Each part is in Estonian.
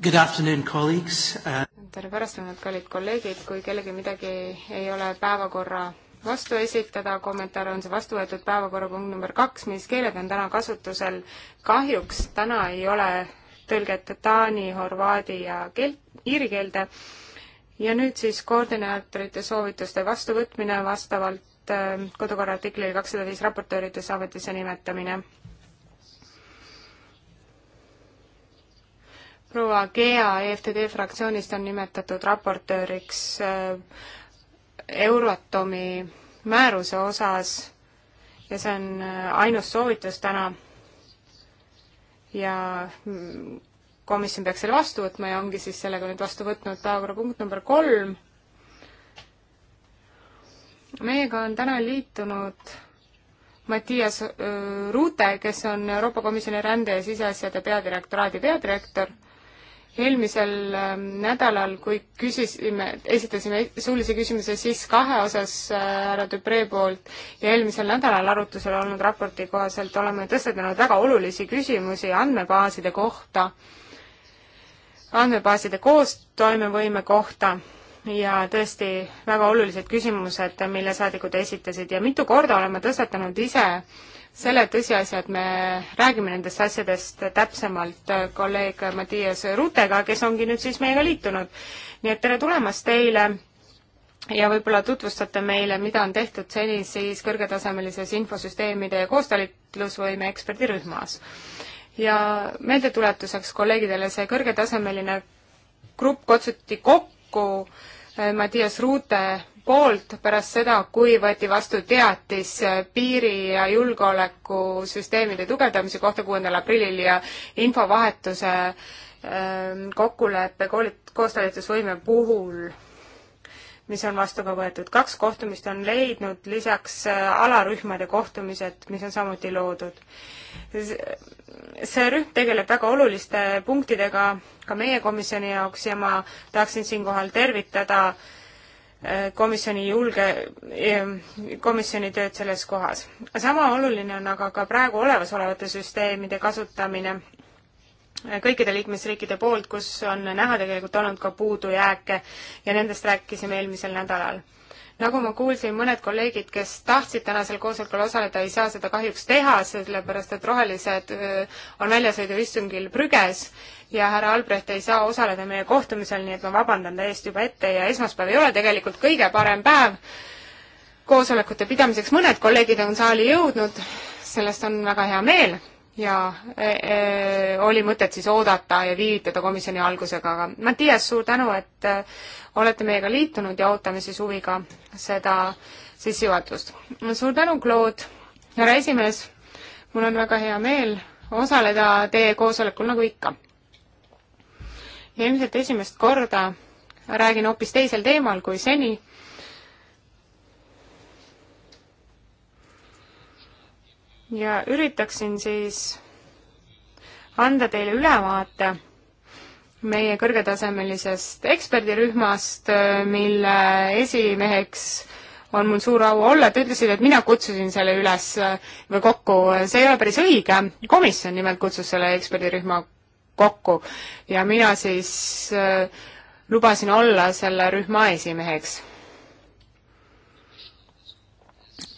Good afternoon, colleagues uh.... tere pärastlõunat, kallid kolleegid, kui kellelgi midagi ei ole päevakorra vastu esitada, kommentaar on see vastu võetud päevakorrapunkt number kaks, mis keeled on täna kasutusel. kahjuks täna ei ole tõlget taani, horvaadi ja kel-, iiri keelde. ja nüüd siis koordinaatorite soovituste vastuvõtmine vastavalt äh, kodukorra artiklile kakssada viis raportööride ametisse nimetamine proua Gea EFTD fraktsioonist on nimetatud raportööriks äh, Euratomi määruse osas ja see on äh, ainus soovitus täna. ja mm, komisjon peaks selle vastu võtma ja ongi siis sellega nüüd vastu võtnud päevakorrapunkt number kolm. meiega on täna liitunud Mattias äh, Ruute, kes on Euroopa Komisjoni rände ja siseasjade peadirektoraadi peadirektor eelmisel ähm, nädalal, kui küsisime, esitasime suulise küsimuse siis kahe osas äh, härra Dupree poolt ja eelmisel nädalal arutusel olnud raporti kohaselt oleme tõstatanud väga olulisi küsimusi andmebaaside kohta, andmebaaside koostoimevõime kohta ja tõesti väga olulised küsimused, mille saadikud esitasid ja mitu korda oleme tõstatanud ise äh, selle tõsiasja, et me räägime nendest asjadest täpsemalt äh, kolleeg Mattias Rutega, kes ongi nüüd siis meiega liitunud. nii et tere tulemast teile ja võib-olla tutvustate meile, mida on tehtud seni siis kõrgetasemelises infosüsteemide koostalitlusvõime eksperdirühmas. ja meeldetuletuseks kolleegidele, see kõrgetasemeline grupp kutsuti kokku äh, Mattias Ruute poolt pärast seda, kui võeti vastu teatis piiri- ja julgeolekusüsteemide tugevdamise kohta kuuendal aprillil ja infovahetuse ähm, kokkuleppe koolit-, koostalitusvõime puhul, mis on vastu ka võetud. kaks kohtumist on leidnud, lisaks äh, alarühmade kohtumised, mis on samuti loodud. see rühm tegeleb väga oluliste punktidega ka meie komisjoni jaoks ja ma tahaksin siinkohal tervitada äh, komisjoni julge, komisjoni tööd selles kohas. sama oluline on aga ka praegu olemasolevate süsteemide kasutamine kõikide liikmesriikide poolt, kus on näha tegelikult olnud ka puudujääke ja nendest rääkisime eelmisel nädalal. nagu ma kuulsin, mõned kolleegid, kes tahtsid tänasel koosolekul osaleda, ei saa seda kahjuks teha, sellepärast et rohelised äh, on väljasõiduistungil prüges ja härra Albrecht ei saa osaleda meie kohtumisel, nii et ma vabandan ta eest juba ette ja esmaspäev ei ole tegelikult kõige parem päev koosolekute pidamiseks, mõned kolleegid on saali jõudnud, sellest on väga hea meel ja e, e, oli mõtet siis oodata ja viivitada komisjoni algusega, aga Mattias, suur tänu, et e, olete meiega liitunud ja ootame siis huviga seda sissejuhatust. suur tänu, Claude, härra esimees, mul on väga hea meel osaleda teie koosolekul nagu ikka ja ilmselt esimest korda räägin hoopis teisel teemal kui seni. ja üritaksin siis anda teile ülevaate meie kõrgetasemelisest eksperdirühmast, mille esimeheks on mul suur au olla, te ütlesite, et mina kutsusin selle üles või kokku, see ei ole päris õige, komisjon nimelt kutsus selle eksperdirühma kokku ja mina siis äh, lubasin olla selle rühma esimeheks.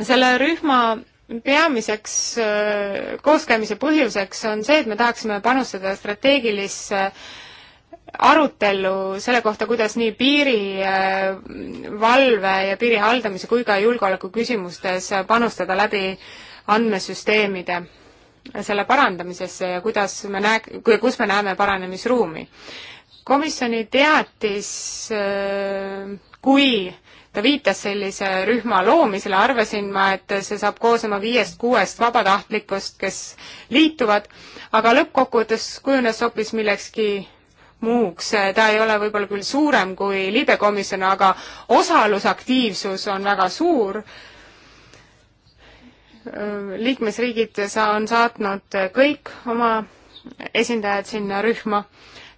selle rühma peamiseks äh, kooskäimise põhjuseks on see, et me tahaksime panustada strateegilisse arutellu selle kohta, kuidas nii piirivalve äh, ja piiri haldamise kui ka julgeoleku küsimustes panustada läbi andmesüsteemide selle parandamisesse ja kuidas me näe-, kus me näeme paranemisruumi. komisjoni teatis, äh, kui ta viitas sellise rühma loomisele, arvasin ma, et see saab koosnema viiest-kuuest vabatahtlikust, kes liituvad, aga lõppkokkuvõttes kujunes hoopis millekski muuks, ta ei ole võib-olla küll suurem kui libekomisjon, aga osalusaktiivsus on väga suur äh, Äh, liikmesriigid on saatnud kõik oma esindajad sinna rühma.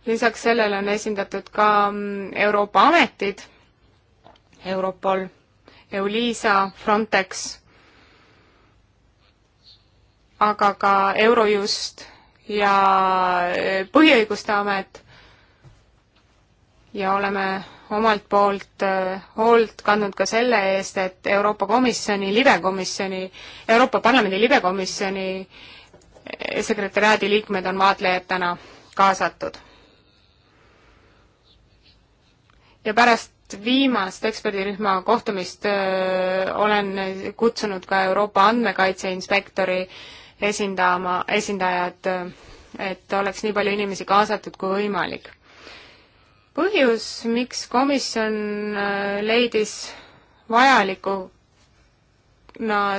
lisaks sellele on esindatud ka mm, Euroopa ametid, Europol, Euliisa, Frontex, aga ka Eurojust ja äh, Põhiõiguste Amet ja oleme omalt poolt äh, hoolt kandnud ka selle eest, et Euroopa Komisjoni, libekomisjoni, Euroopa Parlamendi libekomisjoni äh, sekretäriaadi liikmed on vaatlejatena kaasatud. ja pärast viimast eksperdirühma kohtumist öö, äh, olen kutsunud ka Euroopa andmekaitse inspektori esindama, esindajad, et oleks nii palju inimesi kaasatud kui võimalik põhjus, miks komisjon äh, leidis vajalikuna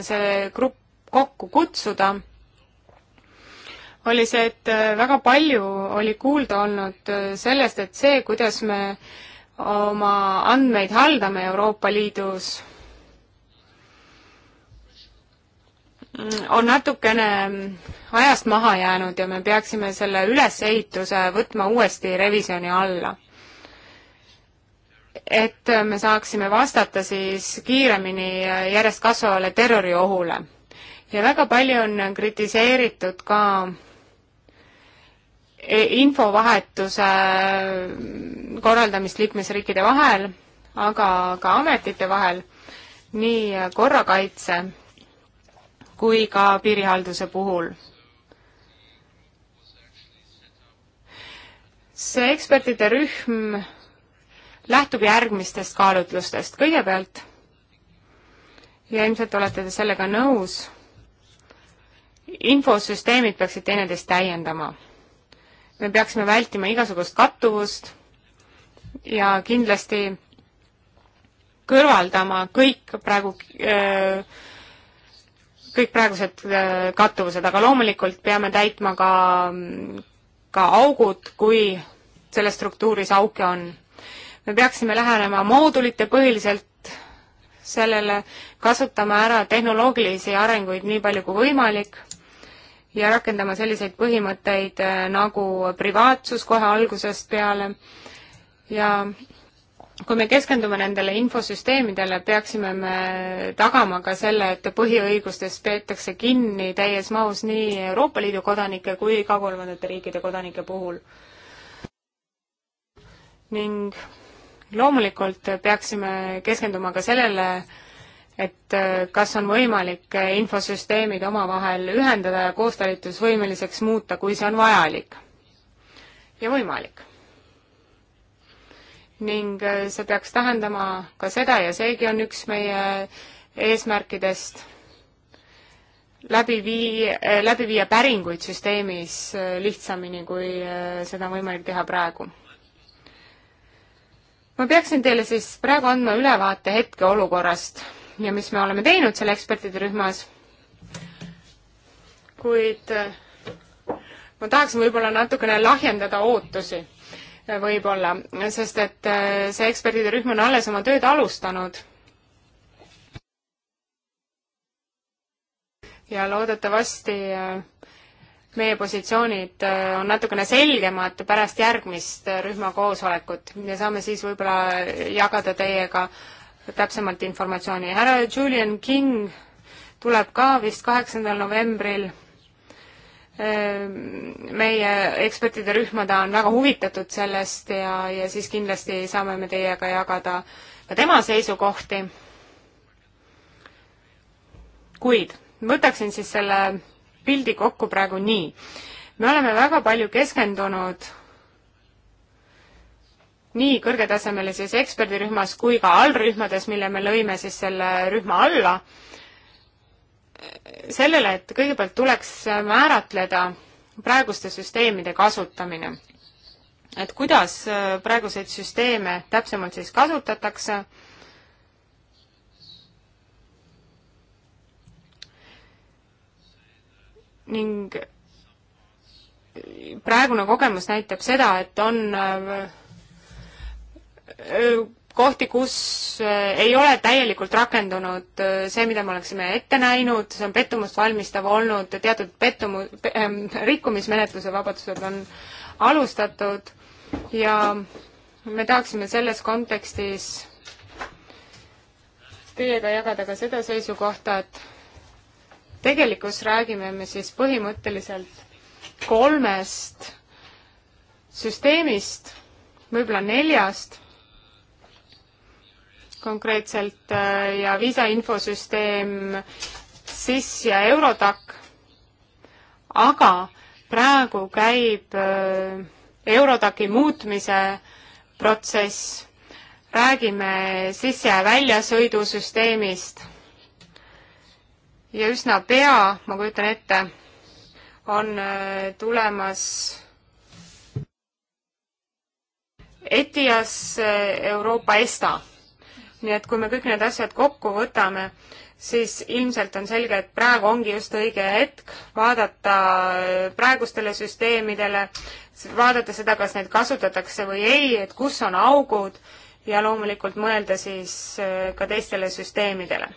see grupp kokku kutsuda, oli see, et äh, väga palju oli kuulda olnud äh, sellest, et see, kuidas me oma andmeid haldame Euroopa Liidus, on natukene mm, ajast maha jäänud ja me peaksime selle ülesehituse võtma uuesti revisjoni alla et me saaksime vastata siis kiiremini järjest kasvavale terroriohule. ja väga palju on kritiseeritud ka e-, infovahetuse korraldamist liikmesriikide vahel, aga ka ametite vahel, nii korrakaitse kui ka piirihalduse puhul see ekspertide rühm lähtub järgmistest kaalutlustest. kõigepealt, ja ilmselt olete te sellega nõus, infosüsteemid peaksid teineteist täiendama. me peaksime vältima igasugust kattuvust ja kindlasti kõrvaldama kõik praegu öö, äh, kõik praegused äh, kattuvused, aga loomulikult peame täitma ka, ka augud, kui selles struktuuris auke on me peaksime lähenema moodulite põhiliselt sellele, kasutama ära tehnoloogilisi arenguid nii palju kui võimalik ja rakendama selliseid põhimõtteid eh, nagu privaatsus kohe algusest peale ja kui me keskendume nendele infosüsteemidele, peaksime me tagama ka selle, et põhiõigustest peetakse kinni täies mahus nii Euroopa Liidu kodanike kui ka kolmandate riikide kodanike puhul. ning loomulikult peaksime keskenduma ka sellele, et äh, kas on võimalik äh, infosüsteemid omavahel ühendada ja koostalitusvõimeliseks muuta, kui see on vajalik ja võimalik. ning äh, see peaks tähendama ka seda ja seegi on üks meie eesmärkidest, läbi vii-, läbi viia päringuid süsteemis lihtsamini, kui seda on võimalik teha praegu ma peaksin teile siis praegu andma ülevaate hetkeolukorrast ja mis me oleme teinud seal ekspertide rühmas, kuid eh, ma tahaksin võib-olla natukene lahjendada ootusi eh, võib-olla, sest et eh, see ekspertide rühm on alles oma tööd alustanud. ja loodetavasti meie positsioonid äh, on natukene selgemad pärast järgmist äh, rühmakoosolekut ja saame siis võib-olla jagada teiega täpsemalt informatsiooni. härra Julian King tuleb ka vist kaheksandal novembril äh, meie ekspertide rühma, ta on väga huvitatud sellest ja, ja siis kindlasti saame me teiega jagada ka tema seisukohti. kuid võtaksin siis selle pildi kokku praegu nii. me oleme väga palju keskendunud nii kõrgetasemelises eksperdirühmas kui ka allrühmades, mille me lõime siis selle rühma alla, sellele, et kõigepealt tuleks määratleda praeguste süsteemide kasutamine. et kuidas praeguseid süsteeme täpsemalt siis kasutatakse ning praegune kogemus näitab seda, et on äh, äh, kohti, kus äh, ei ole täielikult rakendunud see, mida me oleksime ette näinud, see on pettumust valmistav olnud, teatud pettumu- pe,, ähm, rikkumismenetluse, vabadused on alustatud ja me tahaksime selles kontekstis teiega jagada ka seda seisukohta, et tegelikult räägime me siis põhimõtteliselt kolmest süsteemist, võib-olla neljast konkreetselt äh, ja viisa infosüsteem SIS ja Eurodac, aga praegu käib äh, Eurodaki muutmise protsess, räägime sisse- ja väljasõidusüsteemist ja üsna pea, ma kujutan ette, on äh, tulemas ETIAS äh, Euroopa ESTA. nii et kui me kõik need asjad kokku võtame, siis ilmselt on selge, et praegu ongi just õige hetk vaadata äh, praegustele süsteemidele, vaadata seda, kas neid kasutatakse või ei, et kus on augud ja loomulikult mõelda siis ka teistele süsteemidele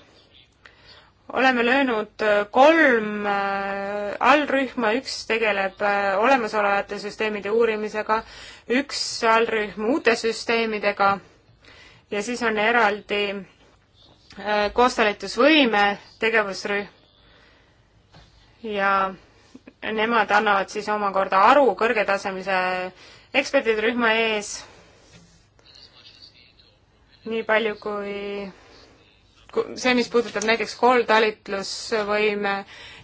oleme löönud äh, kolm äh, allrühma, üks tegeleb äh, olemasolevate süsteemide uurimisega, üks allrühm uute süsteemidega ja siis on eraldi koostalitusvõime tegevusrühm ja nemad annavad siis omakorda aru kõrgetasemelise ekspertide rühma ees, nii palju kui see, mis puudutab näiteks kooltalitlusvõime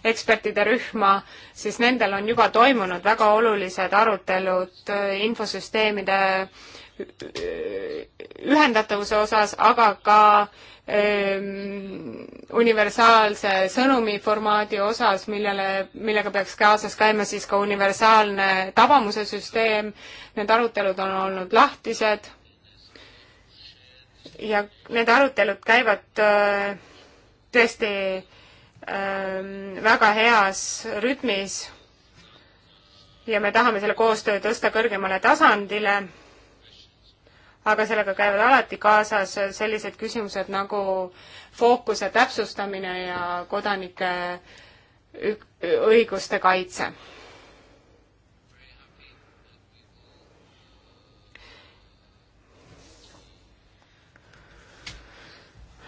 ekspertide rühma, siis nendel on juba toimunud väga olulised arutelud äh, infosüsteemide äh, ühendatavuse osas, aga ka ähm, universaalse sõnumi formaadi osas, millele, millega peaks kaasas käima siis ka universaalne tabamuse süsteem, need arutelud on olnud lahtised ja need arutelud käivad äh, tõesti ähm, väga heas rütmis ja me tahame selle koostöö tõsta kõrgemale tasandile, aga sellega käivad alati kaasas sellised küsimused nagu fookuse täpsustamine ja kodanike õiguste kaitse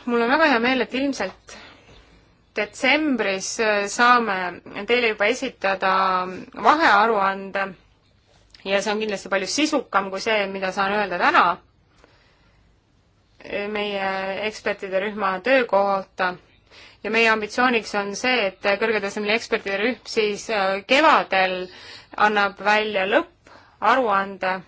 mul on väga hea meel, et ilmselt detsembris äh, saame teile juba esitada vahearuande ja see on kindlasti palju sisukam kui see, mida saan öelda täna äh, meie ekspertide rühma töö kohta. ja meie ambitsiooniks on see, et kõrgetasemeline ekspertide rühm siis äh, kevadel annab välja lõpparuande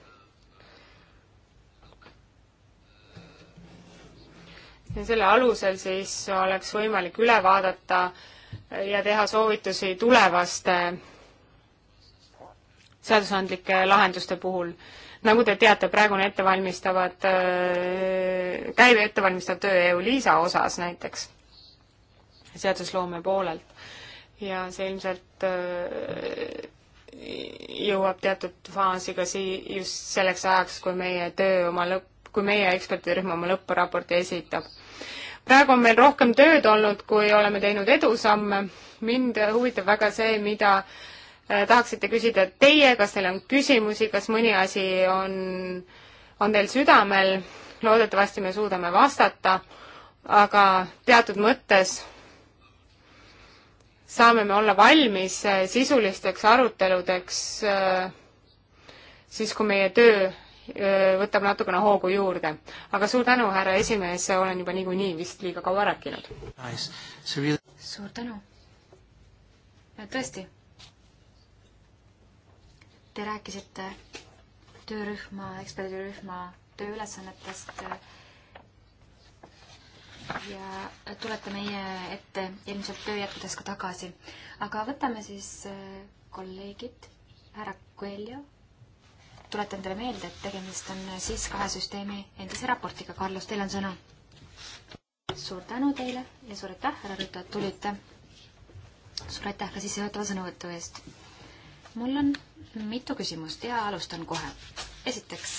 ja selle alusel siis oleks võimalik üle vaadata ja teha soovitusi tulevaste seadusandlike lahenduste puhul. nagu te teate, praegu on ettevalmistavad, äh, käib ettevalmistav töö EU-LISA osas näiteks, seadusloome poolelt. ja see ilmselt äh, jõuab teatud faasi ka sii-, just selleks ajaks, kui meie töö oma lõpp, kui meie eksperdirühm oma lõppraporti esitab praegu on meil rohkem tööd olnud, kui oleme teinud edusamme. mind huvitab väga see, mida äh, tahaksite küsida teie, kas teil on küsimusi, kas mõni asi on, on teil südamel, loodetavasti me suudame vastata, aga teatud mõttes saame me olla valmis äh, sisulisteks aruteludeks äh, siis, kui meie töö võtab natukene hoogu juurde. aga suur tänu, härra esimees, olen juba niikuinii vist liiga kaua rääkinud nice.. Really... suur tänu. tõesti. Te rääkisite töörühma, eksperdirühma tööülesannetest äh, ja tulete meie ette ilmselt töö jätkudes ka tagasi. aga võtame siis äh, kolleegid, härra Coelho tuletan teile meelde, et tegemist on siis kahe süsteemi endise raportiga. Carlos, teil on sõna. suur tänu teile ja suur aitäh, härra Rüütel, et tulite. suur aitäh ka sissejuhatava sõnavõtu eest. mul on mitu küsimust ja alustan kohe. esiteks,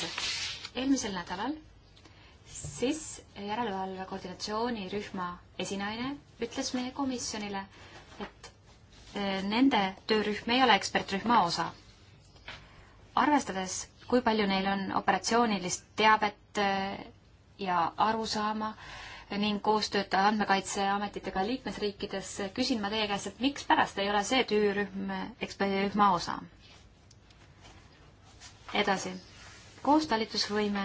eelmisel nädalal siis järelevalve koordinatsioonirühma esinaine ütles meie komisjonile, et eh, nende töörühm ei ole ekspertrühma osa arvestades, kui palju neil on operatsioonilist teavet äh, ja arusaama ning koostööd andmekaitseametitega liikmesriikides, küsin ma teie käest, et mikspärast ei ole see töörühm eksperdirühma osa? edasi, koostalitusvõime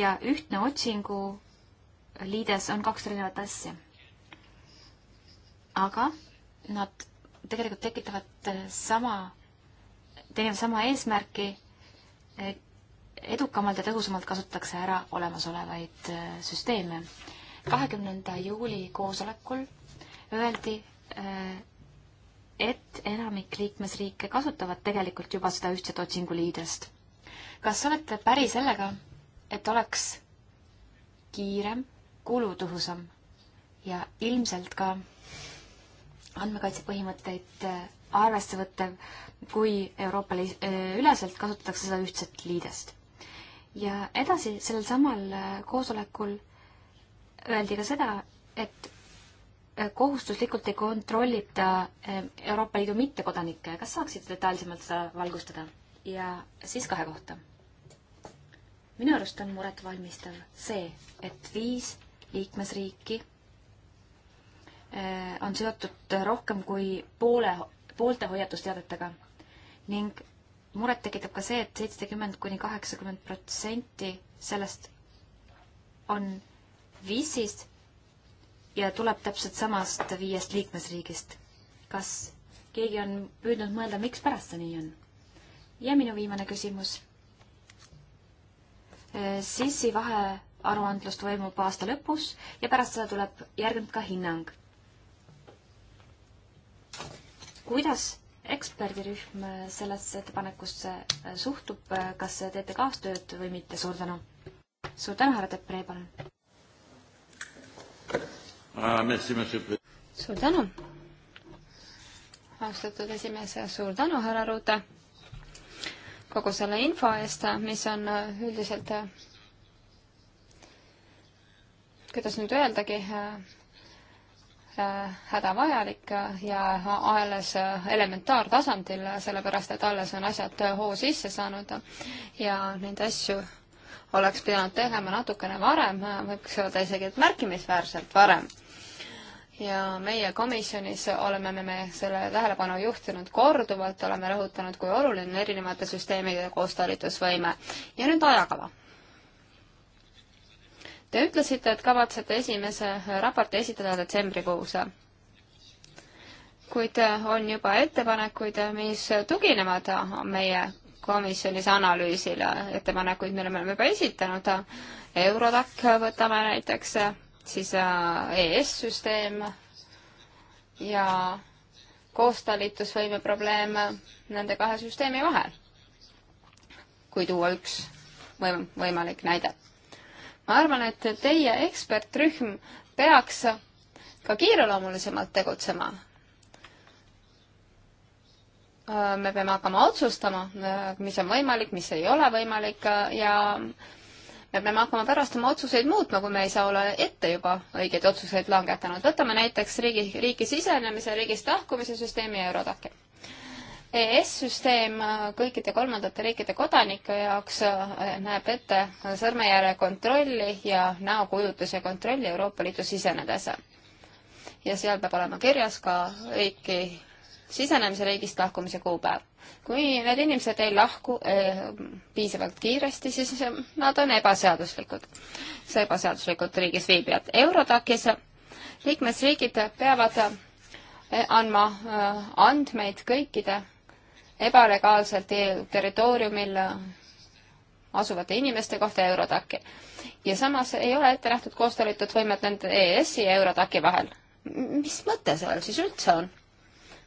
ja ühtne otsingu liides on kaks erinevat asja. aga nad tegelikult tekitavad äh, sama tegema sama eesmärki, edukamalt ja tõhusamalt kasutatakse ära olemasolevaid äh, süsteeme. kahekümnenda juuli koosolekul öeldi, äh, et enamik liikmesriike kasutavad tegelikult juba seda ühtset otsinguliidest. kas olete päri sellega, et oleks kiirem, kulutõhusam ja ilmselt ka andmekaitse põhimõtteid äh, arvesse võttev, kui Euroopa eh, üleselt kasutatakse seda ühtset liidest. ja edasi sellel samal eh, koosolekul öeldi ka seda, et eh, kohustuslikult ei kontrollita Euroopa Liidu mittekodanikke, kas saaksite detailsemalt seda valgustada? ja siis kahe kohta. minu arust on muretvalmistav see, et viis liikmesriiki on seotud rohkem kui poole poolte hoiatusteadetega ning muret tekitab ka see et, et seitsekümmend kuni kaheksakümmend protsenti sellest on viisis ja tuleb täpselt samast viiest liikmesriigist. kas keegi on püüdnud mõelda, mikspärast see nii on? ja minu viimane küsimus. Äh, sissi vahearuandlus toimub aasta lõpus ja pärast seda tuleb järgnevalt ka hinnang kuidas eksperdirühm sellesse ettepanekusse äh, suhtub, äh, kas teete kaastööd või mitte, suur tänu. suur tänu, härra Depree, palun ah,. suur tänu. austatud esimees, suur tänu, härra Ruute, kogu selle info eest, mis on äh, üldiselt kuidas nüüd öeldagi äh,, Äh, hädavajalik ja alles äh, elementaartasandil, sellepärast et alles on asjad äh, hoo sisse saanud ja neid asju oleks pidanud tegema natukene varem, võiks öelda isegi, et märkimisväärselt varem. ja meie komisjonis oleme me, me selle tähelepanu juhtinud korduvalt, oleme rõhutanud, kui oluline on erinevate süsteemide koostalitusvõime. ja nüüd ajakava Te ütlesite, et kavatsete esimese raporti esitada detsembrikuus. kuid on juba ettepanekuid, mis tuginevad meie komisjonis analüüsile, ettepanekuid, mille me oleme juba esitanud. Eurodac võtame näiteks, siis äh, ES-süsteem ja koostalitusvõime probleem nende kahe süsteemi vahel, kui tuua üks võim-, võimalik näide ma arvan, et teie ekspertrühm peaks ka kiireloomulisemalt tegutsema. me peame hakkama otsustama, mis on võimalik, mis ei ole võimalik ja me peame hakkama pärast oma otsuseid muutma, kui me ei saa olla ette juba õigeid otsuseid langetanud. võtame näiteks riigi, riiki sisenemise, riigist lahkumise süsteemi ja Eurodaki ES-süsteem äh, kõikide kolmandate riikide kodanike jaoks äh, näeb ette sõrmejärje kontrolli ja näokujutuse kontrolli Euroopa Liidu sisenedes. ja seal peab olema kirjas ka riiki sisenemise riigist lahkumise kuupäev. kui need inimesed ei lahku eh, piisavalt kiiresti, siis nad on ebaseaduslikud, ebaseaduslikud riigis viibijad. Eurotakis liikmesriigid peavad andma andmeid kõikide ebalegaalselt territooriumil asuvate inimeste kohta Eurodaki. ja samas ei ole ette nähtud koostöölitud võimet nende EAS-i ja Eurodaki vahel. mis mõte sellel siis üldse on?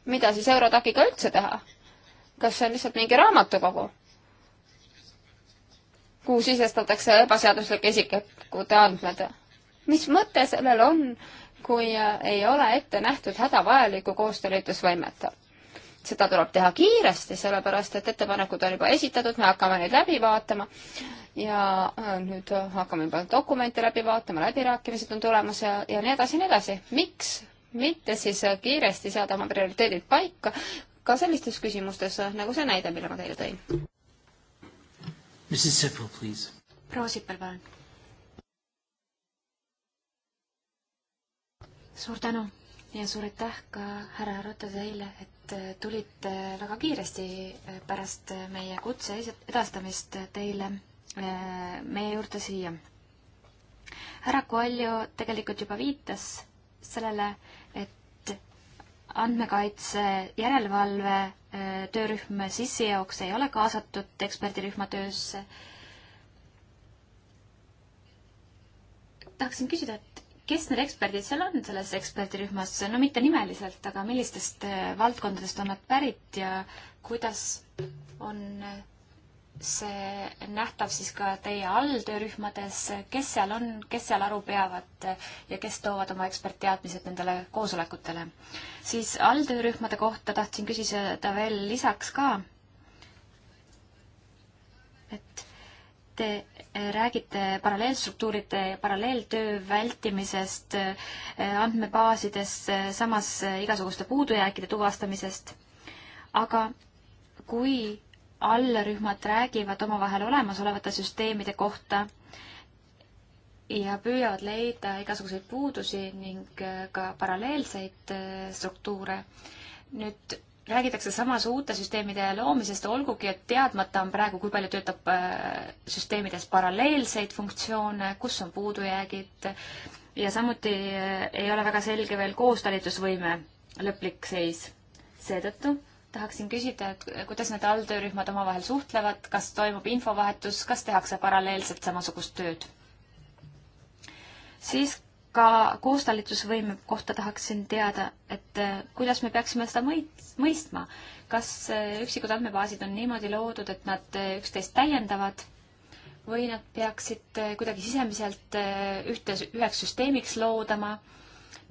mida siis Eurodakiga üldse teha? kas see on lihtsalt mingi raamatukogu? kuhu sisestatakse ebaseaduslike isikute andmed. mis mõte sellel on, kui ei ole ette nähtud hädavajalikku koostööliitusvõimet? seda tuleb teha kiiresti, sellepärast et ettepanekud on juba esitatud, me hakkame neid läbi vaatama ja äh, nüüd hakkame juba dokumente läbi vaatama, läbirääkimised on tulemas ja, ja nii edasi ja nii edasi. miks mitte siis kiiresti seada oma prioriteedid paika ka sellistes küsimustes, nagu see näide, mille ma teile tõin? proua Sippel, palun. suur tänu ja suur aitäh ka härra Ratas eile, et et tulite väga kiiresti pärast meie kutse edastamist teile äh, meie juurde siia. härra Koalju tegelikult juba viitas sellele, et andmekaitse järelevalve äh, töörühm sissi jaoks ei ole kaasatud eksperdirühma töösse. tahaksin küsida, et kes need eksperdid seal on selles eksperdirühmas, no mitte nimeliselt, aga millistest eh, valdkondadest on nad pärit ja kuidas on eh, see nähtav siis ka teie alltöörühmades, kes seal on, kes seal aru peavad eh, ja kes toovad oma ekspertteadmised nendele koosolekutele? siis alltöörühmade kohta tahtsin küsida veel lisaks ka, et te räägite paralleelstruktuuride ja paralleeltöö vältimisest, äh, andmebaasides, samas äh, igasuguste puudujääkide tuvastamisest, aga kui allrühmad räägivad omavahel olemasolevate süsteemide kohta ja püüavad leida igasuguseid puudusi ning äh, ka paralleelseid struktuure, nüüd räägitakse samas uute süsteemide loomisest, olgugi et teadmata on praegu, kui palju töötab äh, süsteemides paralleelseid funktsioone, kus on puudujäägid ja samuti äh, ei ole väga selge veel koostalitusvõime lõplik seis. seetõttu tahaksin küsida, et kuidas need alltöörühmad omavahel suhtlevad, kas toimub infovahetus, kas tehakse paralleelselt samasugust tööd? siis ka koostalitusvõime kohta tahaksin teada, et äh, kuidas me peaksime seda mõit-, mõistma. kas äh, üksikud andmebaasid on niimoodi loodud, et nad äh, üksteist täiendavad või nad peaksid kuidagi sisemiselt ühte, üheks süsteemiks loodama,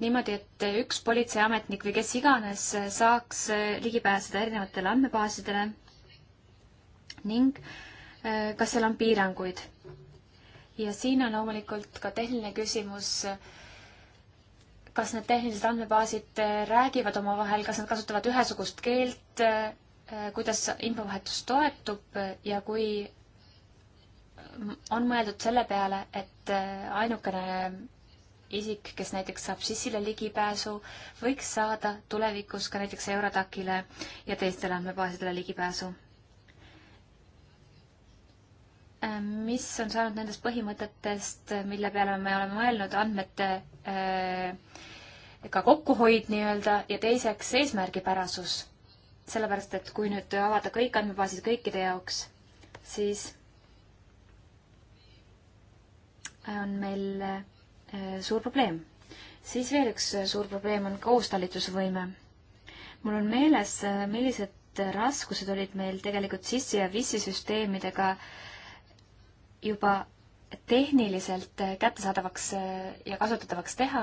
niimoodi, et üks politseiametnik või kes iganes saaks ligi pääseda erinevatele andmebaasidele ning kas seal on piiranguid? ja siin on loomulikult ka tehniline küsimus, kas need tehnilised andmebaasid äh, räägivad omavahel, kas nad kasutavad ühesugust keelt, äh, äh, kuidas infovahetus toetub ja kui on mõeldud selle peale, et ainukene isik, kes näiteks saab sissile ligipääsu, võiks saada tulevikus ka näiteks Eurodacile ja teistele andmebaasidele ligipääsu. Ehm, mis on saanud nendest põhimõtetest, mille peale me oleme mõelnud andmete ehm, ka kokkuhoid nii-öelda ja teiseks eesmärgipärasus. sellepärast, et kui nüüd avada kõik andmebaasid kõikide jaoks, siis on meil ehm, suur probleem. siis veel üks suur probleem on koostalitusvõime. mul on meeles, millised raskused olid meil tegelikult sissi- ja vissisüsteemidega äh, juba tehniliselt kättesaadavaks ja kasutatavaks teha,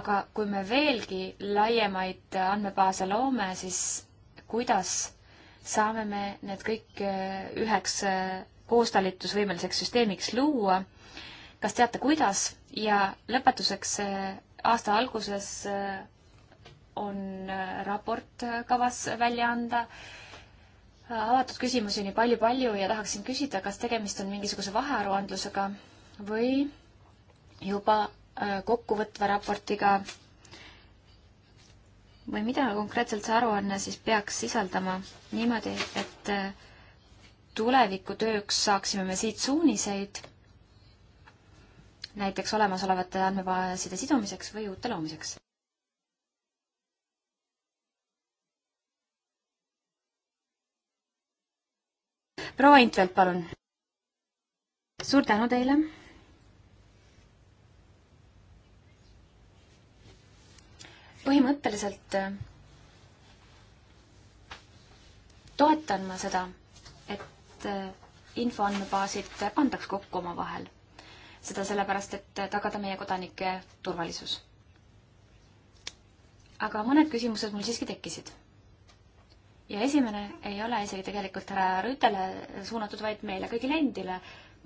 aga kui me veelgi laiemaid andmebaase loome, siis kuidas saame me need kõik üheks koostalitusvõimeliseks süsteemiks luua, kas teate, kuidas ja lõpetuseks aasta alguses on raport kavas välja anda äh, avatud küsimusi nii palju-palju ja tahaksin küsida, kas tegemist on mingisuguse vahearuandlusega või juba äh, kokkuvõtva raportiga või mida konkreetselt see aruanne siis peaks sisaldama niimoodi, et äh, tulevikutööks saaksime me siit suuniseid näiteks olemasolevate andmebaaside sidumiseks või uute loomiseks? proua Intvelt, palun. suur tänu teile. põhimõtteliselt äh, toetan ma seda, et äh, infoandmebaasid pandaks kokku omavahel. seda sellepärast, et äh, tagada meie kodanike turvalisus. aga mõned küsimused mul siiski tekkisid ja esimene ei ole isegi tegelikult härra Rüütele suunatud, vaid meile kõigile endile.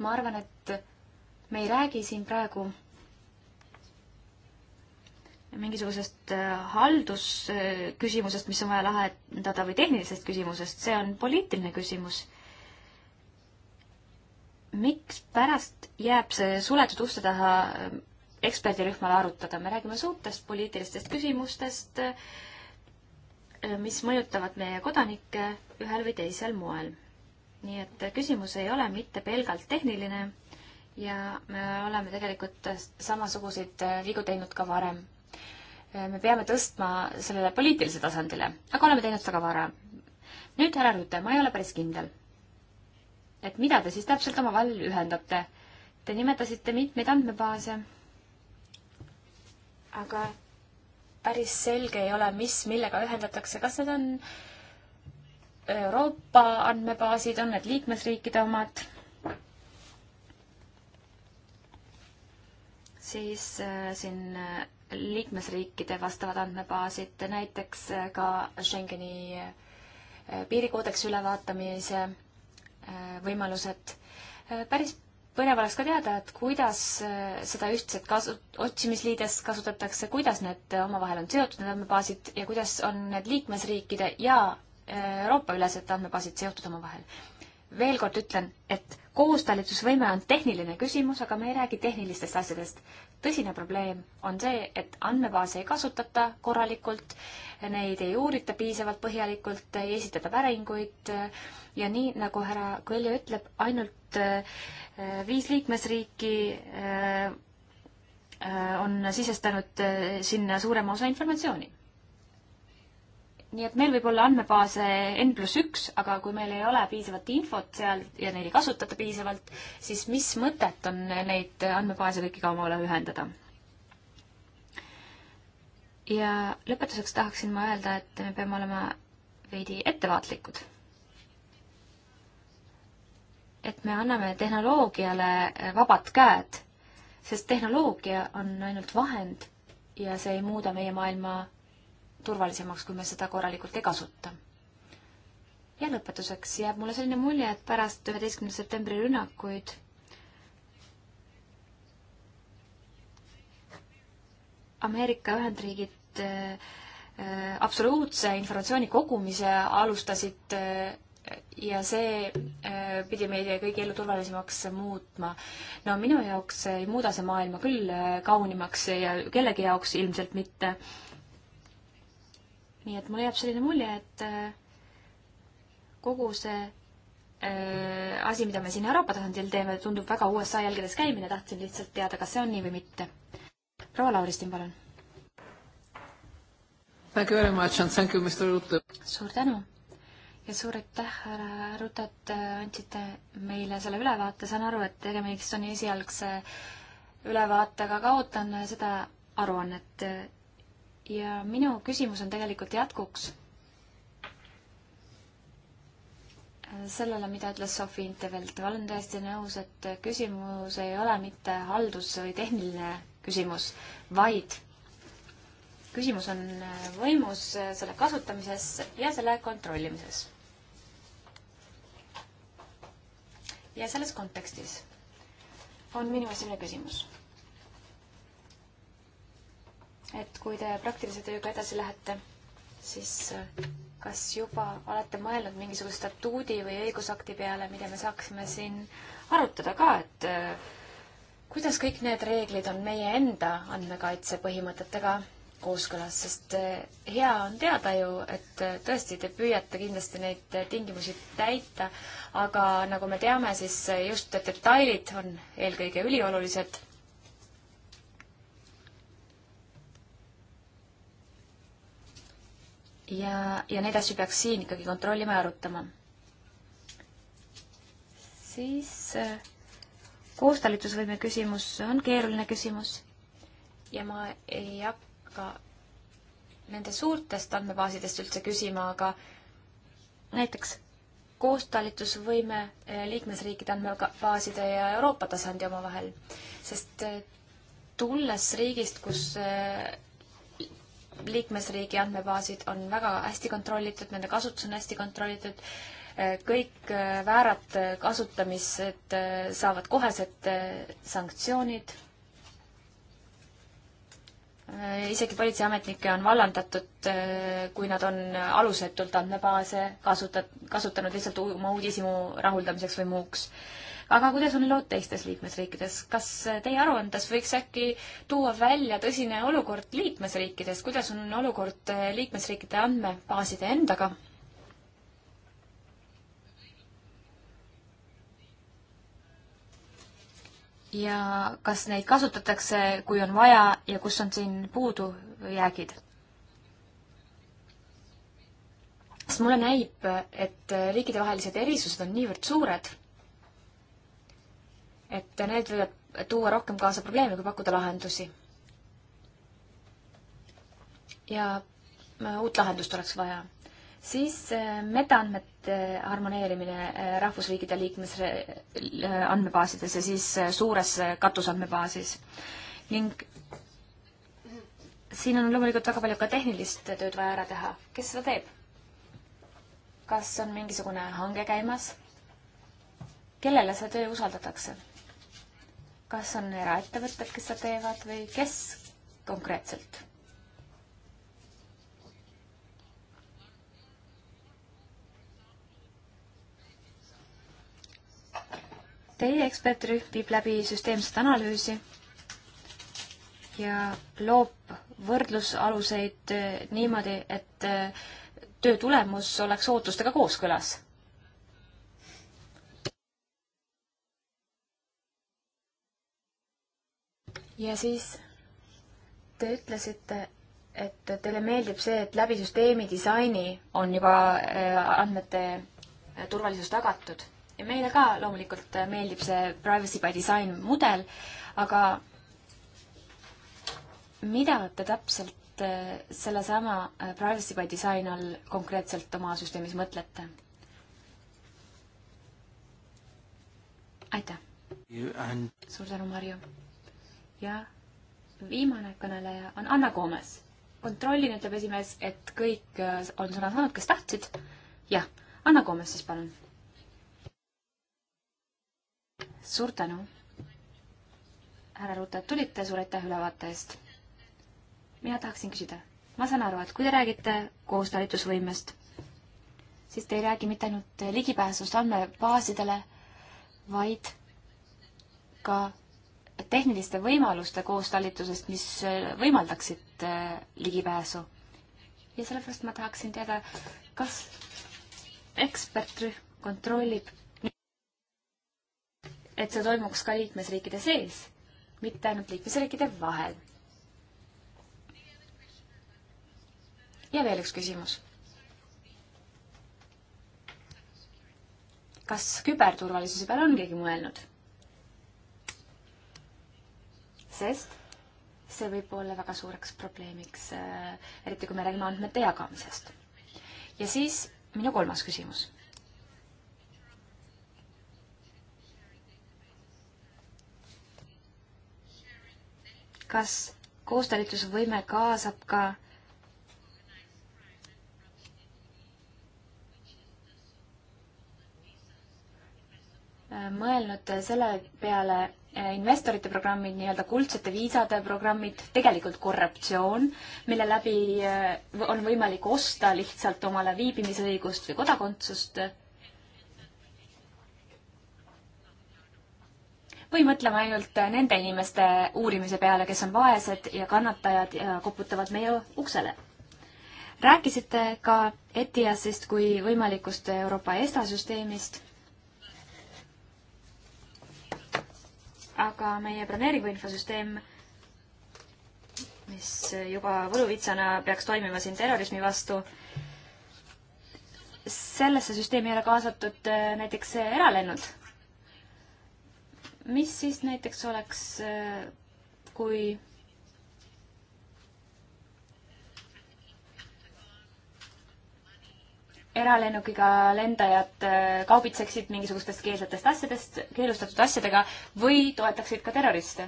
ma arvan, et me ei räägi siin praegu mingisugusest äh, haldusküsimusest, mis on vaja lahendada, või tehnilisest küsimusest, see on poliitiline küsimus. mikspärast jääb see suletud uste taha äh, eksperdirühmale arutada, me räägime suurtest poliitilistest küsimustest äh,, Äh, mis mõjutavad meie kodanikke ühel või teisel moel. nii et äh, küsimus ei ole mitte pelgalt tehniline ja me oleme tegelikult äh, samasuguseid vigu teinud ka varem. me peame tõstma sellele poliitilisele tasandile, aga oleme teinud seda ka varem. nüüd, härra Rüütel, ma ei ole päris kindel et mida te siis täpselt omavahel ühendate? Te nimetasite mitmeid andmebaase. aga päris selge ei ole, mis millega ühendatakse, kas need on Euroopa andmebaasid, on need liikmesriikide omad? siis äh, siin äh, liikmesriikide vastavad andmebaasid, näiteks äh, ka Schengeni piirikoodeksi ülevaatamise võimalused. päris põnev oleks ka teada, et kuidas äh, seda ühtset kasu, otsimisliides kasutatakse, kuidas need omavahel on seotud, need andmebaasid, ja kuidas on need liikmesriikide ja äh, Euroopa-ülesed andmebaasid seotud omavahel veel kord ütlen, et koostalitusvõime on tehniline küsimus, aga me ei räägi tehnilistest asjadest. tõsine probleem on see, et andmebaase ei kasutata korralikult, neid ei uurita piisavalt põhjalikult, ei esitata päringuid ja nii, nagu härra Kõlja ütleb, ainult äh, viis liikmesriiki äh, äh, on sisestanud sinna suurema osa informatsiooni nii et meil võib olla andmebaase N pluss üks, aga kui meil ei ole piisavat infot seal ja neid ei kasutata piisavalt, siis mis mõtet on neid andmebaase kõikiga omavahel ühendada? ja lõpetuseks tahaksin ma öelda, et me peame olema veidi ettevaatlikud. et me anname tehnoloogiale vabad käed, sest tehnoloogia on ainult vahend ja see ei muuda meie maailma turvalisemaks, kui me seda korralikult ei kasuta. ja lõpetuseks jääb mulle selline mulje, et pärast üheteistkümnenda septembri rünnakuid Ameerika Ühendriigid äh, äh absoluutse informatsiooni kogumise alustasid äh, ja see äh, pidi meie kõigi elu turvalisemaks muutma. no minu jaoks ei muuda see maailma küll äh, kaunimaks ja kellegi jaoks ilmselt mitte äh, nii et mul jääb selline mulje, et äh, kogu see äh, asi, mida me siin Euroopa tasandil teeme, tundub väga USA jälgedes käimine, tahtsin lihtsalt teada, kas see on nii või mitte. proua Lauristin, palun. suur tänu ja suur aitäh, härra Ruta, et äh, andsite meile selle ülevaate, saan aru, et tegemist on esialgse ülevaatega, aga ootan äh, seda aruannet ja minu küsimus on tegelikult jätkuks sellele, mida ütles Sofi Intevelt. ma olen täiesti nõus, et küsimus ei ole mitte haldus- või tehniline küsimus, vaid küsimus on võimus, selle kasutamises ja selle kontrollimises. ja selles kontekstis on minu esimene küsimus et kui te praktilise tööga edasi lähete, siis äh, kas juba olete mõelnud mingisuguse statuudi või õigusakti peale, mida me saaksime siin arutada ka, et äh, kuidas kõik need reeglid on meie enda andmekaitse põhimõtetega kooskõlas, sest äh, hea on teada ju, et tõesti, te püüate kindlasti neid tingimusi täita, aga nagu me teame, siis just detailid on eelkõige üliolulised ja, ja neid asju peaks siin ikkagi kontrollima ja arutama. siis äh, koostalitusvõime küsimus on keeruline küsimus ja ma ei hakka nende suurtest andmebaasidest üldse küsima, aga näiteks koostalitusvõime äh, liikmesriikide andmebaaside ja Euroopa tasandi omavahel, sest äh, tulles riigist, kus liikmesriigi andmebaasid on väga hästi kontrollitud, nende kasutus on hästi kontrollitud, kõik äh, väärad äh, kasutamised äh, saavad kohesed sanktsioonid, isegi politseiametnikke on vallandatud, kui nad on alusetult andmebaase kasuta-, kasutanud lihtsalt oma uudishimu rahuldamiseks või muuks aga kuidas on lood teistes liikmesriikides? kas teie aruandes võiks äkki tuua välja tõsine olukord liikmesriikides, kuidas on olukord eh, liikmesriikide andmebaaside endaga? ja kas neid kasutatakse, kui on vaja ja kus on siin puudujäägid? sest mulle näib, et riikidevahelised erisused on niivõrd suured et need võivad tuua rohkem kaasa probleeme, kui pakkuda lahendusi. ja uut lahendust oleks vaja. siis äh, metaandmete harmoneerimine äh, rahvusriigide liikmes äh, andmebaasides ja siis suures katusandmebaasis. ning siin on loomulikult väga palju ka tehnilist tööd vaja ära teha. kes seda teeb? kas on mingisugune hange käimas? kellele see töö usaldatakse? kas on eraettevõtted, kes seda teevad või kes konkreetselt? Teie ekspertrühm viib läbi süsteemset analüüsi ja loob võrdlusaluseid niimoodi, et äh, töö tulemus oleks ootustega kooskõlas ja siis te ütlesite, et teile meeldib see, et läbi süsteemi disaini on juba äh, andmete äh, turvalisus tagatud ja meile ka loomulikult äh, meeldib see privacy by design mudel, aga mida te täpselt sellesama privacy by design all konkreetselt oma süsteemis mõtlete? aitäh! suur tänu, Marju! ja viimane kõneleja on Anna Koomes. kontrollin, ütleb esimees, et kõik äh, on sõna saanud, kes tahtsid. jah, Anna Koomes siis palun. suur tänu, härra Ruta, et tulite, suur aitäh ülevaate eest. mina tahaksin küsida, ma saan aru, et kui te räägite koostalitusvõimest, siis te ei räägi mitte ainult ligipääsust andmebaasidele, vaid ka tehniliste võimaluste koostalitusest, mis äh, võimaldaksid äh, ligipääsu. ja sellepärast ma tahaksin teada, kas ekspertrühm kontrollib, et see toimuks ka liikmesriikide sees, mitte ainult liikmesriikide vahel. ja veel üks küsimus. kas küberturvalisuse peale on keegi mõelnud? sest see võib olla väga suureks probleemiks, äh, eriti kui me räägime andmete jagamisest. ja siis minu kolmas küsimus. kas koostalitusvõime kaasab ka mõelnud selle peale, Äh, investorite programmid, nii-öelda kuldsete viisade programmid, tegelikult korruptsioon, mille läbi äh, on võimalik osta lihtsalt omale viibimisõigust või kodakondsust. või mõtleme ainult nende inimeste uurimise peale, kes on vaesed ja kannatajad ja koputavad meie uksele. rääkisite ka ETIAS-ist kui võimalikust Euroopa ESTA süsteemist aga meie broneeringu infosüsteem, mis juba võluvitsana peaks toimima siin terrorismi vastu, sellesse süsteemi ei ole kaasatud äh, näiteks eralennud. mis siis näiteks oleks, äh, kui eralennukiga lendajad äh, kaubitseksid mingisugustest keelsetest asjadest, keelustatud asjadega või toetaksid ka terroriste.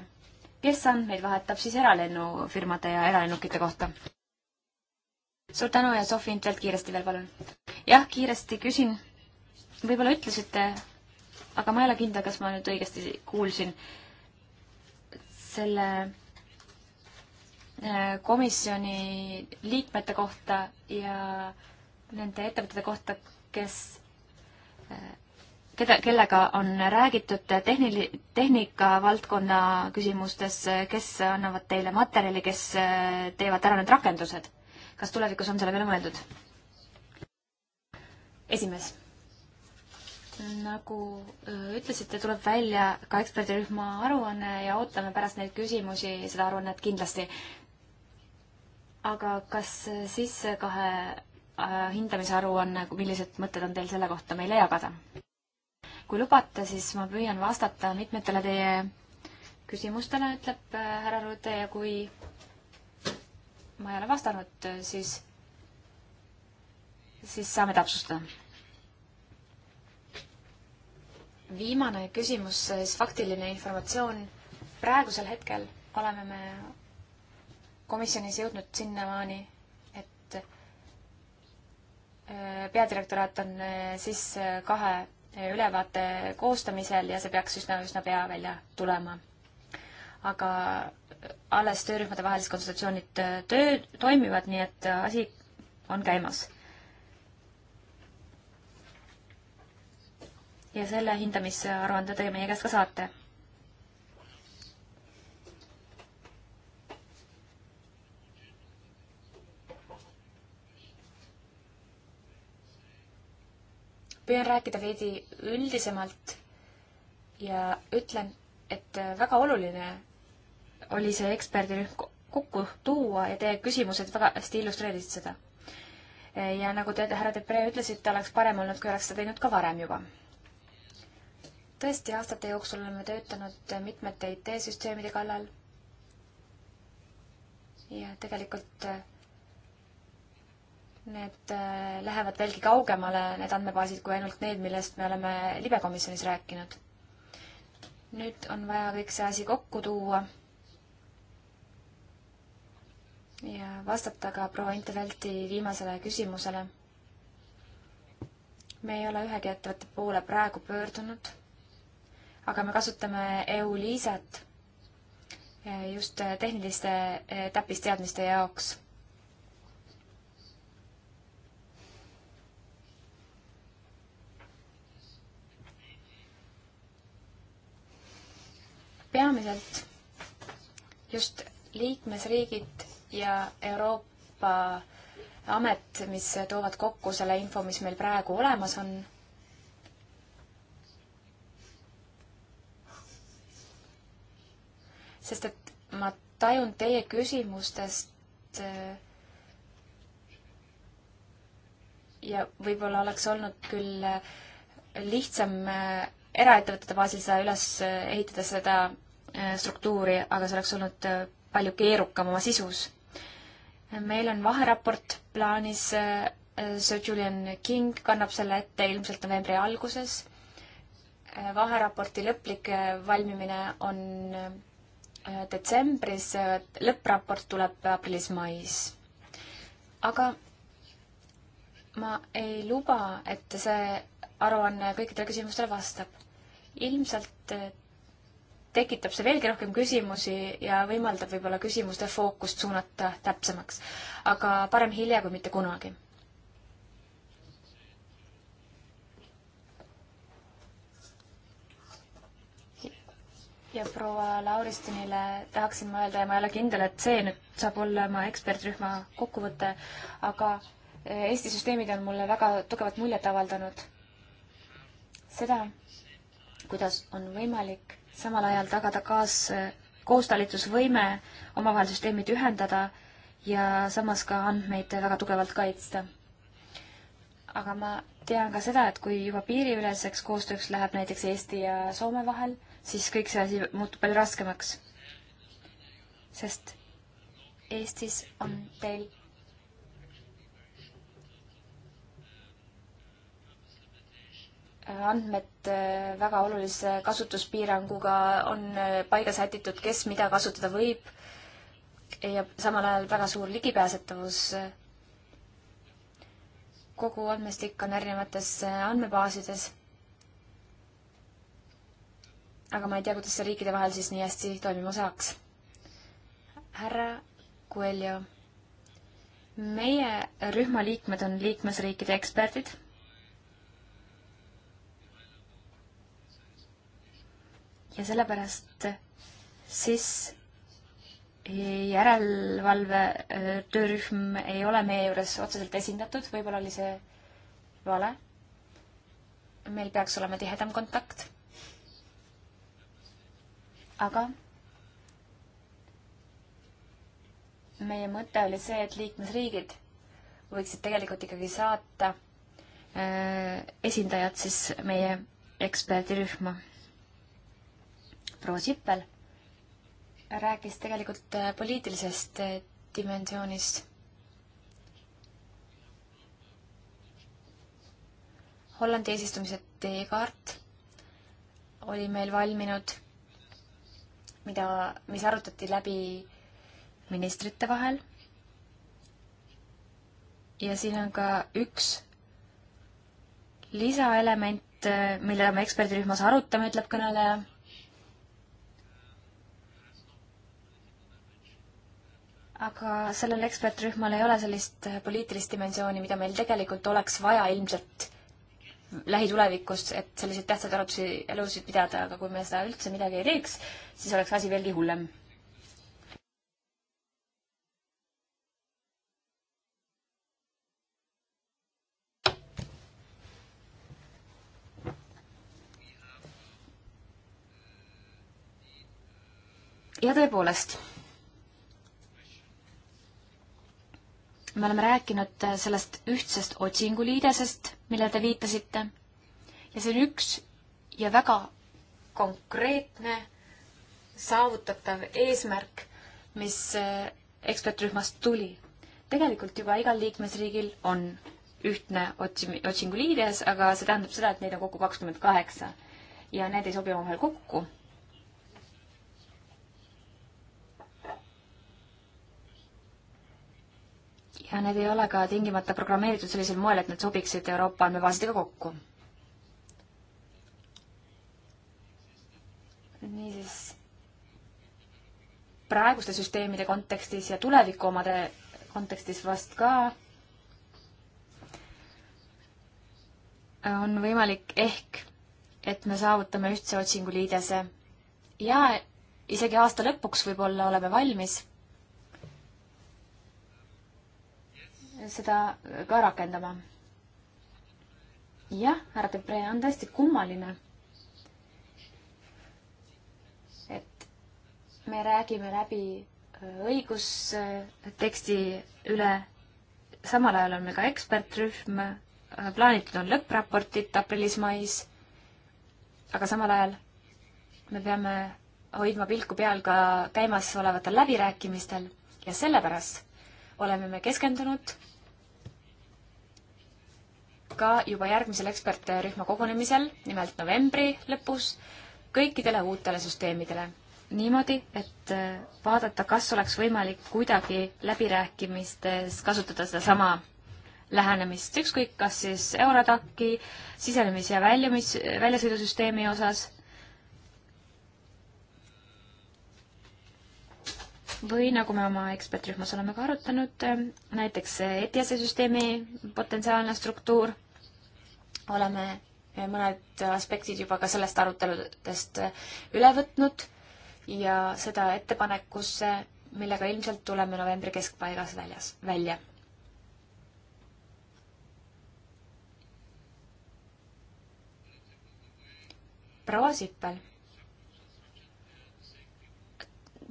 kes andmeid vahetab siis eralennufirmade ja eralennukite kohta? suur tänu ja Sofi Intvelt kiiresti veel, palun. jah, kiiresti küsin. võib-olla ütlesite, aga ma ei ole kindel, kas ma nüüd õigesti kuulsin selle äh, komisjoni liikmete kohta ja äh, nende ettevõtete kohta, kes, keda, kellega on räägitud tehnili-, tehnika valdkonna küsimustes, kes annavad teile materjali, kes teevad ära need rakendused? kas tulevikus on selle peale mõeldud? esimees nagu äh, ütlesite, tuleb välja ka eksperdirühma aruanne ja ootame pärast neid küsimusi, seda aruannet kindlasti. aga kas siis kahe Äh, hindamisaruanne, millised mõtted on teil selle kohta meile jagada? kui lubate, siis ma püüan vastata mitmetele teie küsimustele, ütleb äh, härra Ruute ja kui ma ei ole vastanud, siis, siis saame täpsustada. viimane küsimus, äh, siis faktiline informatsioon. praegusel hetkel oleme me komisjonis jõudnud sinnamaani, Äh, peadirektoraat on äh, siis äh, kahe ülevaate koostamisel ja see peaks üsna, üsna pea välja tulema. aga alles töörühmade vahelised konsultatsioonid töö, toimivad, nii et asi on käimas. ja selle hindamisaruande te meie käest ka saate püüan rääkida veidi üldisemalt ja ütlen, et äh, väga oluline oli see eksperdirühm kokku tuua ja teie küsimused väga hästi illustreerisid seda. Äh, ja nagu te, härra Depre ütlesite, oleks parem olnud, kui oleks seda teinud ka varem juba. tõesti, aastate jooksul oleme töötanud äh, mitmete IT-süsteemide kallal ja tegelikult Need äh, lähevad veelgi kaugemale, need andmebaasid, kui ainult need, millest me oleme libekomisjonis rääkinud. nüüd on vaja kõik see asi kokku tuua ja vastata ka proua Intervelti viimasele küsimusele. me ei ole ühegi ettevõtte poole praegu pöördunud, aga me kasutame EU-liiset just tehniliste äh, täppisteadmiste jaoks peamiselt just liikmesriigid ja Euroopa amet, mis toovad kokku selle info, mis meil praegu olemas on. sest et ma tajun teie küsimustest äh, ja võib-olla oleks olnud küll äh, lihtsam äh, eraettevõtete baasil seda üles ehitada, seda Äh, struktuuri, aga see oleks olnud äh, palju keerukam oma sisus. meil on vaheraport plaanis, äh, Sir Julian King kannab selle ette ilmselt novembri alguses. vaheraporti lõplik valmimine on detsembris, lõppraport tuleb aprillis-mais. aga ma ei luba, et see aruanne kõikidele küsimustele vastab. ilmselt tekitab see veelgi rohkem küsimusi ja võimaldab võib-olla küsimuste fookust suunata täpsemaks. aga parem hilja kui mitte kunagi. ja proua Lauristinile tahaksin ma öelda ja ma ei ole kindel, et see nüüd saab olema ekspertrühma kokkuvõte, aga Eesti süsteemid on mulle väga tugevat muljet avaldanud. seda, kuidas on võimalik samal ajal tagada kaas, koostalitusvõime, omavahel süsteemid ühendada ja samas ka andmeid väga tugevalt kaitsta. aga ma tean ka seda, et kui juba piiriüleseks koostööks läheb näiteks Eesti ja Soome vahel, siis kõik see asi muutub palju raskemaks. sest Eestis on teil andmed äh, väga olulise kasutuspiiranguga on äh, paiga sätitud, kes mida kasutada võib ja samal ajal väga suur ligipääsetavus. Äh, kogu andmestik on erinevates andmebaasides. aga ma ei tea, kuidas see riikide vahel siis nii hästi toimima saaks. härra Coelho, meie rühma liikmed on liikmesriikide eksperdid ja sellepärast siis järelevalve äh, töörühm ei ole meie juures otseselt esindatud, võib-olla oli see vale. meil peaks olema tihedam kontakt. aga meie mõte oli see, et liikmesriigid võiksid tegelikult ikkagi saata äh, esindajad siis meie eksperdirühma proua Sippel rääkis tegelikult äh, poliitilisest äh, dimensioonist. Hollandi eesistumise teekaart oli meil valminud, mida, mis arutati läbi ministrite vahel. ja siin on ka üks lisaelement, äh, mille me eksperdirühmas arutame, ütleb kõneleja aga sellel ekspertrühmal ei ole sellist äh, poliitilist dimensiooni, mida meil tegelikult oleks vaja ilmselt lähitulevikus, et selliseid tähtsaid arutlusi, elusid pidada, aga kui me seda üldse midagi ei teeks, siis oleks asi veelgi hullem. ja tõepoolest me oleme rääkinud äh, sellest ühtsest otsinguliidesest, millele te viitasite, ja see on üks ja väga konkreetne saavutatav eesmärk, mis äh, ekspertrühmast tuli. tegelikult juba igal liikmesriigil on ühtne otsi-, otsinguliides, aga see tähendab seda, et neid on kokku kakskümmend kaheksa ja need ei sobi omavahel kokku ja need ei ole ka tingimata programmeeritud sellisel moel, et nad sobiksid Euroopa andmebaasidega kokku. niisiis, praeguste süsteemide kontekstis ja tuleviku omade kontekstis vast ka on võimalik ehk, et me saavutame ühtse otsinguliidese ja isegi aasta lõpuks võib-olla oleme valmis seda ka rakendama. jah, härra Debre, on tõesti kummaline, et me räägime läbi äh, õigusteksti üle, samal ajal on meil ka ekspertrühm, äh, plaanitud on lõppraportit aprillis-mais, aga samal ajal me peame hoidma pilku peal ka käimasolevatel läbirääkimistel ja sellepärast oleme me keskendunud ka juba järgmisel ekspertrühma kogunemisel, nimelt novembri lõpus, kõikidele uutele süsteemidele. niimoodi, et äh, vaadata, kas oleks võimalik kuidagi läbirääkimistes kasutada sedasama lähenemist, ükskõik kas siis Eurodaki sisenemis- ja väljumis, väljasõidusüsteemi osas või nagu me oma ekspertrühmas oleme ka arutanud, äh, näiteks äh, ETS-i süsteemi potentsiaalne struktuur oleme mõned aspektid juba ka sellest aruteludest üle võtnud ja seda ettepanekusse, millega ilmselt tuleme novembri keskpaigas väljas, välja. proua Sippel.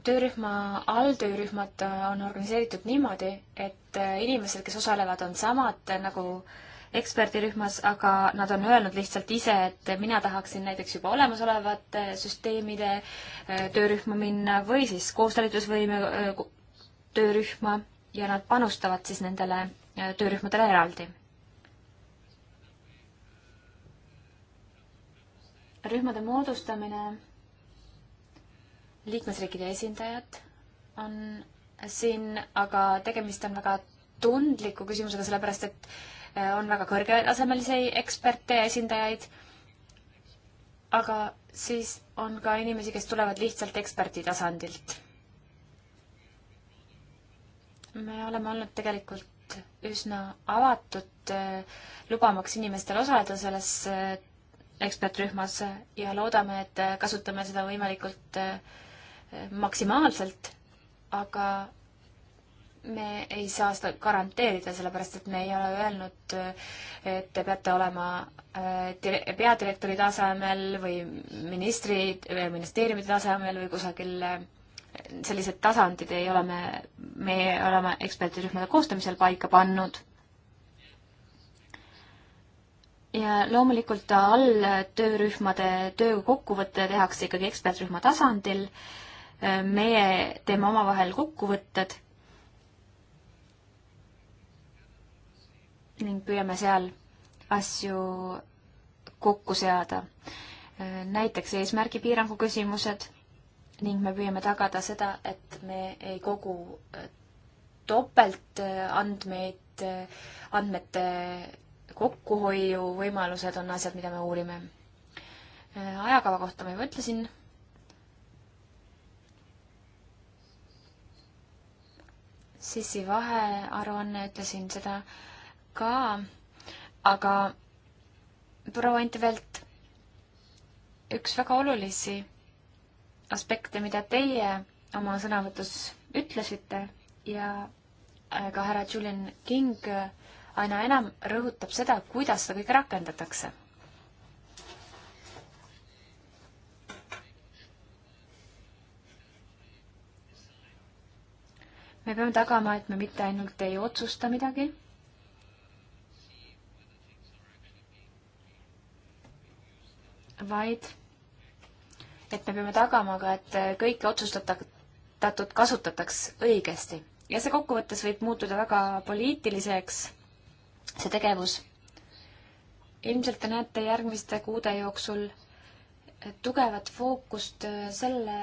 töörühma, alltöörühmad on organiseeritud niimoodi, et inimesed, kes osalevad, on samad nagu äh, eksperdirühmas, aga nad on öelnud lihtsalt ise, et mina tahaksin näiteks juba olemasolevate süsteemide äh, töörühma minna või siis koostalitusvõime äh, töörühma ja nad panustavad siis nendele äh, töörühmadele eraldi. rühmade moodustamine, liikmesriikide esindajad on siin, aga tegemist on väga tundliku küsimusega, sellepärast et äh, Äh, on väga kõrgetasemelisi eksperte ja esindajaid, aga siis on ka inimesi, kes tulevad lihtsalt eksperdi tasandilt. me oleme olnud tegelikult üsna avatud, äh, lubamaks inimestel osaleda selles äh, ekspertrühmas ja loodame, et kasutame seda võimalikult maksimaalselt, aga me ei saa seda garanteerida, sellepärast et me ei ole öelnud, et te peate olema äh, peadirektori tasemel või ministri, äh, ministeeriumi tasemel või kusagil äh, sellised tasandid ei ole me, me oleme eksperdirühmade koostamisel paika pannud. ja loomulikult all töörühmade töö kokkuvõte tehakse ikkagi ekspertrühma tasandil, meie teeme omavahel kokkuvõtted ning püüame seal asju kokku seada. näiteks eesmärgipiirangu küsimused ning me püüame tagada seda, et me ei kogu äh, topeltandmeid, äh, äh, andmete kokkuhoiu võimalused on asjad, mida me uurime. ajakava kohta ma juba ütlesin sissi vahearuanne, ütlesin seda ka, aga proua Antivelt, üks väga olulisi aspekte, mida teie oma sõnavõtus ütlesite ja äh, ka härra Julian King äh, aina enam rõhutab seda, kuidas seda kõike rakendatakse me peame tagama, et me mitte ainult ei otsusta midagi, vaid et me peame tagama ka, et kõike otsustatud kasutataks õigesti. ja see kokkuvõttes võib muutuda väga poliitiliseks, see tegevus. ilmselt te näete järgmiste kuude jooksul tugevat fookust selle,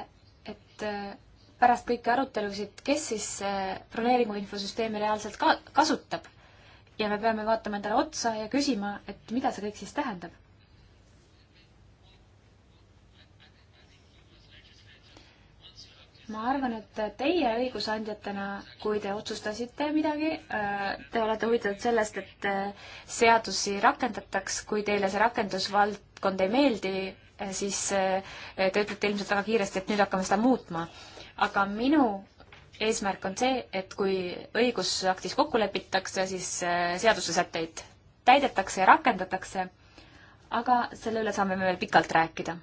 et pärast kõiki arutelusid, kes siis broneeringu infosüsteemi reaalselt ka kasutab. ja me peame vaatama endale otsa ja küsima, et mida see kõik siis tähendab ma arvan, et teie õigusandjatena, kui te otsustasite midagi, äh, te olete huvitatud sellest, et äh, seadusi rakendataks, kui teile see rakendusvaldkond ei meeldi, äh, siis te ütlete ilmselt väga kiiresti, et nüüd hakkame seda muutma. aga minu eesmärk on see, et kui õigusaktis kokku lepitakse, siis seadusesätteid täidetakse ja rakendatakse, aga selle üle saame me veel pikalt rääkida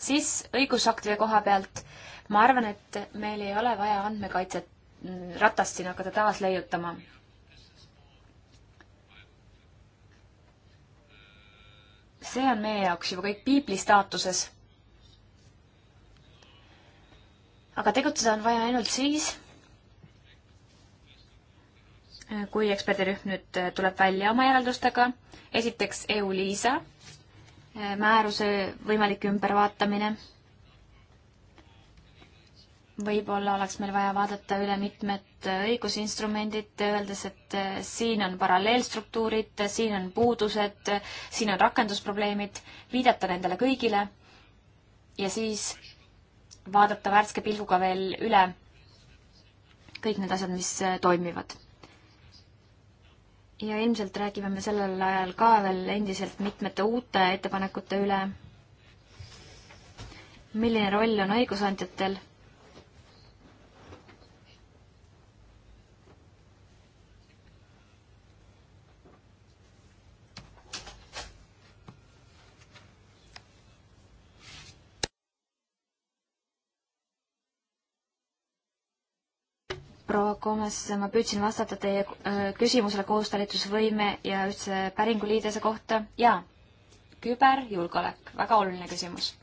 siis õigusaktide koha pealt ma arvan, et meil ei ole vaja andmekaitset mm, ratast siin hakata taas leiutama. see on meie jaoks juba kõik piibli staatuses. aga tegutseda on vaja ainult siis, kui eksperdirühm nüüd äh, tuleb välja oma järeldustega. esiteks EU-LISA Äh, määruse võimalik ümbervaatamine. võib-olla oleks meil vaja vaadata üle mitmed äh, õigusinstrumendid, öeldes, et äh, siin on paralleelstruktuurid, siin on puudused, siin on rakendusprobleemid, viidata nendele kõigile ja siis vaadata värske pilguga veel üle kõik need asjad, mis toimivad ja ilmselt räägime me sellel ajal ka veel endiselt mitmete uute ettepanekute üle. milline roll on õigusandjatel proua Komes, ma püüdsin vastata teie äh, küsimusele koostalitusvõime ja üldse päringuliidese kohta ja küberjulgeolek, väga oluline küsimus.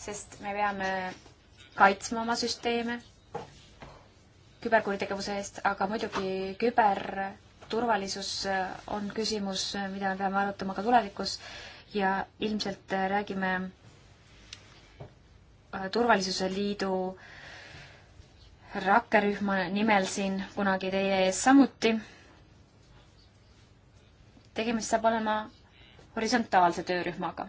sest me peame kaitsma oma süsteeme küberkuritegevuse eest, aga muidugi küberturvalisus äh, on küsimus, äh, mida me peame arutama ka tulevikus ja ilmselt räägime Äh, Turvalisuse Liidu rakkerühma nimel siin kunagi teie ees samuti. tegemist saab olema horisontaalse töörühmaga.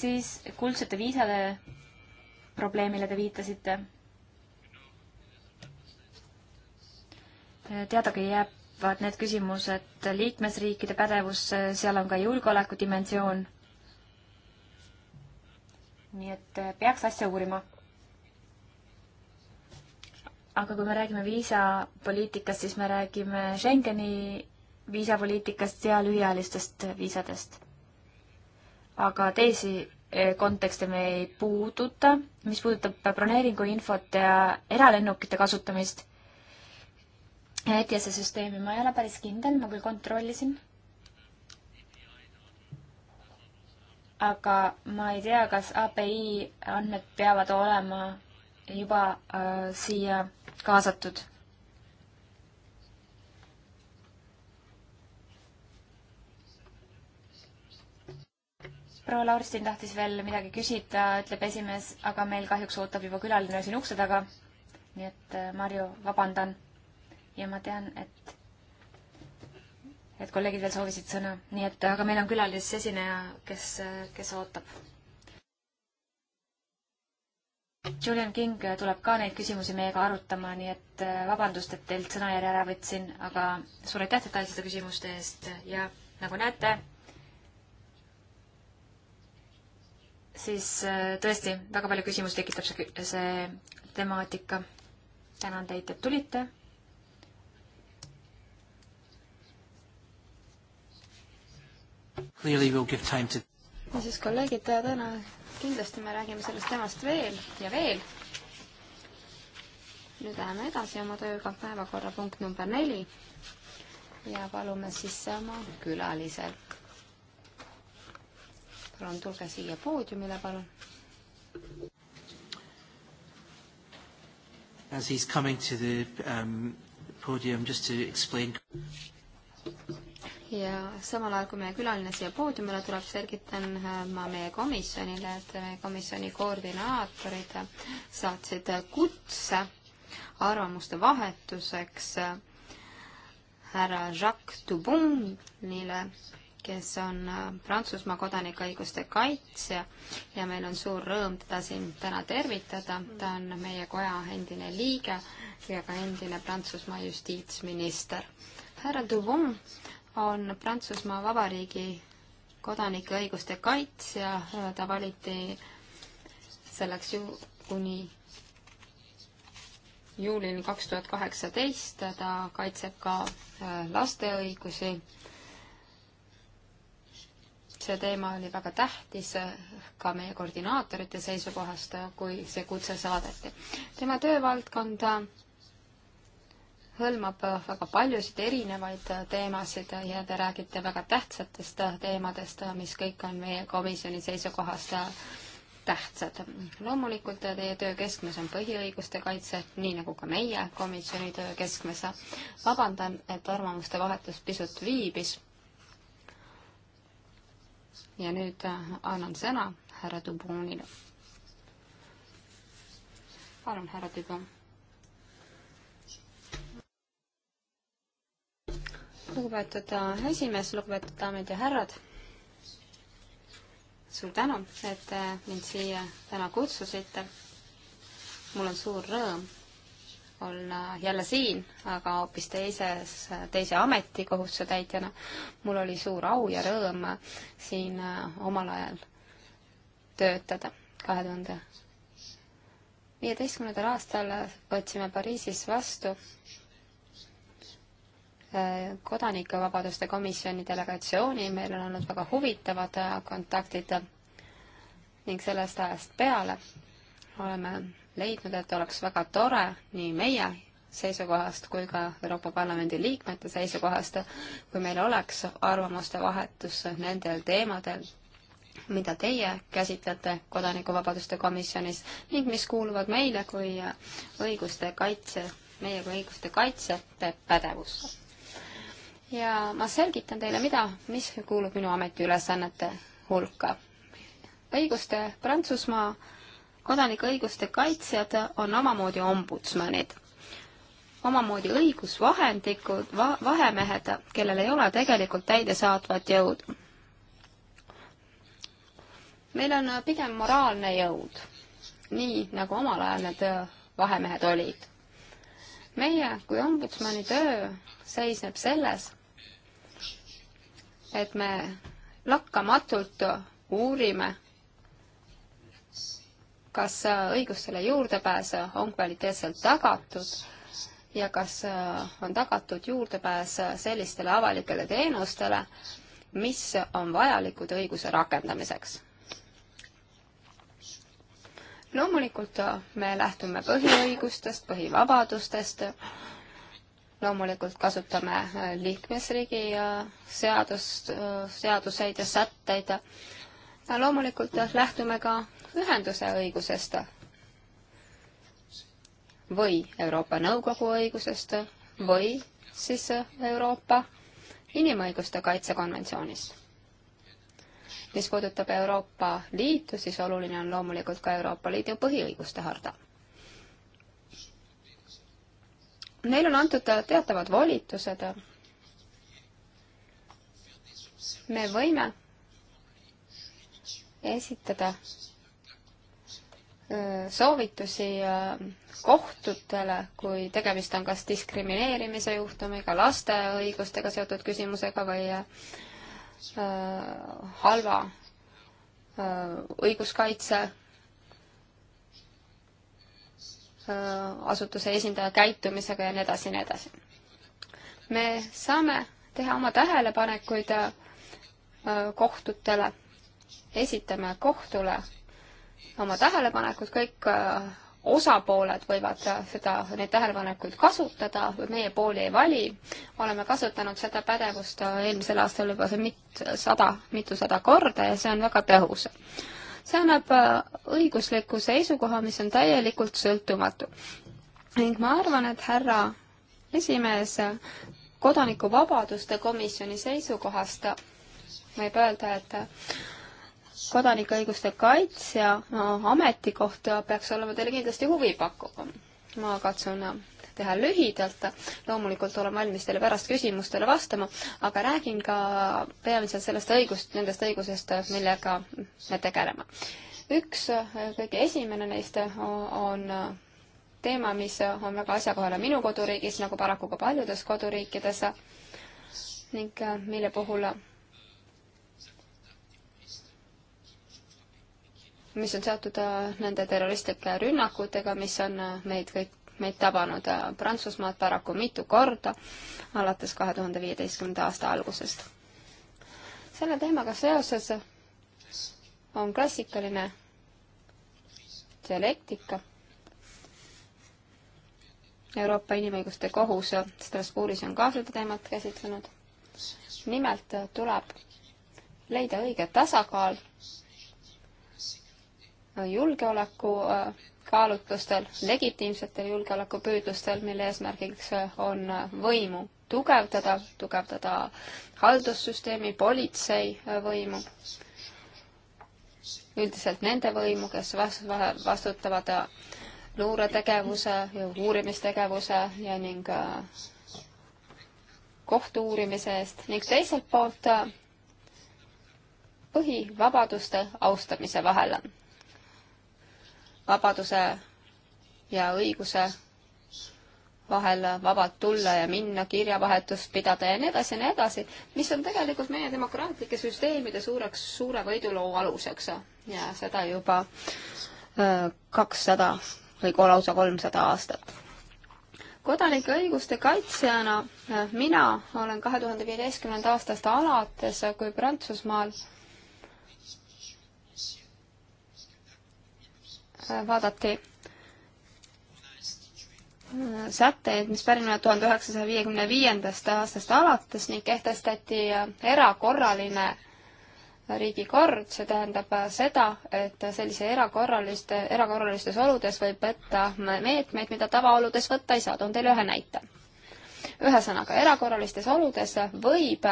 siis kuldsete viisade probleemile te viitasite. teadagi jääb vaat need küsimused liikmesriikide pädevus, seal on ka julgeolekudimensioon nii et äh, peaks asja uurima. aga kui me räägime viisapoliitikast, siis me räägime Schengeni viisapoliitikast ja lühiajalistest viisadest. aga teisi äh, kontekste me ei puuduta, mis puudutab broneeringuinfot ja eralennukite kasutamist. ETS-e süsteemi ma ei ole päris kindel, ma küll kontrollisin aga ma ei tea, kas API andmed peavad olema juba äh, siia kaasatud. proua Laurstin tahtis veel midagi küsida, ütleb esimees, aga meil kahjuks ootab juba külaline siin ukse taga. nii et äh, Marju, vabandan. ja ma tean, et et kolleegid veel soovisid sõna, nii et aga meil on külalisesineja, kes, kes ootab. Julian King tuleb ka neid küsimusi meiega arutama, nii et vabandust, et teilt sõnajärje ära võtsin, aga suur aitäh detailsete küsimuste eest ja nagu näete, siis tõesti, väga palju küsimusi tekitab see, see temaatika. tänan teid, et tulite niisiis, kolleegid, täna kindlasti me räägime sellest teemast veel ja veel. nüüd läheme edasi oma tööga, päevakorrapunkt number neli. ja palume sisse oma külaliselt. palun tulge siia poodiumile, palun. As he's coming to the um, podium, just to explain ja samal ajal, kui meie külaline siia poodiumile tuleb, selgitan äh, ma meie komisjonile, et meie komisjoni koordinaatorid saatsid kutse arvamuste vahetuseks äh, härra Jacques Dubonile, kes on äh, Prantsusmaa kodanikuõiguste kaitsja ja meil on suur rõõm teda siin täna tervitada. ta on meie koja endine liige ja ka endine Prantsusmaa justiitsminister. härra Dubon on Prantsusmaa Vabariigi kodanike õiguste kaitsja, ta valiti selleks ju kuni juulini kaks tuhat kaheksateist, ta kaitseb ka äh, laste õigusi. see teema oli väga tähtis äh, ka meie koordinaatorite seisukohast, kui see kutse saadeti. tema töövaldkonda hõlmab väga paljusid erinevaid teemasid ja te räägite väga tähtsatest teemadest, mis kõik on meie komisjoni seisukohast tähtsad. loomulikult teie töö keskmes on põhiõiguste kaitse, nii nagu ka meie komisjoni töö keskmes. vabandan, et arvamuste vahetus pisut viibis. ja nüüd annan sõna härra Dubonile. palun, härra Dubon lugupeetud äh, esimees, lugupeetud daamid ja härrad, suur tänu, et te äh, mind siia täna kutsusite. mul on suur rõõm olla jälle siin, aga hoopis teises, teise ameti kohusetäitjana. mul oli suur au ja rõõm siin äh, omal ajal töötada, kahe tuhande viieteistkümnendal aastal võtsime Pariisis vastu kodanikevabaduste komisjoni delegatsiooni, meil on olnud väga huvitavad äh, kontaktid ning sellest ajast peale oleme leidnud, et oleks väga tore nii meie seisukohast kui ka Euroopa Parlamendi liikmete seisukohast, kui meil oleks arvamuste vahetus nendel teemadel, mida teie käsitlete Kodanikuvabaduste komisjonis ning mis kuuluvad meile kui õiguste kaitse, meie kui õiguste kaitsjate pädevusse ja ma selgitan teile, mida, mis kuulub minu ametiülesannete hulka. õiguste Prantsusmaa kodanikuõiguste kaitsjad on omamoodi ombudsmanid, omamoodi õigusvahendikud va, vahemehed, kellel ei ole tegelikult täidesaatvat jõudu. meil on pigem moraalne jõud, nii nagu omal ajal need vahemehed olid. meie kui ombudsmani töö seisneb selles, et me lakkamatult uurime, kas õigustele juurdepääs on kvaliteetselt tagatud ja kas on tagatud juurdepääs sellistele avalikele teenustele, mis on vajalikud õiguse rakendamiseks. loomulikult me lähtume põhiõigustest, põhivabadustest loomulikult kasutame äh, liikmesriigi äh, seadust, äh, seaduseid ja sätteid. loomulikult lähtume ka ühenduse õigusest või Euroopa Nõukogu õigusest või siis Euroopa inimõiguste kaitsekonventsioonist. mis puudutab Euroopa Liitu, siis oluline on loomulikult ka Euroopa Liidu põhiõiguste harta neile on antud teatavad volitused. me võime esitada soovitusi kohtutele, kui tegemist on kas diskrimineerimise juhtumiga, laste õigustega seotud küsimusega või halva õiguskaitse Äh, asutuse esindaja käitumisega ja nii edasi ja nii edasi. me saame teha oma tähelepanekuid äh, kohtutele, esitame kohtule oma tähelepanekud, kõik äh, osapooled võivad seda, neid tähelepanekuid kasutada, meie pooli ei vali, oleme kasutanud seda pädevust eelmisel aastal juba see mit-, sada, mitusada korda ja see on väga tõhus see annab äh, õigusliku seisukoha, mis on täielikult sõltumatu. ning ma arvan, et härra esimees kodanikuvabaduste komisjoni seisukohast võib öelda, et äh, kodanikuõiguste kaitsja no, äh, ametikoht peaks olema teile kindlasti huvipakkuv. ma katsun teha lühidalt. loomulikult olen valmis teile pärast küsimustele vastama, aga räägin ka peamiselt sellest õigust, nendest õigusest, millega me tegeleme. üks äh, kõige esimene neist on äh, teema, mis on väga asjakohane minu koduriigis, nagu paraku ka paljudes koduriikides ning äh, mille puhul mis on seotud nende terroristlike rünnakutega, mis on meid kõik meid tabanud äh, Prantsusmaad paraku mitu korda alates kahe tuhande viieteistkümnenda aasta algusest. selle teemaga seoses on klassikaline dialektika. Euroopa Inimõiguste Kohus Strasbourgis on ka seda teemat käsitlenud. nimelt tuleb leida õige tasakaal julgeoleku äh, kaalutlustel, legitiimsetel julgeolekupüüdlustel, mille eesmärgiks äh, on äh, võimu tugevdada, tugevdada haldussüsteemi, politsei äh, võimu, üldiselt nende võimu, kes vastutavad luuretegevuse ja uurimistegevuse ja ning kohtu-uurimise eest ning teiselt poolt põhivabaduste austamise vahel on vabaduse ja õiguse vahel vabalt tulla ja minna, kirjavahetust pidada ja nii edasi ja nii edasi, mis on tegelikult meie demokraatlike süsteemide suureks, suure võiduloo aluseks ja seda juba äh, kakssada või lausa kolmsada aastat. kodanike õiguste kaitsjana äh, mina olen kahe tuhande viieteistkümnenda aastast alates, äh, kui Prantsusmaal vaadati äh, sätteid, mis pärinevad tuhande üheksasaja viiekümne viiendast aastast alates ning kehtestati äh, erakorraline riigikord, see tähendab äh, seda, et sellise erakorraliste, erakorralistes oludes võib võtta meetmeid, mida tavaoludes võtta ei saa, toon teile ühe näite. ühesõnaga, erakorralistes oludes võib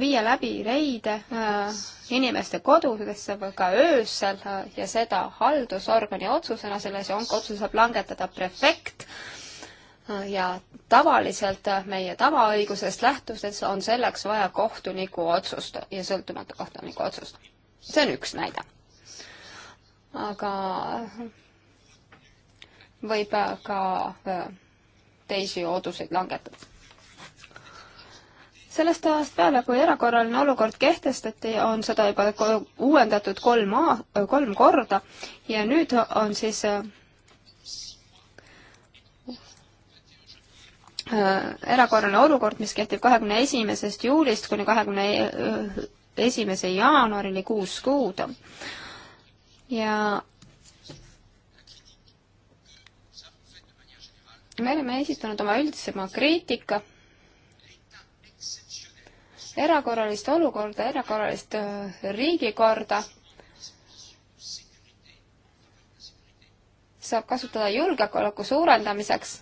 viia läbi reide öö, inimeste kodudesse või ka öösel äh, ja seda haldusorgani otsusena, selle Sionka otsuse saab langetada prefekt äh, ja tavaliselt äh, meie tavaõigusest lähtudes on selleks vaja kohtuniku otsust ja sõltumatu kohtuniku otsust. see on üks näide. aga võib ka teisi otsuseid langetada sellest ajast peale, kui erakorraline olukord kehtestati, on seda juba uuendatud kolm a-, kolm korda ja nüüd on siis äh, äh, erakorraline olukord, mis kehtib kahekümne esimesest juulist kuni kahekümne äh, esimese jaanuarini kuus kuud. ja me oleme esitanud oma üldisema kriitika erakorralist olukorda, erakorralist äh, riigikorda saab kasutada julgeoleku suurendamiseks,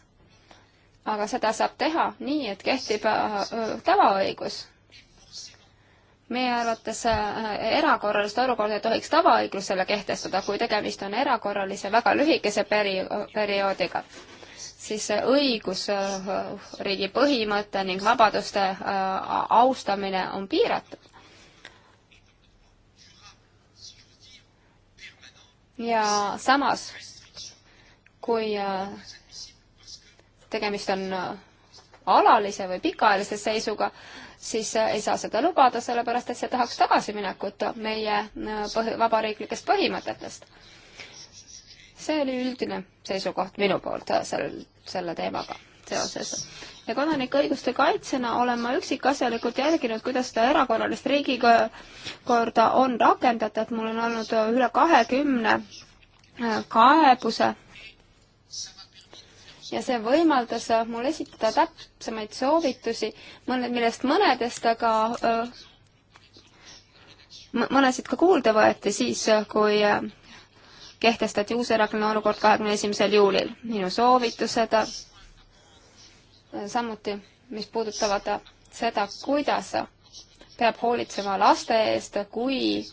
aga seda saab teha nii, et kehtib äh, äh, tavaõigus. meie arvates erakorralist olukorda ei tohiks tavaõiglusele kehtestada, kui tegemist on erakorralise väga lühikese peri-, perioodiga siis õigusriigi põhimõte ning vabaduste äh, austamine on piiratud. ja samas, kui äh, tegemist on äh, alalise või pikaajalise seisuga, siis ei saa seda lubada, sellepärast et see tahaks tagasiminekut meie põhi, vabariiklikest põhimõtetest see oli üldine seisukoht minu poolt äh, sel, selle teemaga seoses. ja kodanikuõiguste kaitsjana olen ma üksikasjalikult jälginud, kuidas seda erakorralist riigikorda on rakendatud, mul on olnud äh, üle kahekümne äh, kaebuse ja see võimaldas mul esitada täpsemaid soovitusi, mõned, millest mõnedest aga mõnesid ka kuulda võeti siis, kui kehtestati uus erakonna olukord kahekümne esimesel juulil. minu soovitused samuti, mis puudutavad seda, kuidas peab hoolitsema laste eest, kui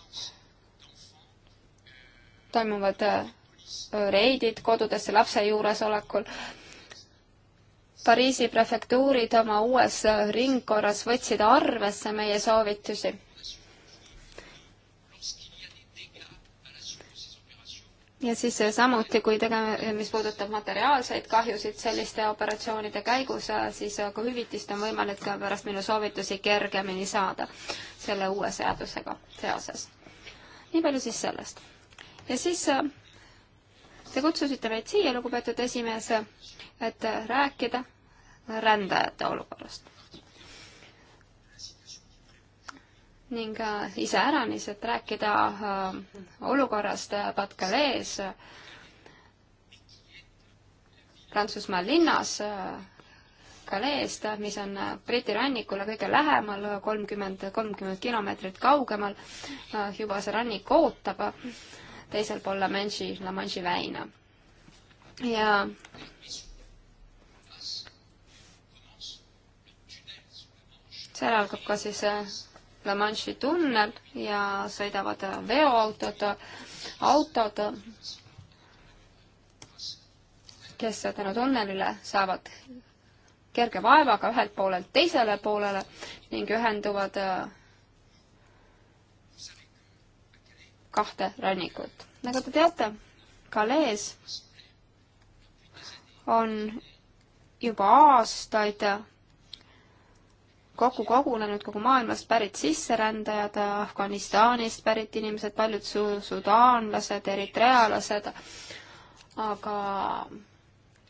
toimuvad reidid kodudesse lapse juuresolekul Pariisi prefektuurid oma uues ringkorras võtsid arvesse meie soovitusi ja siis samuti, kui tege-, mis puudutab materiaalseid kahjusid selliste operatsioonide käigus, äh, siis äh, ka hüvitist on võimalik äh, pärast minu soovitusi kergemini saada selle uue seadusega seoses. nii palju siis sellest. ja siis te kutsusite meid siia, lugupeetud esimees, et rääkida rändajate olukorrast ning äh, iseäranis, et rääkida äh, olukorrast äh, Batcalees, Prantsusmaa linnas, Galeest, mis on Briti rannikule kõige lähemal, kolmkümmend, kolmkümmend kilomeetrit kaugemal, juba see rannik ootab, teisel pool La Manche'i, La Manche'i väina. ja seal algab ka siis La Manche'i tunnel ja sõidavad veoautod, autod, kes tänu tunnelile saavad kerge vaevaga ühelt poolelt teisele poolele ning ühenduvad äh, kahte rannikut. nagu te teate, Calais on juba aastaid kokku kogunenud kogu maailmast pärit sisserändajad, Afganistanist pärit inimesed, paljud su-, sudaanlased, eritrealased, aga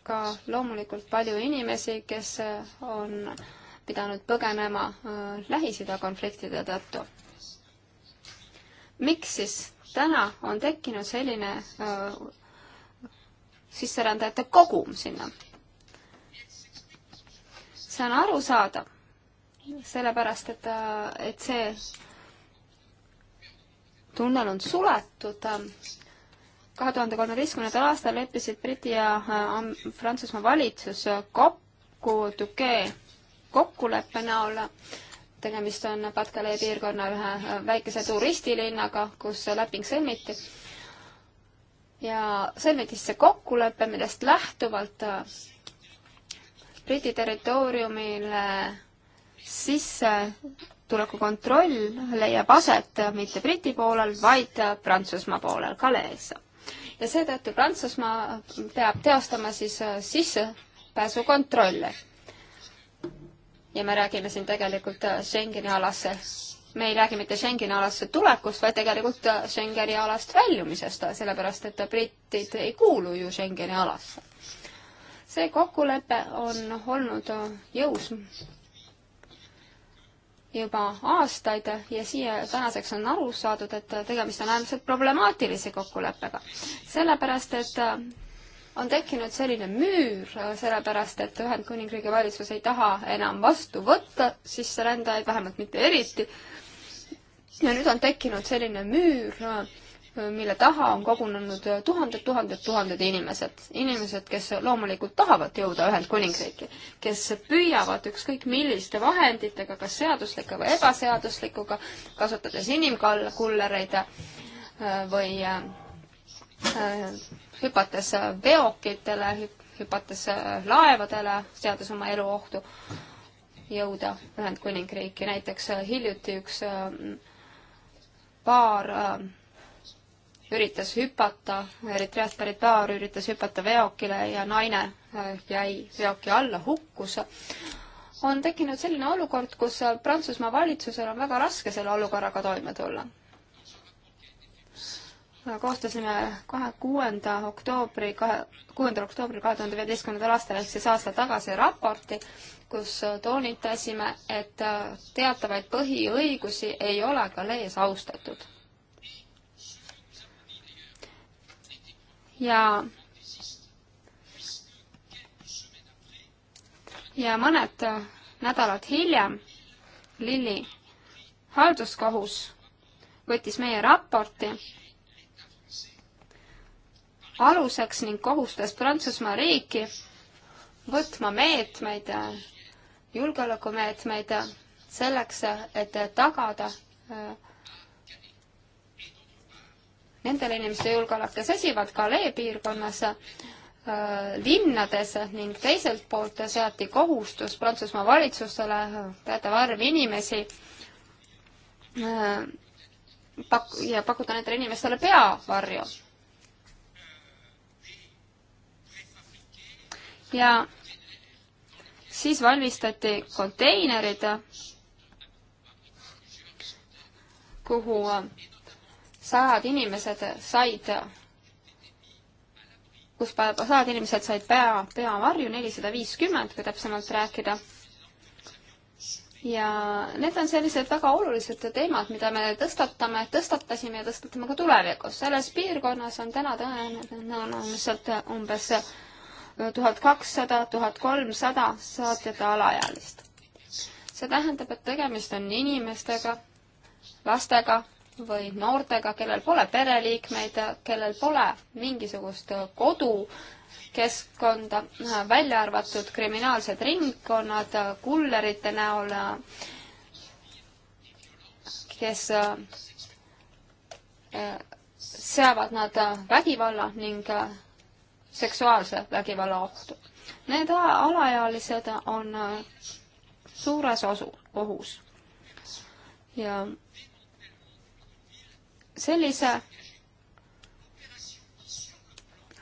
ka loomulikult palju inimesi, kes on pidanud põgenema äh, Lähis-Ida konfliktide tõttu. miks siis täna on tekkinud selline äh, sisserändajate kogum sinna? see on arusaadav sellepärast et, et see tunnel on suletud. kahe tuhande kolmeteistkümnendal aastal leppisid Briti ja äh, Prantsusmaa valitsus kokku Duque kokkuleppe näol. tegemist on Patkalee piirkonna ühe äh, väikese turistilinnaga, kus leping sõlmiti. ja sõlmiti siis see kokkulepe, millest lähtuvalt äh, Briti territooriumile sissetuleku kontroll leiab aset mitte Briti poolel, vaid Prantsusmaa poolel, Calais. ja seetõttu Prantsusmaa peab teostama siis äh, sissepääsukontrolle. ja me räägime siin tegelikult äh, Schengeni alasse me ei räägi mitte Schengeni alasse tulekust, vaid tegelikult äh, Schengeni alast väljumisest, sellepärast et britid ei kuulu ju Schengeni alasse. see kokkulepe on olnud jõus juba aastaid ja siia tänaseks on aru saadud, et tegemist on äärmiselt problemaatilise kokkuleppega. sellepärast, et äh, on tekkinud selline müür, äh, sellepärast et Ühendkuningriigi valitsus ei taha enam vastu võtta sisserändajaid, vähemalt mitte eriti. ja nüüd on tekkinud selline müür äh, mille taha on kogunenud tuhanded, tuhanded, tuhanded inimesed. inimesed, kes loomulikult tahavad jõuda Ühendkuningriiki, kes püüavad ükskõik milliste vahenditega, kas seaduslike või ebaseaduslikuga, kasutades inimkullereid äh, või äh, hüpates veokitele, hüpates äh, laevadele, seades oma elu ohtu, jõuda Ühendkuningriiki. näiteks hiljuti üks paar üritas hüpata, Eritreast pärit paar üritas hüpata veokile ja naine äh, jäi veoki alla, hukkus, on tekkinud selline olukord, kus Prantsusmaa valitsusel on väga raske selle olukorraga toime tulla. kohtusime kahe, kuuenda oktoobri, kahe, kuuendal oktoobril kahe tuhande viieteistkümnendal aastal ehk siis aasta tagasi raporti, kus toonitasime, et teatavaid põhiõigusi ei ole Galees austatud ja ja mõned nädalad hiljem Lilli halduskohus võttis meie raporti aluseks ning kohustas Prantsusmaa riiki võtma meetmeid, julgeolekumeetmeid selleks, et tagada äh, nendele inimeste julgeolek, kes esivad Galee piirkonnas äh, linnades ning teiselt poolt seati kohustus Prantsusmaa valitsusele teatav arv inimesi äh, pak-, ja pakuda nendele inimestele peavarju. ja siis valmistati konteinerid, kuhu sajad inimesed said, kus sajad inimesed said pea, peavarju, nelisada viiskümmend, kui täpsemalt rääkida. ja need on sellised väga olulised teemad, mida me tõstatame, tõstatasime ja tõstatame ka tulevikus. selles piirkonnas on täna tõenäoliselt umbes tuhat kakssada, tuhat kolmsada saatjate alaealist. see tähendab, et tegemist on inimestega, lastega, või noortega, kellel pole pereliikmeid, kellel pole mingisugust kodu, keskkonda, välja arvatud kriminaalsed ringkonnad kullerite näol, kes eh, seavad nad vägivalla ning seksuaalse vägivalla ohtu. Need alaealised on suures osu, ohus. ja sellise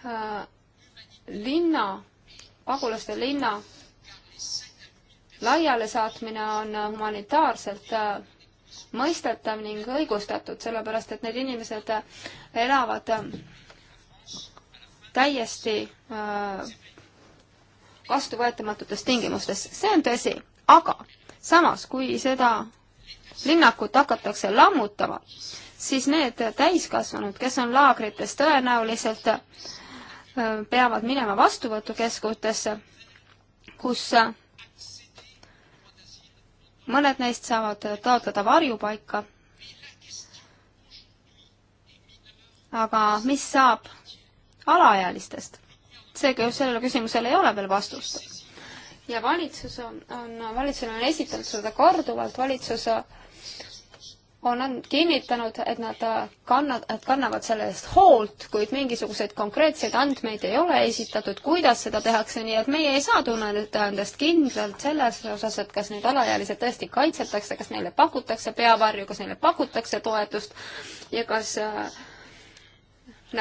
äh, linna, pagulaste linna laialisaatmine on humanitaarselt äh, mõistetav ning õigustatud, sellepärast et need inimesed äh, elavad äh, täiesti vastuvõetamatutes tingimustes. see on tõsi, aga samas, kui seda linnakut hakatakse lammutama, siis need täiskasvanud, kes on laagrites, tõenäoliselt äh, peavad minema vastuvõtukeskutesse, kus äh, mõned neist saavad taotleda varjupaika. aga mis saab alaealistest? seega just sellele küsimusele ei ole veel vastust. ja valitsus on, on, valitsusele on esitanud seda korduvalt, valitsus äh, on kinnitanud, et nad äh, kanna-, et kannavad selle eest hoolt, kuid mingisuguseid konkreetseid andmeid ei ole esitatud, kuidas seda tehakse, nii et meie ei saa tunnelda endast kindlalt selles osas, et kas neid alaealised tõesti kaitsetakse, kas neile pakutakse peavarju, kas neile pakutakse toetust ja kas äh,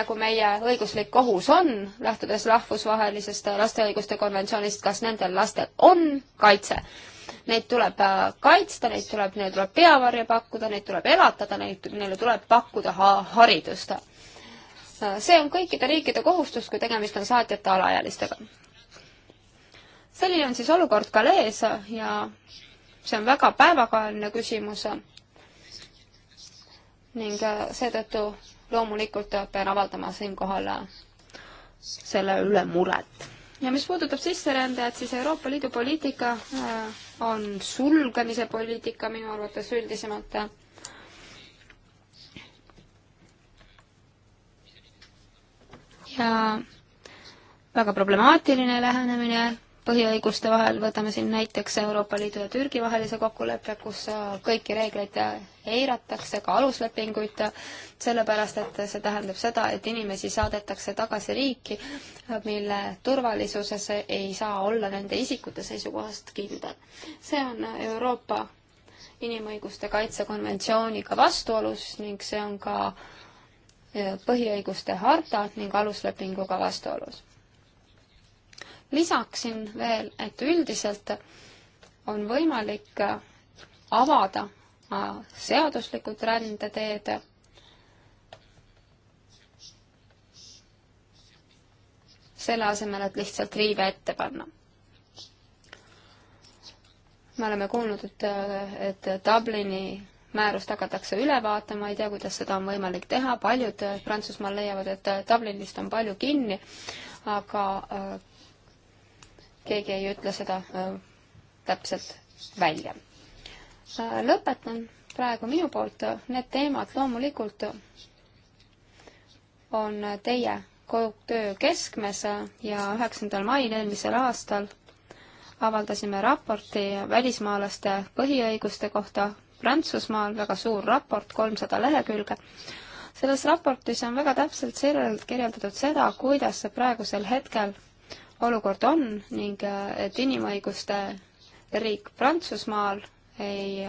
nagu meie õiguslik kohus on, lähtudes rahvusvahelisest laste õiguste konventsioonist, kas nendel lastel on kaitse neid tuleb äh, kaitsta, neid tuleb, neile tuleb peavarja pakkuda, neid tuleb elatada, neid, neile tuleb pakkuda ha haridust. Äh, see on kõikide riikide kohustus, kui tegemist on saatjate alaealistega. selline on siis olukord Galees ja see on väga päevakajaline küsimus ning äh, seetõttu loomulikult pean avaldama siinkohal selle üle muret. ja mis puudutab sisserändajat, siis Euroopa Liidu poliitika äh, on sulgemise poliitika minu arvates üldisemalt. ja väga problemaatiline lähenemine põhiõiguste vahel, võtame siin näiteks Euroopa Liidu ja Türgi vahelise kokkuleppe, kus äh, kõiki reegleid äh, eiratakse, ka aluslepinguid, äh, sellepärast et see tähendab seda, et inimesi saadetakse tagasi riiki, mille turvalisuses ei saa olla nende isikute seisukohast kindel. see on Euroopa inimõiguste kaitsekonventsiooniga vastuolus ning see on ka põhiõiguste harta ning aluslepinguga vastuolus lisaksin veel, et üldiselt on võimalik avada äh, seaduslikud rändeteed selle asemel, et lihtsalt riive ette panna. me oleme kuulnud, et, et Dublini määrust hakatakse üle vaatama, ei tea, kuidas seda on võimalik teha, paljud Prantsusmaal leiavad, et Dublinist on palju kinni, aga äh, keegi ei ütle seda äh, täpselt välja. Äh, lõpetan praegu minu poolt, need teemad loomulikult on teie töö keskmes ja üheksandal mail eelmisel aastal avaldasime raporti välismaalaste põhiõiguste kohta Prantsusmaal, väga suur raport, kolmsada lehekülge. selles raportis on väga täpselt sellelt kirjeldatud seda, kuidas praegusel hetkel olukord on ning äh, et inimõiguste riik Prantsusmaal ei,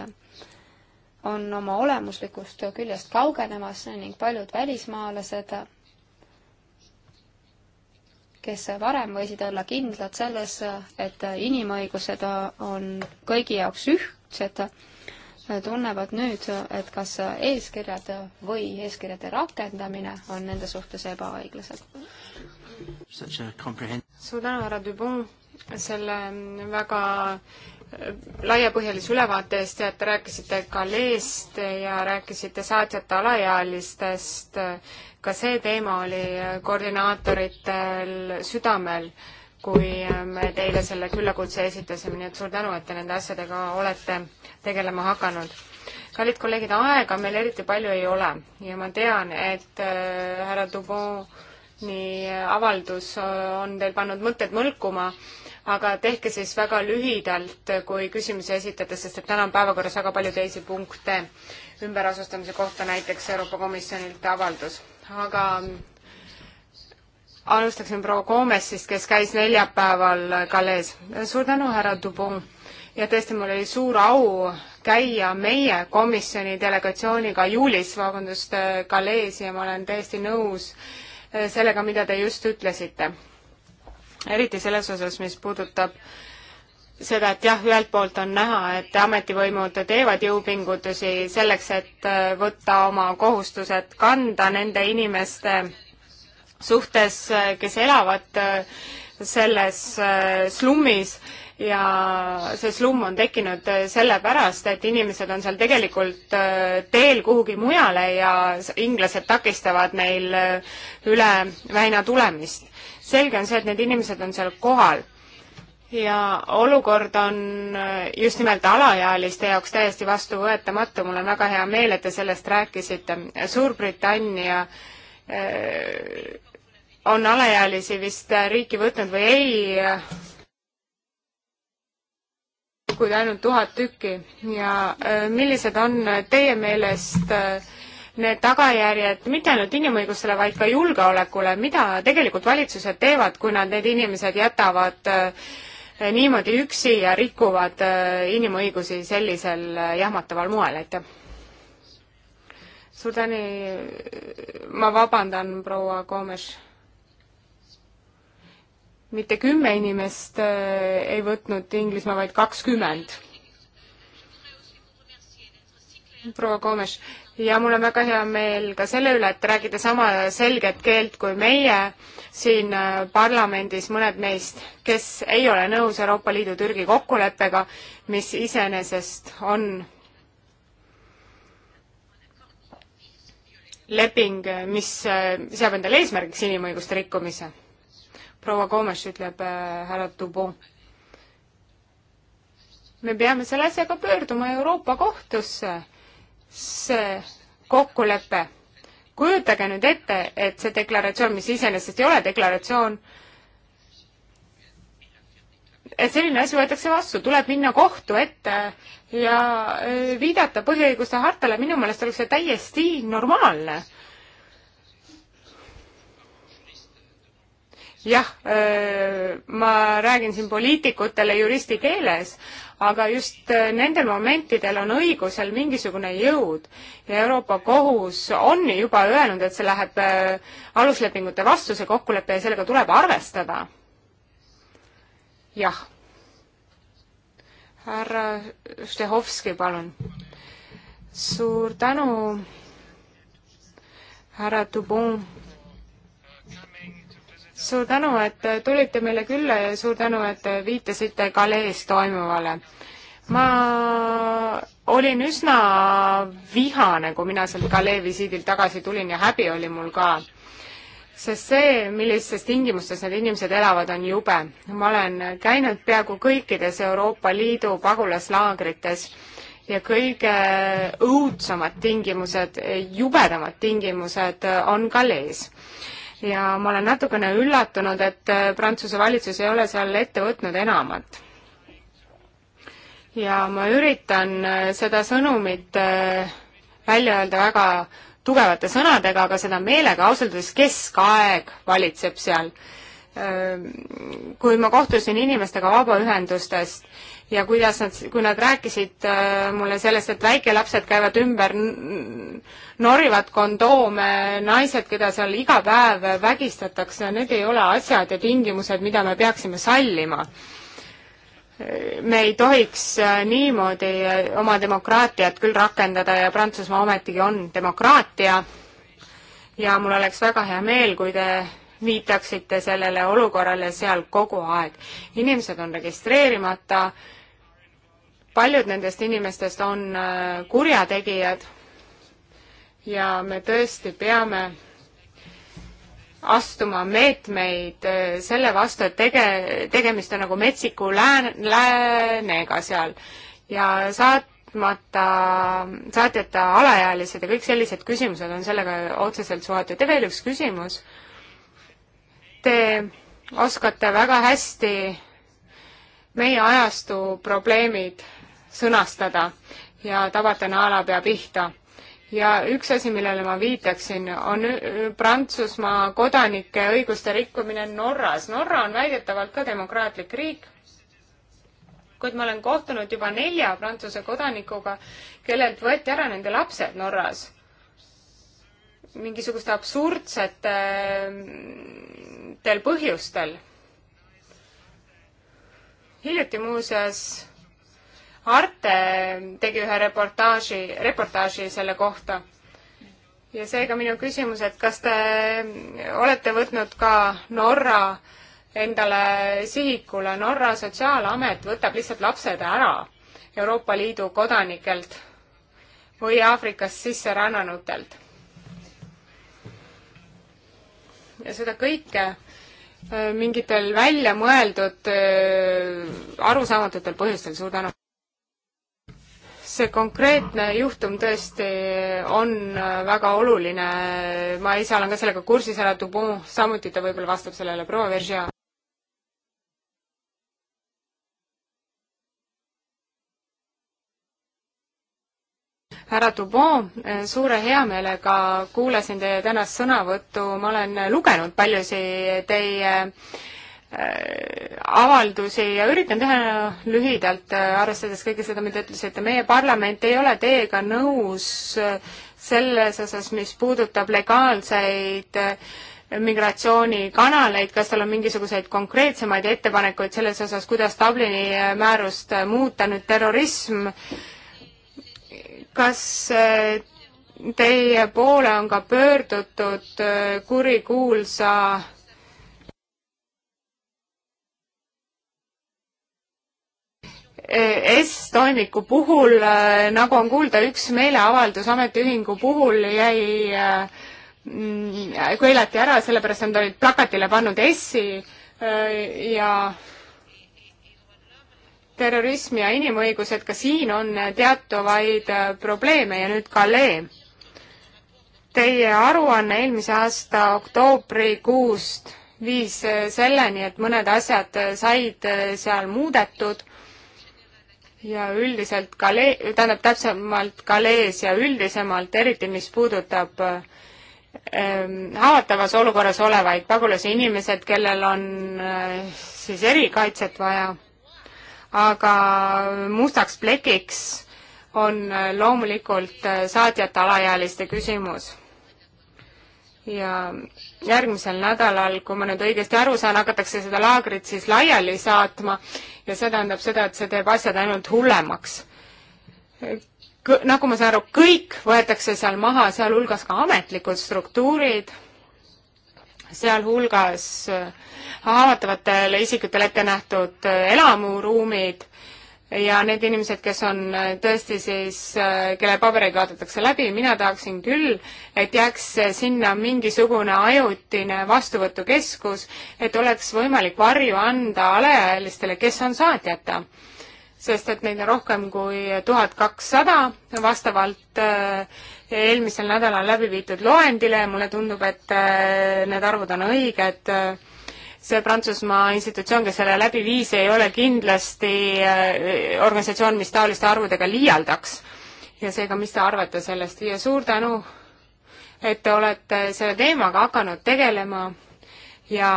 on oma olemuslikust küljest kaugenemas ning paljud välismaalased, kes varem võisid olla kindlad selles, et inimõigused on kõigi jaoks ühtsed, tunnevad nüüd, et kas eeskirjad või eeskirjade rakendamine on nende suhtes ebaõiglased suur tänu, härra Dubon, selle väga äh, laiapõhjalise ülevaate eest ja et rääkisite Galeest ja rääkisite saatjate alaealistest. ka see teema oli äh, koordinaatoritel südamel, kui äh, me teile selle küllakutse esitasime, nii et suur tänu, et te nende asjadega olete tegelema hakanud. kallid kolleegid, aega meil eriti palju ei ole ja ma tean, et härra Dubon nii avaldus on teil pannud mõtted mõlkuma, aga tehke siis väga lühidalt, kui küsimusi esitate, sest et täna on päevakorras väga palju teisi punkte ümberasustamise kohta, näiteks Euroopa Komisjonilt avaldus. aga alustaksin proua Koomessist, kes käis neljapäeval galees. suur tänu, härra Dubon! ja tõesti, mul oli suur au käia meie komisjoni delegatsiooniga juulis, vabandust, galees ja ma olen täiesti nõus äh, Äh, sellega, mida te just ütlesite. eriti selles osas, mis puudutab seda, et jah, ühelt poolt on näha, et ametivõimud teevad jõupingutusi selleks, et äh, võtta oma kohustused kanda nende inimeste suhtes, äh, kes elavad selles slummis ja see slumm on tekkinud äh, sellepärast, et inimesed on seal tegelikult äh, teel kuhugi mujale ja inglased takistavad neil äh, üle väina tulemist. selge on see, et need inimesed on seal kohal ja olukord on just nimelt alaealiste jaoks täiesti vastuvõetamatu, mul on väga hea meel, et te sellest rääkisite. Suurbritannia on alaealisi vist riiki võtnud või ei, kuid ainult tuhat tükki ja äh, millised on teie meelest äh, need tagajärjed mitte ainult inimõigustele, vaid ka julgeolekule, mida tegelikult valitsused teevad, kui nad need inimesed jätavad äh, niimoodi üksi ja rikuvad inimõigusi sellisel jahmataval moel, aitäh! suur tänu, ma vabandan, proua Koomes mitte kümme inimest äh, ei võtnud Inglismaa, vaid kakskümmend. proua Komes, ja mul on väga hea meel ka selle üle, et räägida sama selget keelt kui meie siin äh, parlamendis, mõned meist, kes ei ole nõus Euroopa Liidu-Türgi kokkuleppega, mis iseenesest on leping, mis äh, seab endale eesmärgiks inimõiguste rikkumise proua Koomes, ütleb äh, härra Dubon. me peame selle asjaga pöörduma Euroopa Kohtusse, see kokkulepe. kujutage nüüd ette, et see deklaratsioon, mis iseenesest ei ole deklaratsioon, et selline asi võetakse vastu, tuleb minna kohtu ette ja äh, viidata põhiõiguste hartale, minu meelest oleks see täiesti normaalne jah, äh, ma räägin siin poliitikutele juristi keeles, aga just äh, nendel momentidel on õigusel mingisugune jõud ja Euroopa Kohus on juba öelnud, et see läheb äh, aluslepingute vastu, see kokkulepe ja sellega tuleb arvestada. jah. härra Štehovski, palun. suur tänu, härra Dubon suur tänu, et tulite meile külla ja suur tänu, et viitasite galees toimuvale. ma olin üsna vihane, kui mina sealt galee visiidilt tagasi tulin ja häbi oli mul ka sest see, millistes tingimustes need inimesed elavad, on jube. ma olen käinud peaaegu kõikides Euroopa Liidu pagulaslaagrites ja kõige õudsemad tingimused, jubedamad tingimused on Galees ja ma olen natukene üllatunud, et äh, Prantsuse valitsus ei ole seal ette võtnud enamat. ja ma üritan äh, seda sõnumit äh, välja öelda väga tugevate sõnadega, aga seda meelega, ausalt öeldes keskaeg valitseb seal. Kui ma kohtusin inimestega vabaühendustest ja kuidas nad, kui nad rääkisid äh, mulle sellest, et väikelapsed käivad ümber, norivad kondoome, naised, keda seal iga päev vägistatakse, need ei ole asjad ja tingimused, mida me peaksime sallima. me ei tohiks äh, niimoodi äh, oma demokraatiat küll rakendada ja Prantsusmaa ometigi on demokraatia ja mul oleks väga hea meel, kui te viitaksite sellele olukorrale seal kogu aeg. inimesed on registreerimata paljud nendest inimestest on äh, kurjategijad ja me tõesti peame astuma meetmeid äh, selle vastu, et tege-, tegemist on nagu metsiku lään-, läänega seal ja saatmata, saatjata alaealised ja kõik sellised küsimused on sellega otseselt suhetud. ja veel üks küsimus. Te oskate väga hästi meie ajastu probleemid sõnastada ja tavatena ala pea pihta. ja üks asi, millele ma viitaksin, on Prantsusmaa kodanike õiguste rikkumine Norras. Norra on väidetavalt ka demokraatlik riik, kuid ma olen kohtunud juba nelja Prantsuse kodanikuga, kellelt võeti ära nende lapsed Norras mingisuguste absurdsetel põhjustel. hiljuti muuseas Arte tegi ühe reportaaži, reportaaži selle kohta. ja seega minu küsimus, et kas te olete võtnud ka Norra endale sihikule, Norra sotsiaalamet võtab lihtsalt lapsed ära Euroopa Liidu kodanikelt või Aafrikast sisse rännanutelt. ja seda kõike äh, mingitel väljamõeldud äh, arusaamatutel põhjustel, suur tänu! see konkreetne juhtum tõesti on äh, väga oluline, ma ise olen ka sellega kursis, härra Dubon samuti, ta võib-olla vastab sellele, proua Veržia. härra Dubon, äh, suure heameelega kuulasin teie tänast sõnavõttu, ma olen lugenud paljusid teie äh, Äh, avaldusi ja üritan teha lühidalt, äh, arvestades kõike seda, mida ütlesite, meie parlament ei ole teiega nõus äh, selles osas, mis puudutab legaalseid migratsioonikanaleid, kas teil on mingisuguseid konkreetsemaid ettepanekuid selles osas, kuidas Dublini määrust muuta, nüüd terrorism, kas teie poole on ka pöördutud kurikuulsa E S-toimiku puhul, äh, nagu on kuulda, üks meeleavaldus ametiühingu puhul jäi, äh, mm, keelati ära, sellepärast nad olid plakatile pannud S-i äh, ja terrorism ja inimõigused, ka siin on teatavaid probleeme ja nüüd Kalee. Teie aruanne eelmise aasta oktoobrikuust viis selleni, et mõned asjad said seal muudetud ja üldiselt Kale-, tähendab täpsemalt Kalees ja üldisemalt, eriti mis puudutab ähm, haavatavas olukorras olevaid pagulasi, inimesed, kellel on äh, siis erikaitset vaja, aga mustaks plekiks on äh, loomulikult äh, saatjate alaealiste küsimus ja järgmisel nädalal, kui ma nüüd õigesti aru saan, hakatakse seda laagrit siis laiali saatma ja see tähendab seda, et see teeb asjad ainult hullemaks. nagu ma saan aru, kõik võetakse seal maha, sealhulgas ka ametlikud struktuurid, sealhulgas haavatavatele isikutele ette nähtud äh, elamuruumid, ja need inimesed, kes on äh, tõesti siis, äh, kelle pabereid vaadatakse läbi, mina tahaksin küll, et jääks äh, sinna mingisugune ajutine vastuvõtukeskus, et oleks võimalik varju anda alaealistele, kes on saatjata. sest et neid on rohkem kui tuhat kakssada vastavalt eelmisel nädalal läbi viidud loendile ja mulle tundub, et need arvud on õiged see Prantsusmaa institutsioon, kes selle läbi viis, ei ole kindlasti äh, organisatsioon, mis taoliste arvudega liialdaks. ja seega, mis te arvate sellest ja suur tänu, et te olete selle teemaga hakanud tegelema ja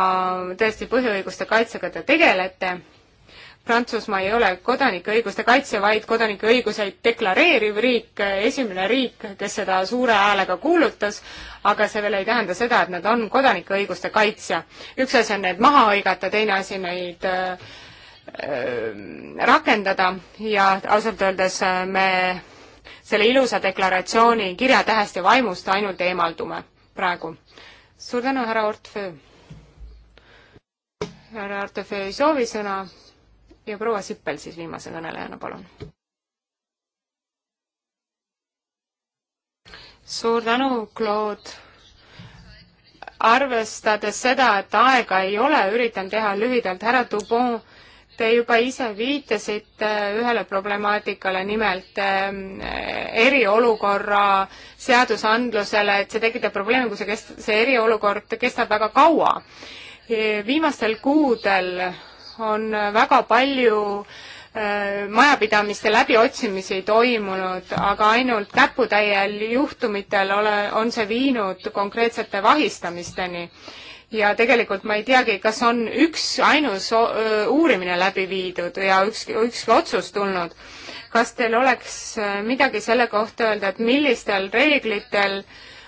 tõesti põhiõiguste kaitsega te tegelete Prantsusmaa ei ole kodanikuõiguste kaitse, vaid kodanikuõiguseid deklareeriv riik, esimene riik, kes seda suure häälega kuulutas, aga see veel ei tähenda seda, et nad on kodanikuõiguste kaitsja. üks asi on need maha hõigata, teine asi neid äh, rakendada ja ausalt öeldes äh, me selle ilusa deklaratsiooni kirjatähest ja vaimust ainult eemaldume praegu. suur tänu, härra Ortföö. härra Ortföö ei soovi sõna ja proua Sippel siis viimase kõnelejana, palun. suur tänu, Claude arvestades seda, et aega ei ole, üritan teha lühidalt. härra Dubon, te juba ise viitasite ühele problemaatikale, nimelt ähm, eriolukorra seadusandlusele, et see tekitab probleeme, kui see kest-, see eriolukord kestab väga kaua. viimastel kuudel on väga palju äh, majapidamiste läbiotsimisi toimunud, aga ainult käputäiel juhtumitel ole, on see viinud konkreetsete vahistamisteni. ja tegelikult ma ei teagi, kas on üksainus äh, uurimine läbi viidud ja üks, ükski otsus tulnud. kas teil oleks äh, midagi selle kohta öelda, et millistel reeglitel äh,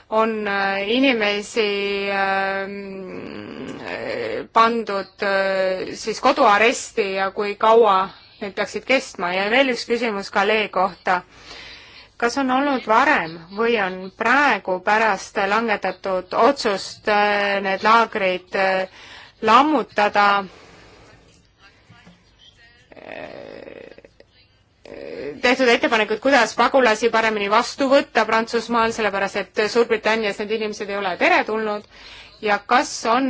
on äh, inimesi ähm, äh, pandud äh, siis koduaresti ja kui kaua need peaksid kestma ja veel üks küsimus galee kohta. kas on olnud varem või on praegu pärast langetatud otsust need laagrid lammutada tehtud ettepanekud, kuidas pagulasi paremini vastu võtta Prantsusmaal, sellepärast et Suurbritannias need inimesed ei ole teretulnud ja kas on,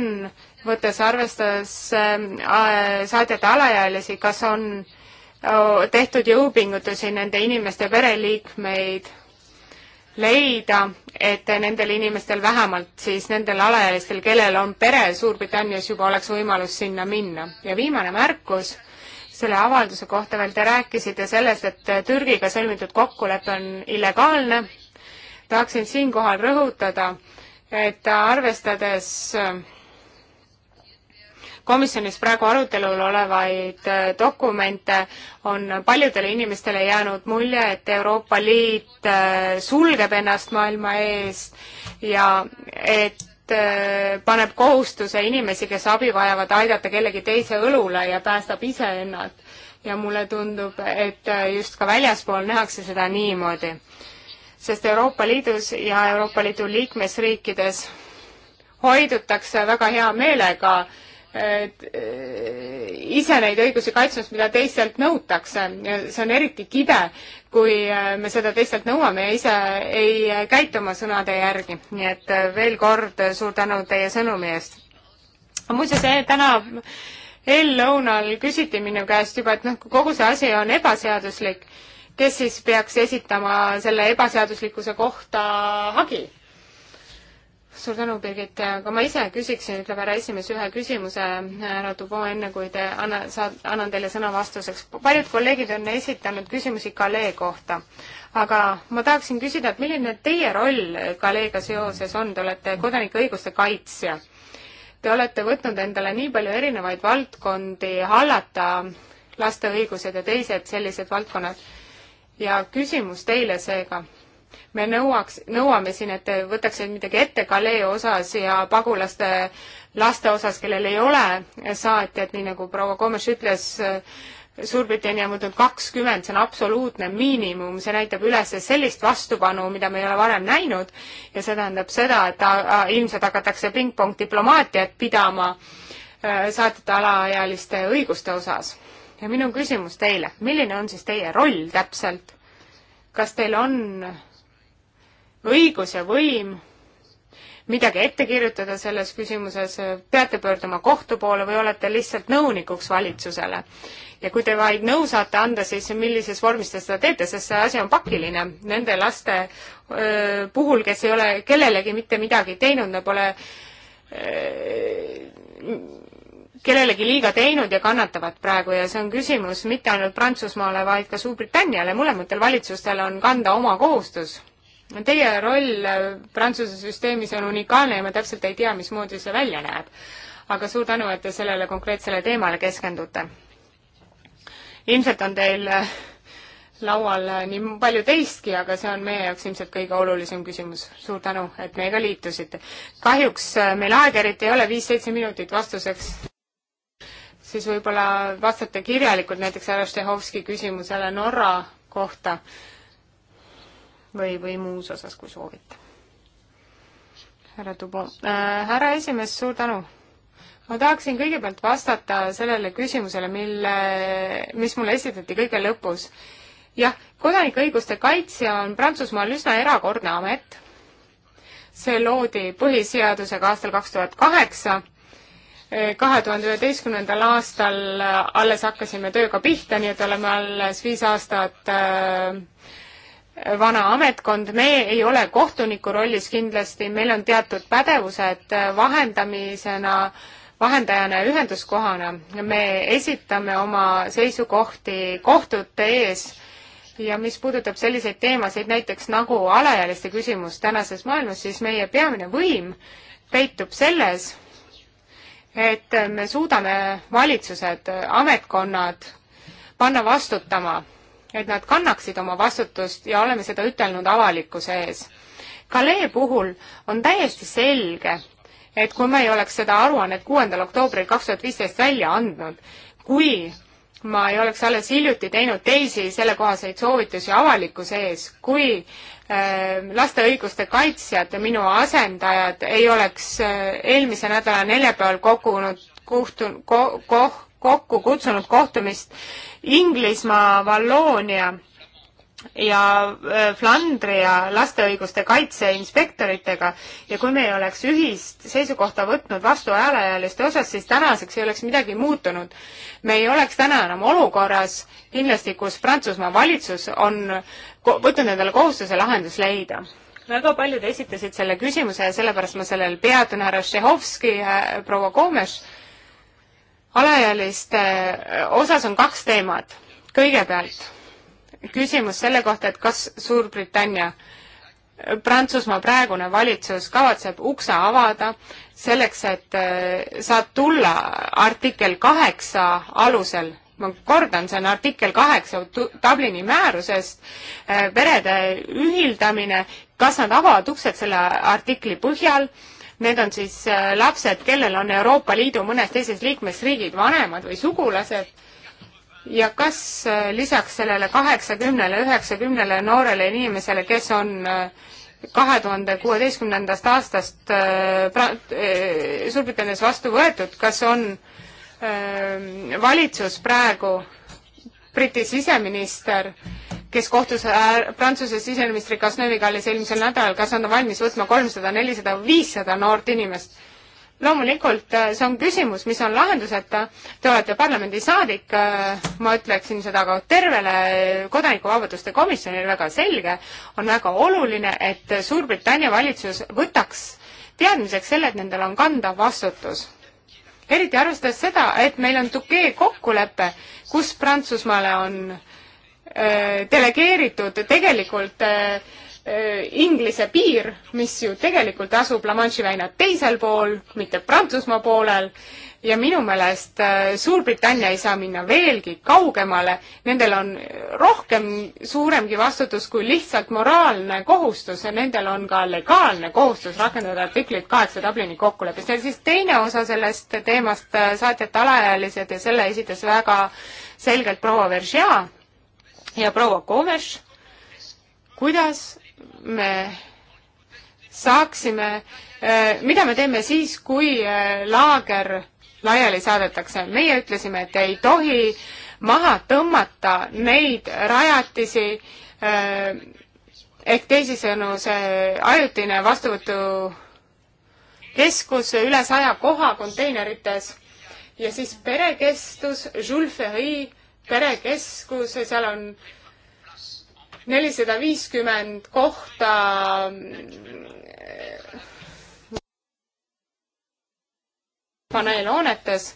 võttes arvestades äh, saadjate alaealisi, kas on öö, tehtud jõupingutusi nende inimeste pereliikmeid leida, et nendel inimestel vähemalt siis nendel alaealistel, kellel on pere Suurbritannias, juba oleks võimalus sinna minna. ja viimane märkus selle avalduse kohta veel te rääkisite sellest, et Türgiga sõlmitud kokkulepe on illegaalne. tahaksin siinkohal rõhutada, et arvestades komisjonis praegu arutelul olevaid dokumente, on paljudele inimestele jäänud mulje, et Euroopa Liit sulgeb ennast maailma eest ja et Äh, paneb kohustuse inimesi, kes abi vajavad, aidata kellegi teise õlule ja päästab iseennalt. ja mulle tundub, et äh, just ka väljaspool nähakse seda niimoodi. sest Euroopa Liidus ja Euroopa Liidu liikmesriikides hoidutakse väga hea meelega äh, Eh, ise neid õigusi kaitsmas, mida teistelt nõutakse. see on eriti kibe, kui eh, me seda teistelt nõuame ja ise ei eh, käitu oma sõnade järgi. nii et veel kord suur tänu teie sõnumi eest. muuseas, täna eellõunal küsiti minu käest juba, et noh, kogu see asi on ebaseaduslik, kes siis peaks esitama selle ebaseaduslikkuse kohta hagi suur tänu, Birgit, aga ma ise küsiksin, ütleb härra esimees, ühe küsimuse, härra Dubo, enne kui te anna, saad, annan teile sõna vastuseks. paljud kolleegid on esitanud küsimusi Kalee kohta, aga ma tahaksin küsida, et milline teie roll Kaleega seoses on, te olete kodanikuõiguste kaitsja. Te olete võtnud endale nii palju erinevaid valdkondi hallata, laste õigused ja teised sellised valdkonnad, ja küsimus teile seega me nõuaks, nõuame siin, et võtaksid midagi ette Galee osas ja pagulaste laste osas, kellel ei ole saatjat, nii nagu proua Komes ütles, Suurbritannia on võtnud kakskümmend, see on absoluutne miinimum, see näitab üles sellist vastupanu, mida me ei ole varem näinud ja see tähendab seda, et ilmselt hakatakse pingpong diplomaatiat pidama äh, saatjate alaealiste õiguste osas ja minu küsimus teile, milline on siis teie roll täpselt? kas teil on õigus ja võim midagi ette kirjutada selles küsimuses, peate pöörduma kohtu poole või olete lihtsalt nõunikuks valitsusele. ja kui te vaid nõu saate anda, siis millises vormis te seda teete, sest see asi on pakiline. Nende laste öö, puhul, kes ei ole kellelegi mitte midagi teinud, nad pole öö, kellelegi liiga teinud ja kannatavad praegu ja see on küsimus mitte ainult Prantsusmaale, vaid ka Suurbritanniale, mõlematel valitsustel on kanda oma kohustus Teie roll äh, Prantsuse süsteemis on unikaalne ja ma täpselt ei tea, mismoodi see välja näeb. aga suur tänu, et te sellele konkreetsele teemale keskendute. ilmselt on teil äh, laual äh, nii palju teistki, aga see on meie jaoks ilmselt kõige olulisem küsimus. suur tänu, et meiega liitusite. kahjuks meil aega eriti ei ole, viis-seitse minutit vastuseks siis võib-olla vastate kirjalikult näiteks härra Štehovski küsimusele Norra kohta või, või muus osas, kui soovite. härra Tubo äh,, härra esimees, suur tänu! ma tahaksin kõigepealt vastata sellele küsimusele, mille, mis mulle esitati kõige lõpus. jah, kodanikuõiguste kaitsja on Prantsusmaal üsna erakordne amet. see loodi põhiseadusega aastal kaks tuhat kaheksa kahe tuhande üheteistkümnendal aastal alles hakkasime tööga pihta, nii et oleme alles viis aastat äh, vana ametkond, me ei ole kohtuniku rollis kindlasti, meil on teatud pädevused vahendamisena, vahendajana ja ühenduskohana. me esitame oma seisukohti kohtute ees ja mis puudutab selliseid teemasid näiteks nagu alaealiste küsimus tänases maailmas, siis meie peamine võim peitub selles, et me suudame valitsused, ametkonnad panna vastutama et nad kannaksid oma vastutust ja oleme seda ütelnud avalikkuse ees. Kalee puhul on täiesti selge, et kui me ei oleks seda aruannet kuuendal oktoobril kaks tuhat viisteist välja andnud, kui ma ei oleks alles hiljuti teinud teisi sellekohaseid soovitusi avalikkuse ees, kui äh, laste õiguste kaitsjad, minu asendajad ei oleks äh, eelmise nädala neljapäeval kogunud, kohtu- ko,, ko, kokku kutsunud kohtumist Inglismaa, Valloonia ja äh, Flandria laste õiguste kaitseinspektoritega ja kui me ei oleks ühist seisukohta võtnud vastu alaealiste osas, siis tänaseks ei oleks midagi muutunud. me ei oleks täna enam olukorras kindlasti, kus Prantsusmaa valitsus on võtnud endale kohustuse lahendus leida väga paljud esitasid selle küsimuse ja sellepärast ma sellel peatun, härra Štehovski, äh, proua Koomes äh,, alaealiste eh, osas on kaks teemat. kõigepealt küsimus selle kohta, et kas Suurbritannia eh, Prantsusmaa praegune valitsus kavatseb ukse avada selleks, et eh, saab tulla artikkel kaheksa alusel, ma kordan, see on artikkel kaheksa Dublini määrusest, perede ühildamine, kas nad avavad uksed selle artikli põhjal äh, Need on siis äh, lapsed, kellel on Euroopa Liidu mõnes teises liikmesriigid vanemad või sugulased ja kas äh, lisaks sellele kaheksakümnele, üheksakümnele noorele inimesele, kes on äh, kahe tuhande kuueteistkümnendast aastast Suurbritannias vastu võetud, kas on valitsus praegu, Briti siseminister äh, kes kohtus äh, Prantsuse siseministri Kasneviga alles eelmisel nädalal, kas nad on valmis võtma kolmsada, nelisada, viissada noort inimest. loomulikult äh, see on küsimus, mis on lahenduseta, te olete parlamendisaadik, äh, ma ütleksin seda ka tervele kodanikuvabaduste komisjonile väga selge, on väga oluline, et Suurbritannia valitsus võtaks teadmiseks selle, et nendel on kanda vastutus eriti arvestades seda, et meil on Duque kokkulepe, kus Prantsusmaale on Äh, delegeeritud tegelikult äh, äh, Inglise piir, mis ju tegelikult asub La Manche'i väina teisel pool, mitte Prantsusmaa poolel, ja minu meelest Suurbritannia ei saa minna veelgi kaugemale, nendel on rohkem, suuremgi vastutus kui lihtsalt moraalne kohustus ja nendel on ka legaalne kohustus rakendada artiklit kaheksa Dublini kokkuleppest. ja siis teine osa sellest teemast, saatjate alaealised ja selle esitas väga selgelt proua Veržea ja proua Komes, kuidas me saaksime, eh, mida me teeme siis, kui eh, laager laiali saadetakse, meie ütlesime, et ei tohi maha tõmmata neid rajatisi, eh, ehk teisisõnu, see ajutine vastuvõtukeskus üle saja koha konteinerites ja siis perekestus Jules Ferry perekeskus ja seal on nelisada viiskümmend kohta paneelhoonetes.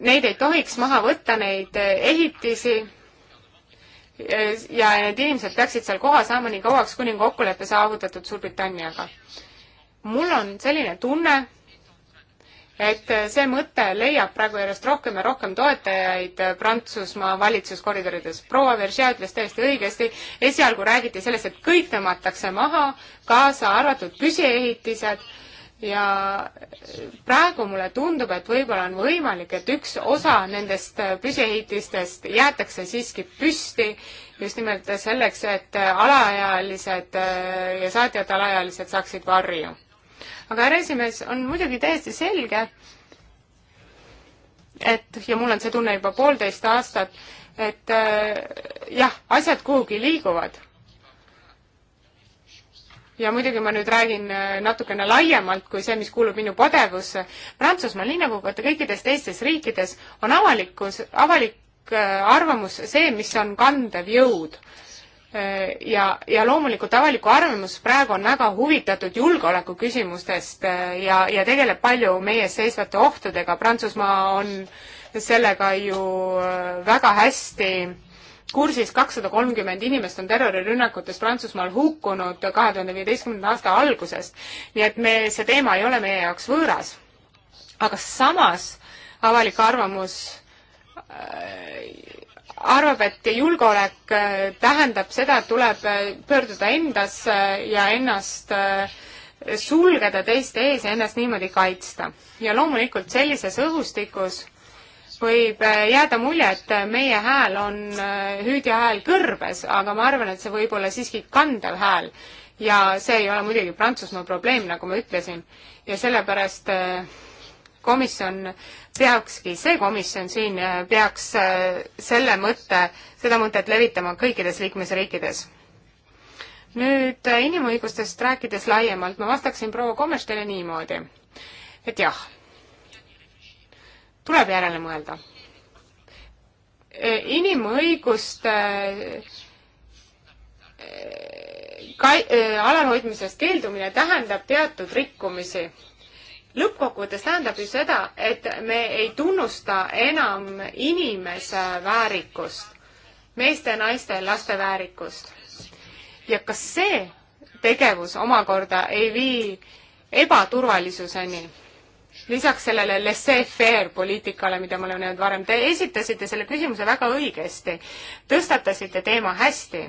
Neid ei tohiks maha võtta, neid ehitisi ja need inimesed peaksid seal koha saama nii kauaks, kuni on kokkulepe saavutatud Suurbritanniaga. mul on selline tunne, et see mõte leiab praegu järjest rohkem ja rohkem toetajaid Prantsusmaa valitsuskoridorides. proua Vergea ütles täiesti õigesti, esialgu räägiti sellest, et kõik tõmmatakse maha, kaasa arvatud püsiehitised, ja praegu mulle tundub, et võib-olla on võimalik, et üks osa nendest püsiehitistest jäetakse siiski püsti just nimelt selleks, et alaealised ja saatjad alaealised saaksid varju aga härra esimees, on muidugi täiesti selge, et ja mul on see tunne juba poolteist aastat, et äh, jah, asjad kuhugi liiguvad. ja muidugi ma nüüd räägin äh, natukene laiemalt kui see, mis kuulub minu pädevusse. Prantsusmaal, nii nagu ka kõikides teistes riikides, on avalikkus, avalik äh, arvamus see, mis on kandev jõud ja, ja loomulikult avalik arvamus praegu on väga huvitatud julgeolekuküsimustest eh, ja, ja tegeleb palju meie ees seisvate ohtudega, Prantsusmaa on sellega ju eh, väga hästi kursis, kakssada kolmkümmend inimest on terrorirünnakutes Prantsusmaal hukkunud kahe tuhande viieteistkümnenda aasta algusest. nii et me, see teema ei ole meie jaoks võõras. aga samas avalik arvamus äh, arvab, et julgeolek äh, tähendab seda, et tuleb äh, pöörduda endasse ja ennast äh, sulgeda teiste ees ja ennast niimoodi kaitsta. ja loomulikult sellises õhustikus võib jääda mulje, et meie hääl on hüüdja hääl kõrbes, aga ma arvan, et see võib olla siiski kandev hääl. ja see ei ole muidugi Prantsusmaa probleem, nagu ma ütlesin. ja sellepärast äh, komisjon peakski, see komisjon siin äh, peaks äh, selle mõtte, seda mõtet levitama kõikides liikmesriikides. nüüd äh, inimõigustest rääkides laiemalt, ma vastaksin proua Komestele niimoodi, et jah, tuleb järele mõelda. inimõiguste ka- äh,, alalhoidmisest keeldumine tähendab teatud rikkumisi lõppkokkuvõttes tähendab ju seda, et me ei tunnusta enam inimese väärikust, meeste, naiste, laste väärikust. ja kas see tegevus omakorda ei vii ebaturvalisuseni? lisaks sellele laissez-faire poliitikale, mida ma olen öelnud varem, te esitasite selle küsimuse väga õigesti, tõstatasite teema hästi.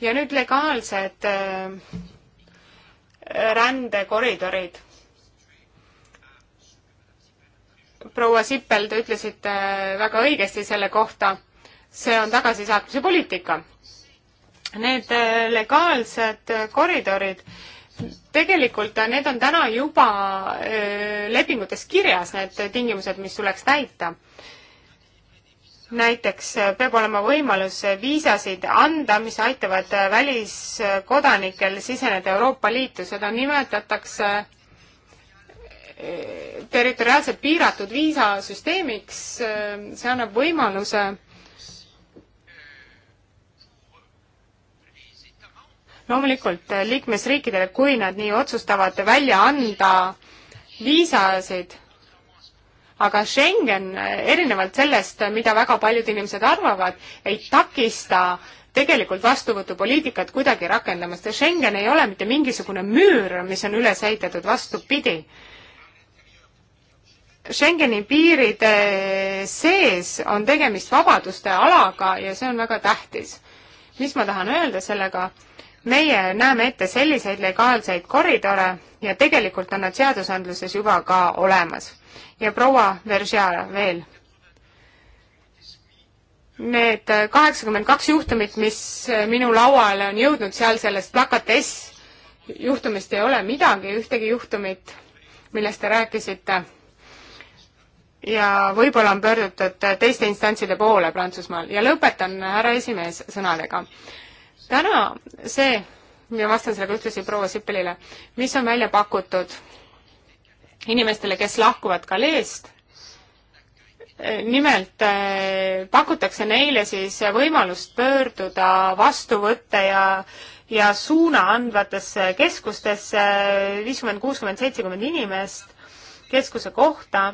ja nüüd legaalsed äh, rändekoridorid. proua Sippel, te ütlesite väga õigesti selle kohta, see on tagasisaatmise poliitika. Need legaalsed koridorid, tegelikult need on täna juba äh, lepingutes kirjas, need tingimused, mis tuleks täita näiteks äh, peab olema võimalus äh, viisasid anda, mis aitavad äh, väliskodanikel siseneda Euroopa Liitu, seda nimetatakse territoriaalselt piiratud viisasüsteemiks, see annab võimaluse loomulikult liikmesriikidele, kui nad nii otsustavad, välja anda viisasid aga Schengen, erinevalt sellest, mida väga paljud inimesed arvavad, ei takista tegelikult vastuvõtupoliitikat kuidagi rakendamast ja Schengen ei ole mitte mingisugune müür, mis on üles ehitatud, vastupidi. Schengeni piiride sees on tegemist vabaduste alaga ja see on väga tähtis. mis ma tahan öelda sellega? meie näeme ette selliseid legaalseid koridore ja tegelikult on nad seadusandluses juba ka olemas ja proua Veržea veel. Need kaheksakümmend kaks juhtumit, mis äh, minu lauale on jõudnud seal sellest plakates, juhtumist ei ole midagi, ühtegi juhtumit, millest te rääkisite. ja võib-olla on pöördutud äh, teiste instantside poole Prantsusmaal ja lõpetan härra esimees sõnadega. täna see, ja vastan sellega ühtlasi proua Sippelile, mis on välja pakutud inimestele, kes lahkuvad Galeest. nimelt äh, pakutakse neile siis võimalust pöörduda vastuvõtte ja ja suuna andvatesse keskustesse viiskümmend, kuuskümmend, seitsekümmend inimest keskuse kohta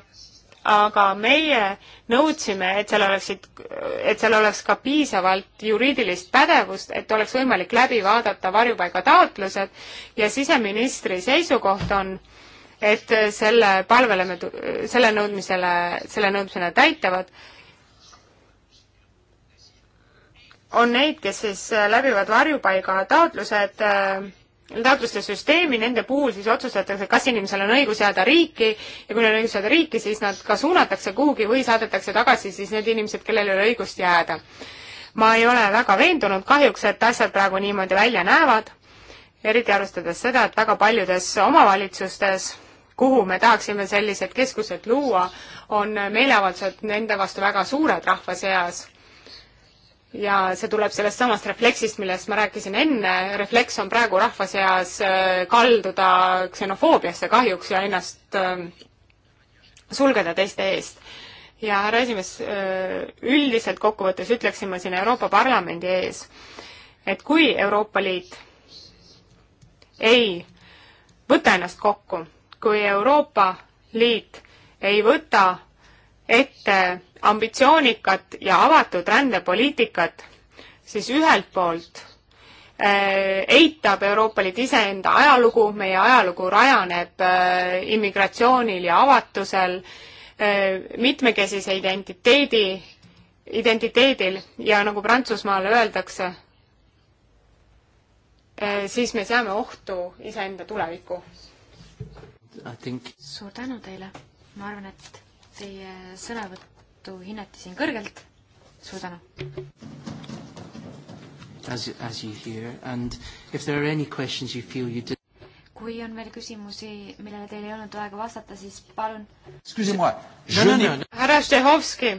aga meie nõudsime, et seal oleksid, et seal oleks ka piisavalt juriidilist pädevust, et oleks võimalik läbi vaadata varjupaigataotlused ja siseministri seisukoht on, et selle palvele me, selle nõudmisele, selle nõudmisele täitavad. on neid, kes siis läbivad varjupaiga taotlused, äh, taotluste süsteemi, nende puhul siis otsustatakse, kas inimesel on õigus jääda riiki ja kui neil on õigus jääda riiki, siis nad ka suunatakse kuhugi või saadetakse tagasi siis need inimesed, kellel ei ole õigust jääda. ma ei ole väga veendunud kahjuks, et asjad praegu niimoodi välja näevad eriti arvestades seda, et väga paljudes omavalitsustes kuhu me tahaksime sellised keskused luua, on meeleavaldused nende vastu väga suured rahva seas. ja see tuleb sellest samast refleksist, millest ma rääkisin enne, refleks on praegu rahva seas äh, kalduda ksenofoobiasse kahjuks ja ennast äh, sulgeda teiste eest ja härra esimees, äh, üldiselt kokkuvõttes ütleksin ma siin Euroopa Parlamendi ees, et kui Euroopa Liit ei võta ennast kokku kui Euroopa Liit ei võta ette ambitsioonikat ja avatud rändepoliitikat, siis ühelt poolt äh, eitab Euroopa Liit iseenda ajalugu, meie ajalugu rajaneb äh, immigratsioonil ja avatusel, äh, mitmekesise identiteedi, identiteedil ja nagu Prantsusmaal öeldakse, siis me seame ohtu iseenda tuleviku think... suur tänu teile. ma arvan, et teie sõnavõttu hinnati siin kõrgelt. suur tänu. As, as you hear and if there are any questions you feel you did kui on veel küsimusi, millele teil ei olnud aega vastata, siis palun. härra Štehovski,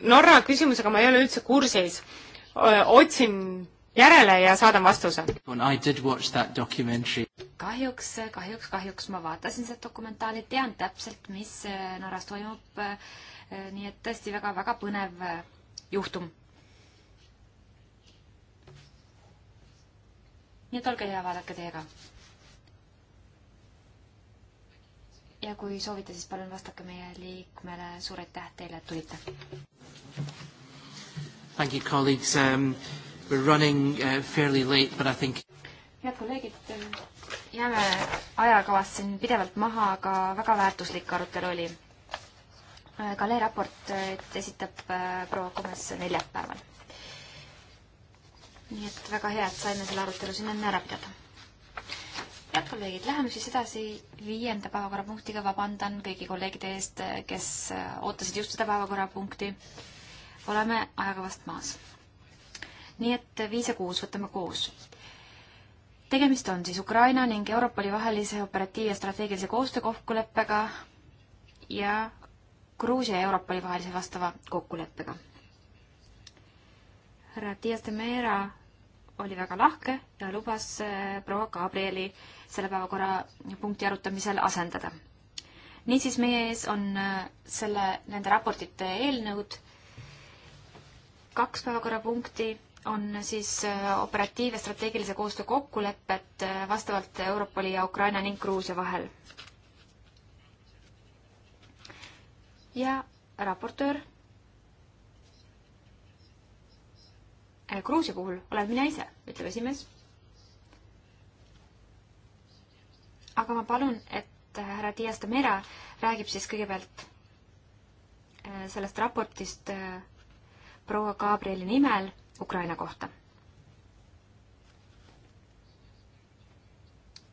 Norra küsimusega ma ei ole üldse kursis. otsin järele ja saadan vastuse. kahjuks, kahjuks, kahjuks ma vaatasin seda dokumentaali, tean täpselt, mis eh, Norras toimub. Eh, nii et tõesti väga-väga põnev eh, juhtum. nii et olge hea, vaadake teie ka. ja kui soovite, siis palun vastake meie liikmele, suur aitäh teile, et tulite. Thank you, colleagues um.... We're running uh, fairly late, but I think head kolleegid, jääme ajakavast siin pidevalt maha, aga väga väärtuslik arutelu oli. Äh, Kalle raport äh, esitab äh, proua Komes neljapäeval. nii et väga hea, et saime selle arutelu siin enne ära pidada. head kolleegid, läheme siis edasi viienda päevakorrapunktiga, vabandan kõigi kolleegide eest, kes ootasid just seda päevakorrapunkti. oleme ajakavast maas nii et viis ja kuus võtame koos. tegemist on siis Ukraina ning Europoli vahelise operatiiv- ja strateegilise koostöö kokkuleppega ja Gruusia ja Europoli vahelise vastava kokkuleppega. härra Dias de Meera oli väga lahke ja lubas eh, proua Gabrieli selle päevakorrapunkti arutamisel asendada. niisiis, meie ees on eh, selle, nende raportite eelnõud, kaks päevakorrapunkti on siis äh, operatiiv- ja strateegilise koostöö kokkulepped äh, vastavalt Europoli ja Ukraina ning Gruusia vahel. ja raportöör? Äh, Gruusia puhul olen mina ise, ütleb esimees. aga ma palun, et härra Dias de Mera räägib siis kõigepealt sellest raportist proua Gabrieli nimel Ukraina kohta.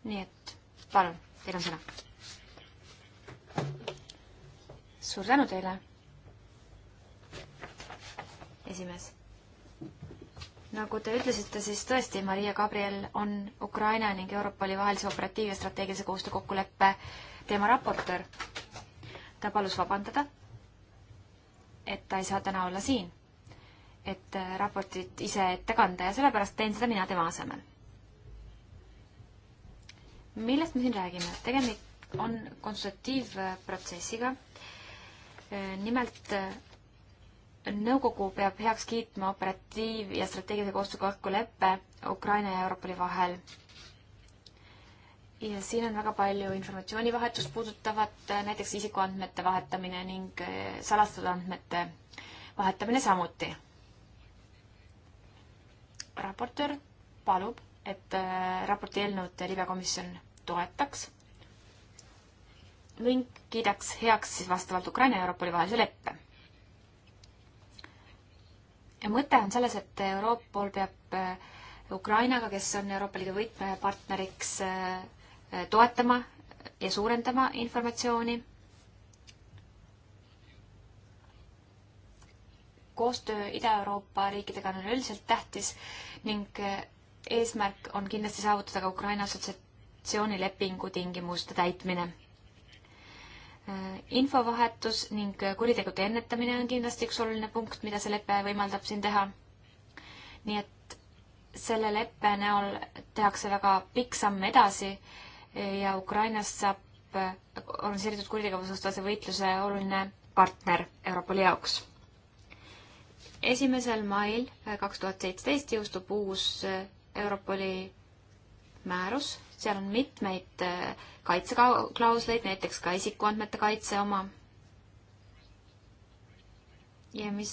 nii et palun, teil on sõna. suur tänu teile, esimees. nagu te ütlesite, siis tõesti, Maria Gabriel on Ukraina ning Europoli vahelise operatiiv- ja strateegilise koostöö kokkuleppe teema raportöör. ta palus vabandada, et ta ei saa täna olla siin et äh, raportit ise ette kanda ja sellepärast teen seda mina tema asemel. millest me siin räägime? tegemist on konsultatiivprotsessiga. Äh, nimelt äh, nõukogu peab heaks kiitma operatiiv- ja strateegilise koostöö kokkuleppe Ukraina ja Europoli vahel. ja siin on väga palju informatsioonivahetust puudutavat, näiteks isikuandmete vahetamine ning salastatud andmete vahetamine samuti raportöör palub, et äh, raporti eelnõud libekomisjon toetaks ning kiidaks heaks siis vastavalt Ukraina ja Europoli vahelise leppe. ja mõte on selles, et Europol peab äh, Ukrainaga, kes on Euroopa Liidu võtmepartneriks, äh, toetama ja suurendama informatsiooni koostöö Ida-Euroopa riikidega on üldiselt tähtis ning eesmärk on kindlasti saavutada ka Ukraina assotsiatsioonilepingu tingimuste täitmine. infovahetus ning kuritegude ennetamine on kindlasti üks oluline punkt, mida see lepe võimaldab siin teha. nii et selle leppe näol tehakse väga pikk samm edasi ja Ukrainast saab organiseeritud kuritegevusvastase võitluse oluline partner Europoli jaoks esimesel mail eh, kaks tuhat seitseteist jõustub uus eh, Europoli määrus, seal on mitmeid eh, kaitseklausleid, näiteks ka isikuandmete kaitse oma. ja mis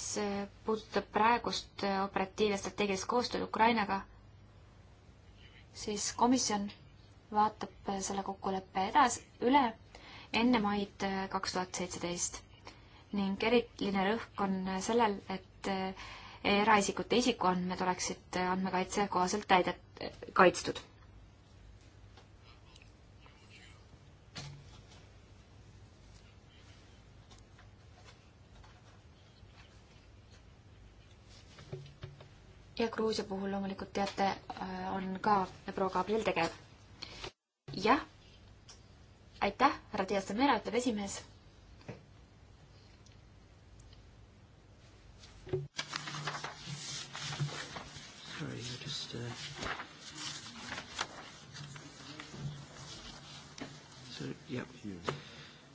puudutab praegust operatiiv- ja strateegilist koostööd Ukrainaga, siis komisjon vaatab selle kokkuleppe edasi, üle enne maid kaks tuhat seitseteist ning eriline rõhk on sellel, et et eh, eraisikute isikuandmed oleksid andmekaitse kohaselt täidet-, kaitstud. ja Gruusia puhul loomulikult teate, eh, on ka proua Gabriel tegev. jah, aitäh, härra Dias-Demera, ütleb esimees yesterday. So, yep.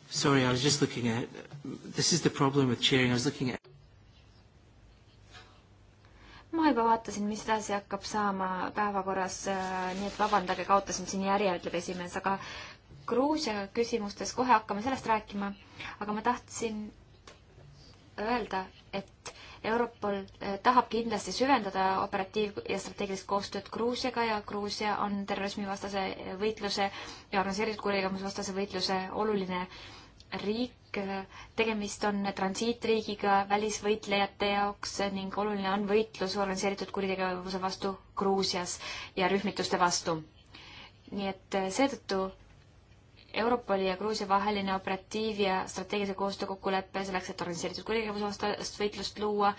Sorry, I was just looking at, this is the problem with chairing, I was looking at ma juba vaatasin, mis edasi hakkab saama päevakorras, äh, nii et vabandage, kaotasin siin järje, ütleb esimees, aga Gruusia küsimustes kohe hakkame sellest rääkima, aga ma tahtsin öelda, et Europol eh, tahab kindlasti süvendada operatiiv- ja strateegilist koostööd Gruusiaga ja Gruusia on terrorismivastase võitluse ja organiseeritud kuritegevusvastase võitluse oluline riik. tegemist on transiitriigiga välisvõitlejate jaoks ning oluline on võitlus organiseeritud kuritegevuse vastu Gruusias ja rühmituste vastu. nii et eh, seetõttu Europoli ja Gruusia vaheline operatiiv- ja strateegilise koostöö kokkulepe selleks, et organiseeritud kuritegevuse vastast võitlust luua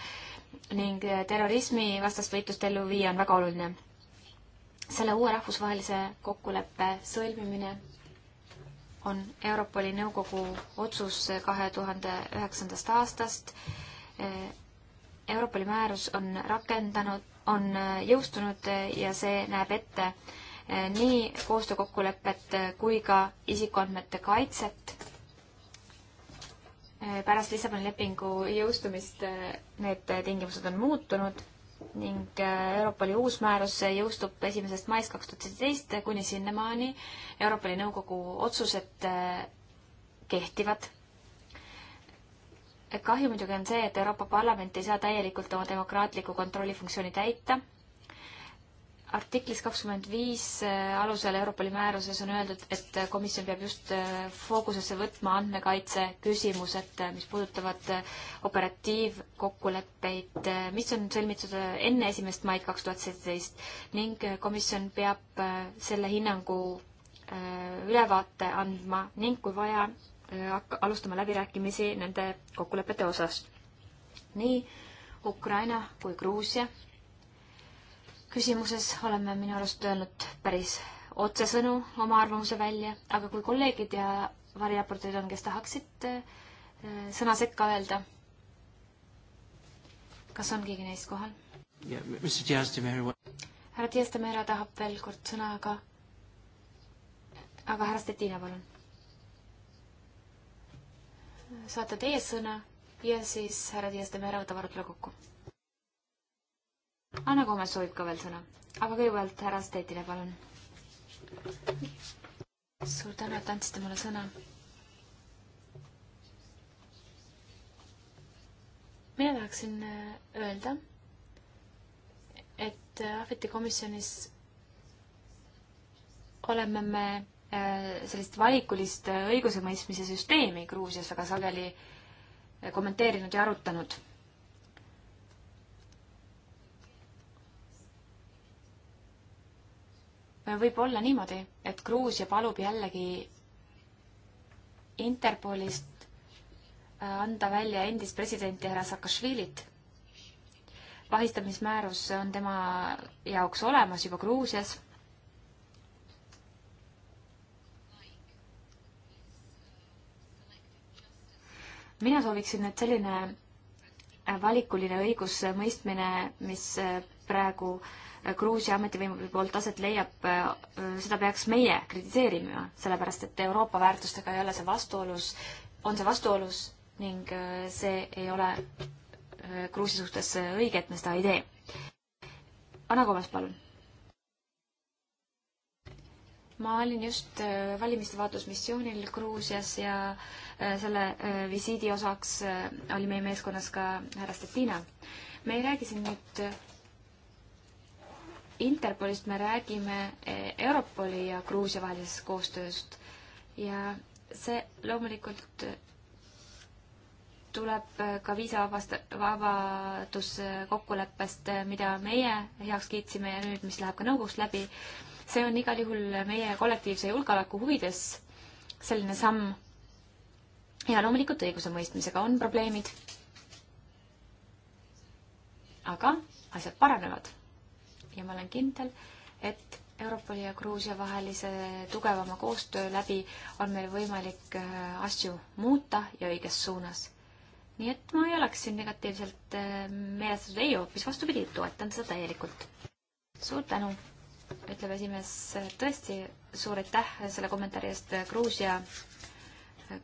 ning äh, terrorismi vastast võitlust ellu viia, on väga oluline. selle uue rahvusvahelise kokkuleppe sõlmimine on Europoli nõukogu otsus kahe tuhande üheksandast aastast. Äh, Europoli määrus on rakendanud, on äh, jõustunud ja see näeb ette Eh, nii koostöökokkulepet eh, kui ka isikuandmete kaitset. Eh, pärast Lissaboni lepingu jõustumist need tingimused on muutunud ning Euroopa Liidu uus määrus jõustub esimesest maist kaks tuhat seitseteist kuni sinnamaani Euroopa Liidu Nõukogu otsused kehtivad. kahju muidugi on see, et Euroopa Parlament ei saa täielikult oma demokraatliku kontrollifunktsiooni täita artiklis kakskümmend viis äh, alusel Euroopa Liidu määruses on öeldud, et komisjon peab just äh, fookusesse võtma andmekaitse küsimused, äh, mis puudutavad operatiivkokkuleppeid, mis on sõlmitud enne esimest maid kaks tuhat seitseteist ning komisjon peab selle hinnangu ülevaate andma ning kui vaja, alustama läbirääkimisi nende kokkulepete osas. nii Ukraina kui Gruusia küsimuses oleme minu arust öelnud päris otsesõnu oma arvamuse välja, aga kui kolleegid ja variraportöörid on, kes tahaksid eh, sõna sekka öelda, kas on keegi neist kohal? härra Diaz-Demera tahab veel kord sõna, aga, aga härra Stettina, palun. saate teie sõna ja siis härra Diaz-Demera võtab arutelu kokku Anna Koomes soovib ka veel sõna, aga kõigepealt härra Stetile, palun. suur tänu, et andsite mulle sõna. mina tahaksin äh, öelda, et äh, Ahveti komisjonis oleme me äh, sellist valikulist õigusemõistmise süsteemi Gruusias väga sageli kommenteerinud ja arutanud võib olla niimoodi, et Gruusia palub jällegi Interpolist äh, anda välja endist presidenti härra Saakašvilit. vahistamismäärus on tema jaoks olemas juba Gruusias. mina sooviksin, et selline valikuline õigusmõistmine, mis äh, praegu äh, Gruusia ametivõimude poolt aset leiab, äh, seda peaks meie kritiseerima, sellepärast et Euroopa väärtustega ei ole see vastuolus, on see vastuolus ning äh, see ei ole äh, Gruusia suhtes õige, et me seda ei tee. Anna Komas, palun. ma olin just valimiste vaatlusmissioonil Gruusias ja selle visiidi osaks oli meie meeskonnas ka härra Stettina. me ei räägi siin nüüd Interpolist me räägime eh, Europoli ja Gruusia vahelisest koostööst ja see loomulikult tuleb eh, ka viisavabaduskokkuleppest, eh, mida meie heaks kiitsime ja nüüd, mis läheb ka nõukogust läbi. see on igal juhul meie kollektiivse julgeoleku huvides selline samm. ja loomulikult õigusemõistmisega on probleemid. aga asjad paranevad ja ma olen kindel, et Europoli ja Gruusia vahelise tugevama koostöö läbi on meil võimalik äh, asju muuta ja õiges suunas. nii et ma ei oleks siin negatiivselt äh, meelestatud, ei hoopis vastupidi, toetan seda täielikult. suur tänu, ütleb esimees, tõesti suur aitäh selle kommentaari eest Gruusia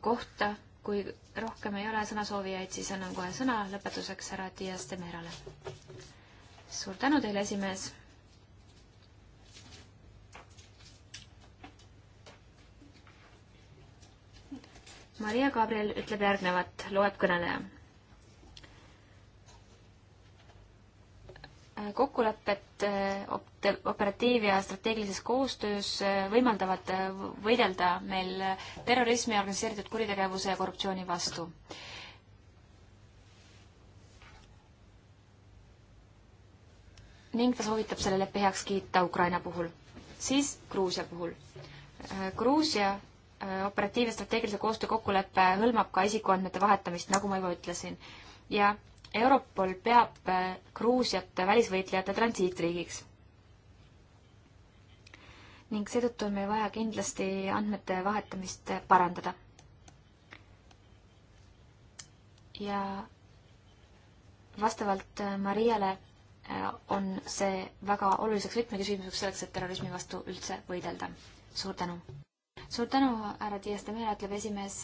kohta. kui rohkem ei ole sõnasoovijaid, siis annan kohe sõna lõpetuseks härra Dias Demerale. suur tänu teile, esimees Maria Gabriel ütleb järgnevat, loeb kõneleja. kokkulepped eh, operatiiv- ja strateegilises koostöös eh, võimaldavad eh, võidelda meil terrorismi, organiseeritud kuritegevuse ja korruptsiooni vastu ning ta soovitab selle leppe heaks kiita Ukraina puhul, siis Gruusia puhul. Gruusia Äh, operatiivne strateegilise koostöö kokkulepe hõlmab ka isikuandmete vahetamist, nagu ma juba ütlesin. ja Europol peab äh, Gruusiat välisvõitlejate transiitriigiks. ning seetõttu on meil vaja kindlasti andmete vahetamist parandada. ja vastavalt äh, Mariale on see väga oluliseks võtmeküsimuseks selleks, et terrorismi vastu üldse võidelda. suur tänu! suur tänu, härra Tiiastamere, ütleb esimees.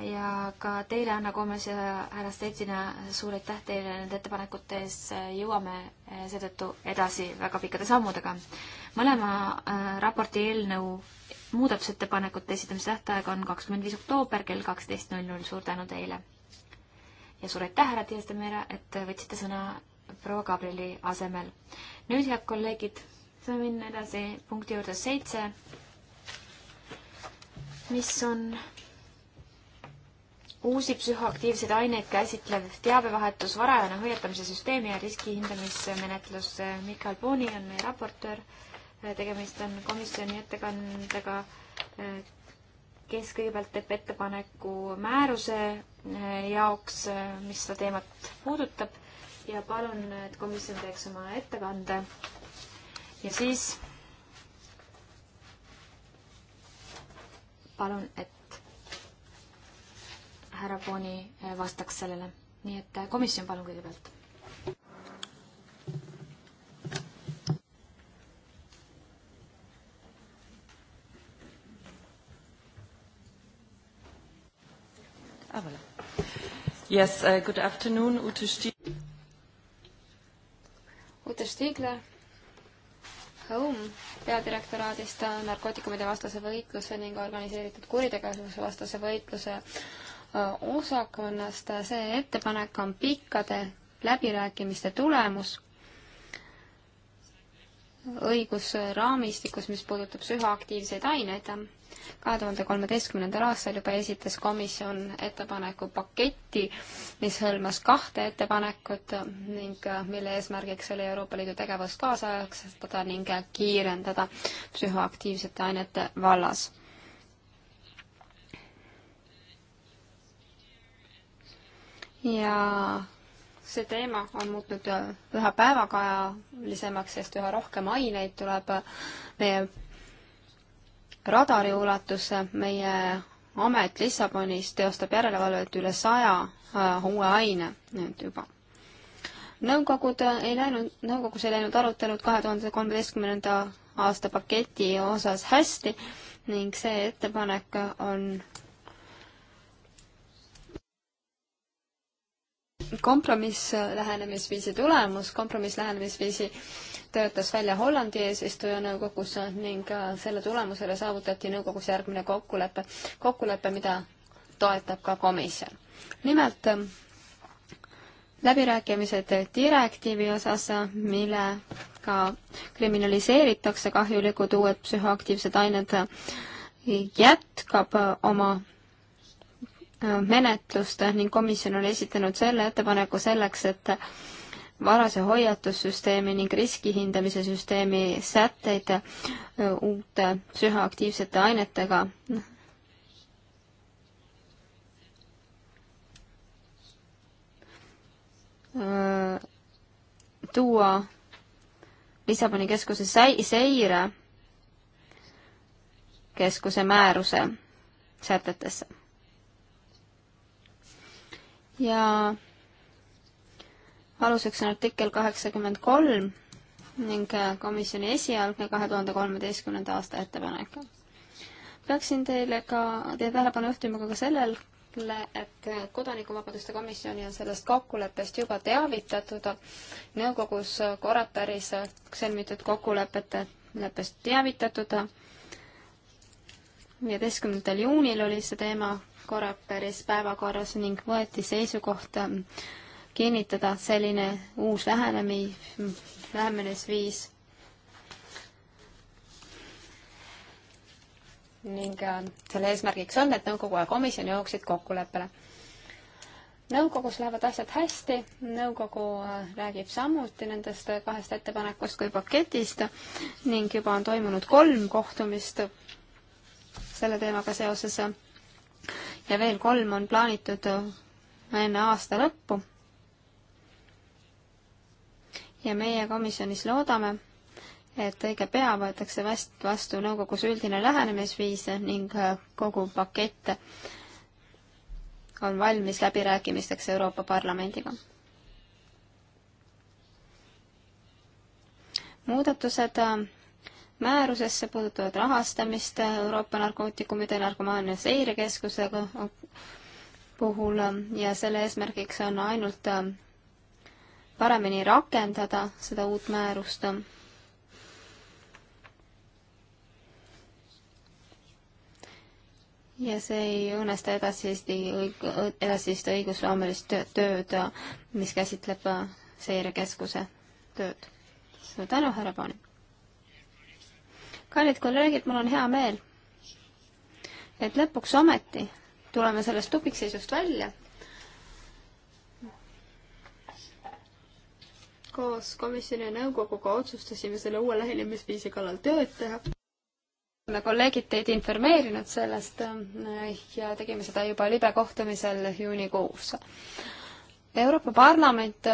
ja ka teile, Anna Koomes ja härra Stettina, suur aitäh teile nende ettepanekute eest. jõuame eh, seetõttu edasi väga pikkade sammudega. mõlema eh, raporti eelnõu muudatusettepanekute esitamise tähtaeg on kakskümmend viis oktoober kell kaksteist null null. suur tänu teile. ja suur aitäh, härra Tiiastamere, et võtsite sõna proua Gabrieli asemel. nüüd, head kolleegid, saame minna edasi punkti juurde seitse mis on uusi psühhoaktiivseid aineid käsitlev teabevahetus, varajane hoiatamise süsteemi ja riskihindamismenetlus. Mikael Pooni on meie raportöör. tegemist on komisjoni ettekandega, kes kõigepealt teeb ettepaneku määruse jaoks, mis seda teemat puudutab ja palun, et komisjon teeks oma ettekande. ja siis palun, et härra Boni eh, vastaks sellele. nii et eh, komisjon, palun kõigepealt. Ah, yes, uh, good afternoon, Ute Stieg. Ute Stiegler Home peadirektoraadist narkootikumide vastase võitluse ning organiseeritud kuritegevuse vastase võitluse äh, osakonnast. see ettepanek on pikkade läbirääkimiste tulemus õigusraamistikus, mis puudutab psühhoaktiivseid aineid. kahe tuhande kolmeteistkümnendal aastal juba esitas komisjon ettepaneku paketti, mis hõlmas kahte ettepanekut ning mille eesmärgiks oli Euroopa Liidu tegevust kaasajastada ning kiirendada psühhoaktiivsete ainete vallas. ja see teema on muutnud äh, üha päevakajalisemaks, sest üha rohkem aineid tuleb äh, meie radari ulatusse, meie amet Lissabonis teostab järelevalvet üle saja äh, uue aine nüüd juba. nõukogud ei läinud, nõukogus ei läinud arutelud kahe tuhande kolmeteistkümnenda aasta paketi osas hästi ning see ettepanek on kompromisslähenemisviisi äh, tulemus, kompromisslähenemisviisi töötas välja Hollandi eesistuja nõukogus äh, ning äh, selle tulemusele saavutati nõukogus järgmine kokkulepe, kokkulepe, mida toetab ka komisjon. nimelt ähm, läbirääkimised direktiivi osas, millega kriminaliseeritakse kahjulikud uued psühhoaktiivsed ained, jätkab oma menetlust ning komisjon on esitanud selle ettepaneku selleks, et varase hoiatussüsteemi ning riskihindamise süsteemi sätteid äh, uute psühhoaktiivsete ainetega äh, tuua Lissaboni keskuse seire keskuse määruse sätetesse ja aluseks on artikkel kaheksakümmend kolm ning äh, komisjoni esialgne kahe tuhande kolmeteistkümnenda aasta ettepanek. peaksin teile ka, teie tähelepanu juhtima ka sellele, et äh, Kodanikuvabaduste komisjoni on sellest kokkuleppest juba teavitatud nõukogus äh, Koreperis sõlmitud kokkulepete leppest teavitatud. viieteistkümnendal juunil oli see teema Koreperis päevakorras ning võeti seisukoht ähm, kinnitada selline uus lähenemi, lähenemisviis. ning ähm, selle eesmärgiks on, et nõukogu ja komisjon jõuaksid kokkuleppele. nõukogus lähevad asjad hästi, nõukogu äh, räägib samuti nendest äh, kahest ettepanekust kui paketist ning juba on toimunud kolm kohtumist selle teemaga seoses ja veel kolm on plaanitud enne aasta lõppu. ja meie komisjonis loodame, et õige pea võetakse vast-, vastu nõukogus üldine lähenemisviis ning äh, kogu pakett on valmis läbirääkimisteks Euroopa Parlamendiga. muudatused äh, määrusesse, puudutavad rahastamist Euroopa narkootikumide narkomaania seirekeskuse puhul ähm, ja selle eesmärgiks on ainult ähm, paremini rakendada seda uut määrust. ja see ei õõnesta edasist, edasist õigusloomelist tööd, äh, mis käsitleb äh, seirekeskuse tööd. suur tänu, härra Paani! kallid kolleegid, mul on hea meel, et lõpuks ometi tuleme sellest tupikseisust välja. koos komisjoni ja nõukoguga otsustasime selle uue lähenemisviisi kallal tööd teha. me kolleegid teid informeerinud sellest eh, ja tegime seda juba libe kohtumisel juunikuus. Euroopa Parlament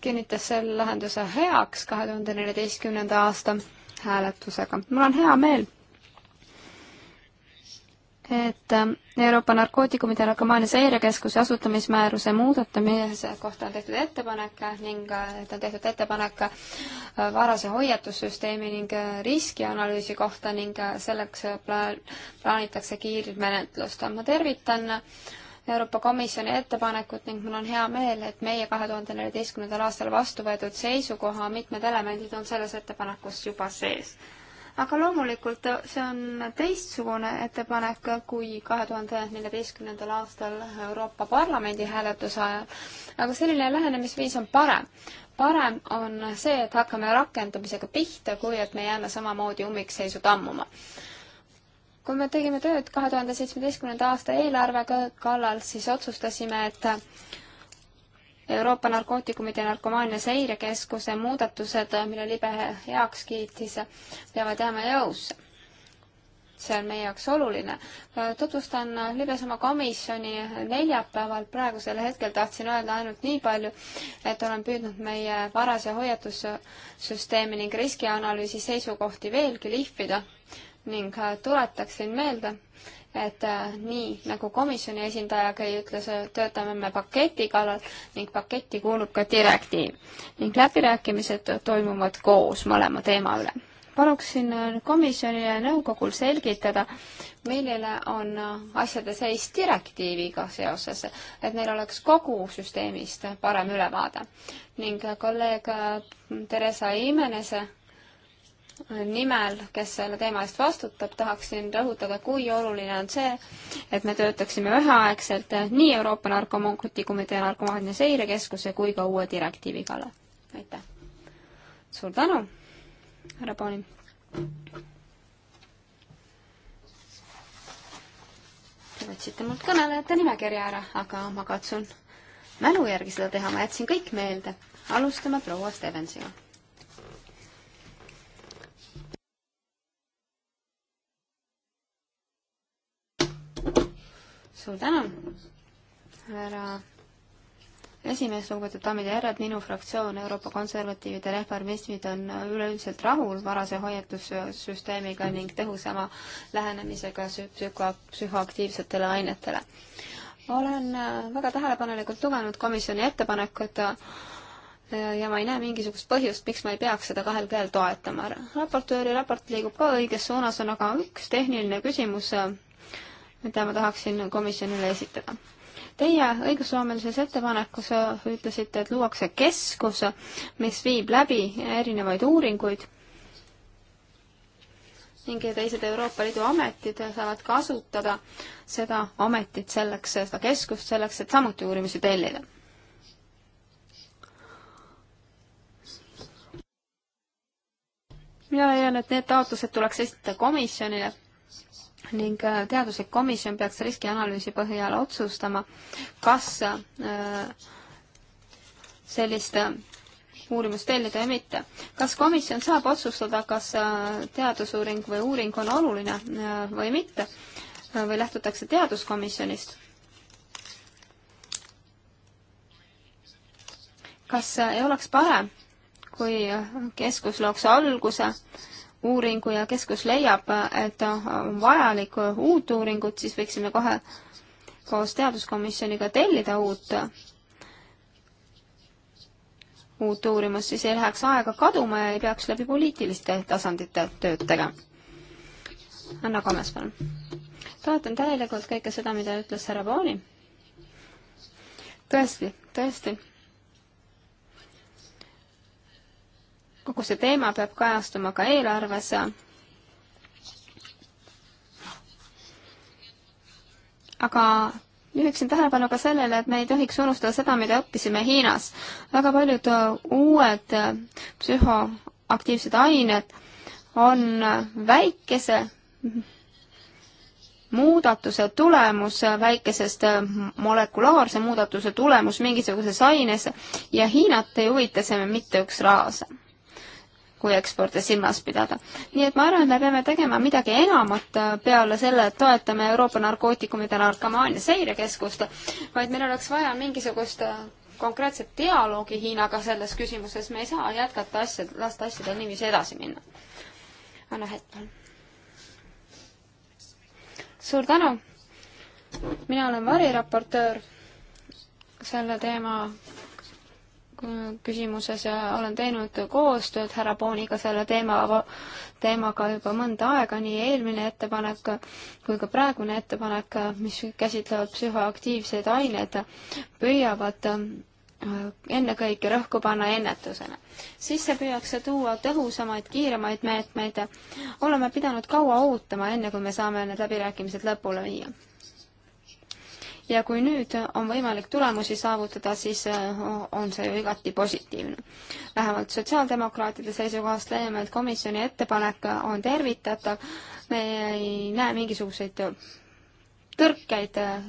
kinnitas selle lahenduse heaks kahe tuhande neljateistkümnenda aasta lõpphääletusega. mul on hea meel, et ähm, Euroopa narkootikumide narkomaania seirekeskuse asutamismääruse muudatamise kohta on tehtud ettepanek ning äh, et on tehtud ettepanek äh, varase hoiatussüsteemi ning äh, riskianalüüsi kohta ning selleks pla plaanitakse kiirmenetlust. ma tervitan äh, Euroopa Komisjoni ettepanekut ning mul on hea meel, et meie kahe tuhande neljateistkümnendal aastal vastu võetud seisukoha mitmed elemendid on selles ettepanekus juba sees. aga loomulikult see on teistsugune ettepanek kui kahe tuhande neljateistkümnendal aastal Euroopa Parlamendi hääletuse ajal, aga selline lähenemisviis on parem. parem on see, et hakkame rakendamisega pihta, kui et me jääme samamoodi ummikseisu tammuma kui me tegime tööd kahe tuhande seitsmeteistkümnenda aasta eelarve kallal, siis otsustasime, et Euroopa narkootikumide ja narkomaania seirekeskuse muudatused, mille libe heaks kiitis, peavad jääma jõusse. see on meie jaoks oluline. tutvustan libes oma komisjoni neljapäeval, praegusel hetkel tahtsin öelda ainult nii palju, et olen püüdnud meie varase hoiatussüsteemi ning riskianalüüsi seisukohti veelgi lihvida ning äh, tuletaksin meelde, et äh, nii nagu komisjoni esindajagi ütles, äh, töötame me paketi kallal ning paketti kuulub ka direktiiv ning läbirääkimised toimuvad koos mõlema teema üle. paluksin komisjonile ja nõukogul selgitada, milline on asjade seis direktiiviga seoses, et neil oleks kogu süsteemist parem ülevaade ning kolleeg Theresa Imenese nimel, kes selle teema eest vastutab, tahaksin rõhutada, kui oluline on see, et me töötaksime üheaegselt nii Euroopa Narkomaankomitee Narkomaania Seirekeskuse kui ka uue direktiivi kallal. aitäh! suur tänu, härra Paulin! Te võtsite mult kõnelejate nimekirja ära, aga ma katsun mälu järgi seda teha, ma jätsin kõik meelde. alustame proua Stevensiga suur tänu, härra esimees, lugupeetud daamid ja härrad, minu fraktsioon, Euroopa konservatiivid ja reformistid on üleüldiselt rahul varase hoiatussüsteemiga ning tõhusama lähenemisega psühho, psühhoaktiivsetele ainetele. olen äh, väga tähelepanelikult lugenud komisjoni ettepanekut äh, ja ma ei näe mingisugust põhjust, miks ma ei peaks seda kahel käel toetama. raportööri raport liigub ka õiges suunas, on aga üks tehniline küsimus, äh, mida ma tahaksin komisjonile esitada. Teie õigusloomelises ettepanekus ütlesite, et luuakse keskus, mis viib läbi erinevaid uuringuid ning teised Euroopa Liidu ametid saavad kasutada seda ametit selleks, seda keskust selleks, et samuti uurimisi tellida mina leian, et need taotlused tuleks esitada komisjonile ning äh, teaduslik komisjon peaks riskianalüüsi põhjal otsustama, kas äh, sellist äh, uurimust tellida ja mitte. kas komisjon saab otsustada, kas teadusuuring või uuring on oluline või mitte või lähtutakse teaduskomisjonist? kas ei oleks parem, kui keskus looks alguse äh, uuringu ja keskus leiab, et on vajalik uut uuringut, siis võiksime kohe koos teaduskomisjoniga tellida uut, uut uurimust, siis ei läheks aega kaduma ja ei peaks läbi poliitiliste tasandite tööd tegema. Anna Kallas, palun. toetan täielikult kõike seda, mida ütles härra Pooni. tõesti, tõesti kogu see teema peab kajastuma ka eelarves. aga juhiksin tähelepanu ka sellele, et me ei tohiks unustada seda, mida õppisime Hiinas. väga paljud uued psühhoaktiivsed ained on väikese muudatuse tulemus, väikesest molekulaarse muudatuse tulemus mingisuguses aines ja Hiinat ei huvita see mitte üks raas kui eksporti silmas pidada. nii et ma arvan, et me peame tegema midagi enamat äh, peale selle, et toetame Euroopa narkootikumide narkomaania seirekeskust, vaid meil oleks vaja mingisugust äh, konkreetset dialoogi Hiinaga selles küsimuses, me ei saa jätkata asja, lasta asjadel niiviisi edasi minna. anna hetk, palun. suur tänu! mina olen variraportöör selle teema küsimuses ja olen teinud koostööd härra Pooniga selle teema, teemaga juba mõnda aega, nii eelmine ettepanek kui ka praegune ettepanek, mis käsitlevad psühhoaktiivseid aineid, püüavad äh, ennekõike rõhku panna ennetusele. sisse püüakse tuua tõhusamaid, kiiremaid meetmeid. oleme pidanud kaua ootama, enne kui me saame need läbirääkimised lõpule viia ja kui nüüd on võimalik tulemusi saavutada, siis äh, on see ju igati positiivne. vähemalt sotsiaaldemokraatide seisukohast leiame, et komisjoni ettepanek on tervitatav, me ei näe mingisuguseid tõrkeid äh,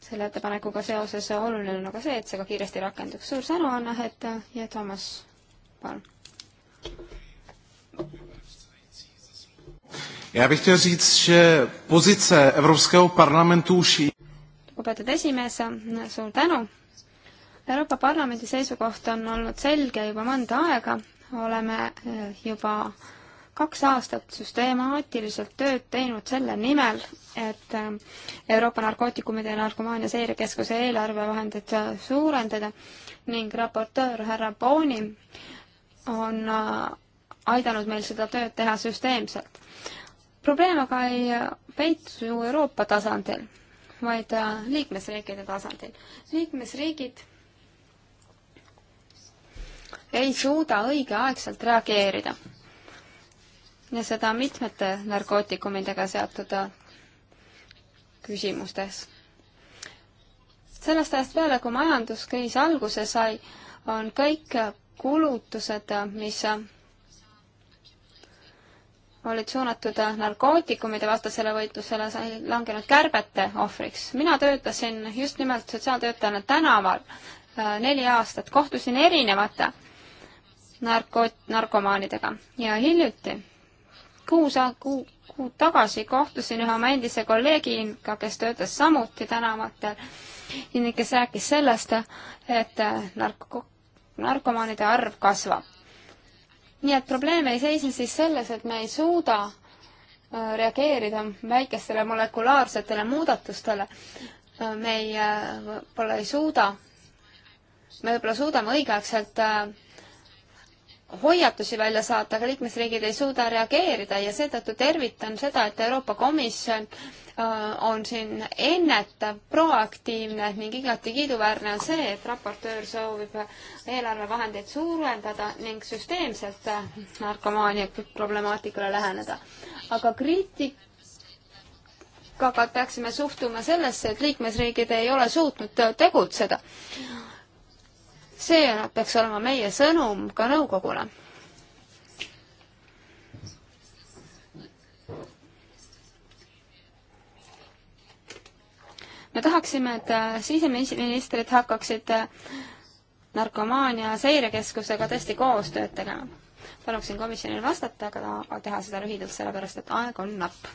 selle ettepanekuga seoses, oluline on aga see, et see ka kiiresti rakenduks. suur tänu, Anna Hett ja Toomas Palm! Já bych chtěl říct, že pozice Evropského parlamentu už... lugupeetud esimees, suur tänu. Euroopa Parlamendi seisukoht on olnud selge juba mõnda aega, oleme eh, juba kaks aastat süstemaatiliselt tööd teinud selle nimel, et eh, Euroopa Narkootikumide ja Narkomaania Seirekeskuse eelarvevahendeid eh, suurendada ning raportöör härra Booni on aidanud meil seda tööd teha süsteemselt probleem aga ei peitu ju Euroopa tasandil, vaid äh, liikmesriikide tasandil. liikmesriigid ei suuda õigeaegselt reageerida. ja seda mitmete narkootikumidega seotud äh, küsimustes. sellest ajast peale, kui majanduskriis alguse sai, on kõik kulutused, äh, mis olid suunatud narkootikumide vastasele võitlusele, sai langenud kärbete ohvriks. mina töötasin just nimelt sotsiaaltöötajana tänaval äh, neli aastat, kohtusin erinevate narkoot-, narkomaanidega ja hiljuti, kuus kuu, kuud tagasi kohtusin ühe oma endise kolleegiga, kes töötas samuti tänavatel ning kes rääkis sellest, et äh, narko-, narkomaanide arv kasvab nii et probleem ei seisne siis selles, et me ei suuda äh, reageerida väikestele molekulaarsetele muudatustele. Äh, me ei, äh, võib-olla ei suuda, me võib-olla suudame õigeaegselt hoiatusi välja saata, aga liikmesriigid ei suuda reageerida ja seetõttu tervitan seda, et Euroopa Komisjon äh, Äh, on siin ennetav, proaktiivne ning igati kiiduväärne on see, et raportöör soovib eelarvevahendeid suurendada ning süsteemselt narkomaania problemaatikale läheneda. aga kriitikaga peaksime suhtuma sellesse, et liikmesriigid ei ole suutnud tegutseda. see peaks olema meie sõnum ka nõukogule me tahaksime, et äh, siseministrid hakkaksid äh, narkomaania seirekeskusega tõesti koostööd tegema. paluksin komisjonil vastata, aga teha seda lühidalt, sellepärast et aeg on napp.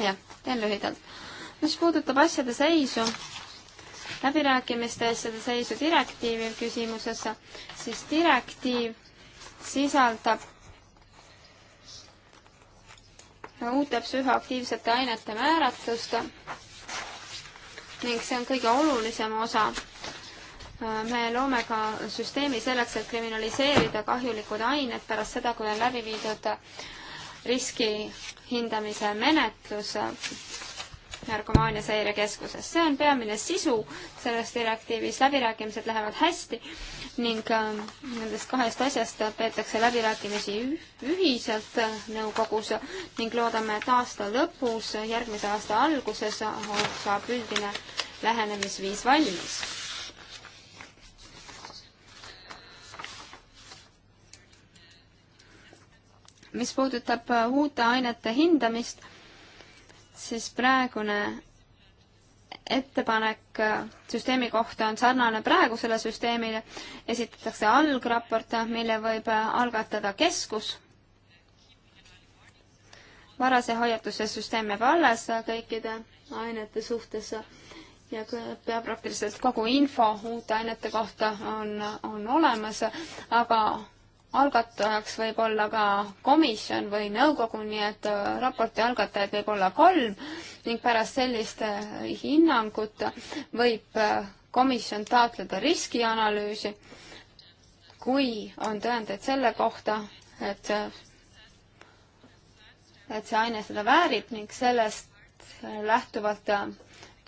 jah, teen lühidalt. mis puudutab asjade seisu, läbirääkimiste asjade seisu direktiivi küsimuses, siis direktiiv sisaldab uute psühhoaktiivsete ainete määratlust ning see on kõige olulisem osa. me loome ka süsteemi selleks, et kriminaliseerida kahjulikud ained pärast seda, kui on läbi viidud riski hindamise menetlus narkomaania seirekeskuses. see on peamine sisu selles direktiivis, läbirääkimised lähevad hästi ning ähm, nendest kahest asjast peetakse läbirääkimisi ühiselt äh, nõukogus ning loodame, et aasta lõpus, äh, järgmise aasta alguses saab üldine lähenemisviis valmis. mis puudutab äh, uute ainete hindamist, siis praegune ettepanek süsteemi kohta on sarnane praegusele süsteemile, esitatakse algraport, mille võib algatada keskus, varase hoiatuse süsteem jääb alles kõikide ainete suhtes ja pea praktiliselt kogu info uute ainete kohta on, on olemas, aga algatajaks võib olla ka komisjon või nõukogu, nii et äh, raporti algatajaid võib olla kolm ning pärast sellist äh, hinnangut võib äh, komisjon taotleda riskianalüüsi, kui on tõendeid selle kohta, et et see aine seda väärib ning sellest lähtuvalt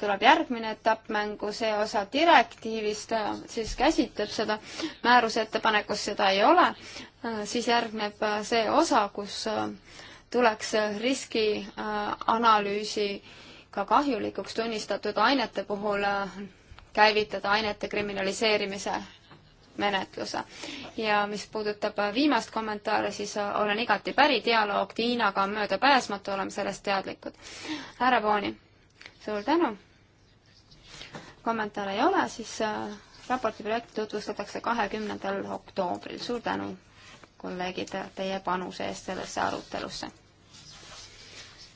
tuleb järgmine etapp mängu, see osa direktiivist äh, siis käsitleb seda, määruse ettepanekus seda ei ole, äh, siis järgneb äh, see osa, kus tuleks riskianalüüsiga kahjulikuks tunnistatud ainete puhul käivitada ainete kriminaliseerimise menetluse. ja mis puudutab viimast kommentaari, siis olen igati päri, dialoog Tiinaga on möödapääsmatu, oleme sellest teadlikud. härra Pooni, suur tänu! kommentaare ei ole, siis äh, raporti projekti tutvustatakse kahekümnendal oktoobril. suur tänu, kolleegid, teie panuse eest sellesse arutelusse.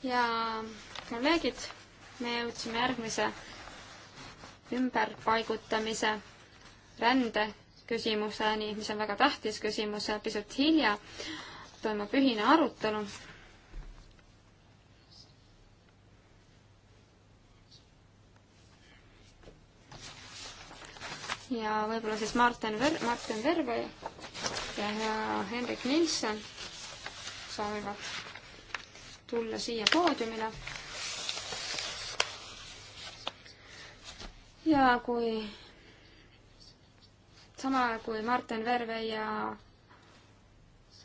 ja kolleegid, me jõudsime järgmise ümberpaigutamise rände küsimuseni, mis on väga tähtis küsimus, pisut hilja toimub ühine arutelu ja võib-olla siis Martin Ver-, Martin Verbe ja Henrik Nilsson soovivad tulla siia poodiumile. ja kui samal ajal kui Martin Verve ja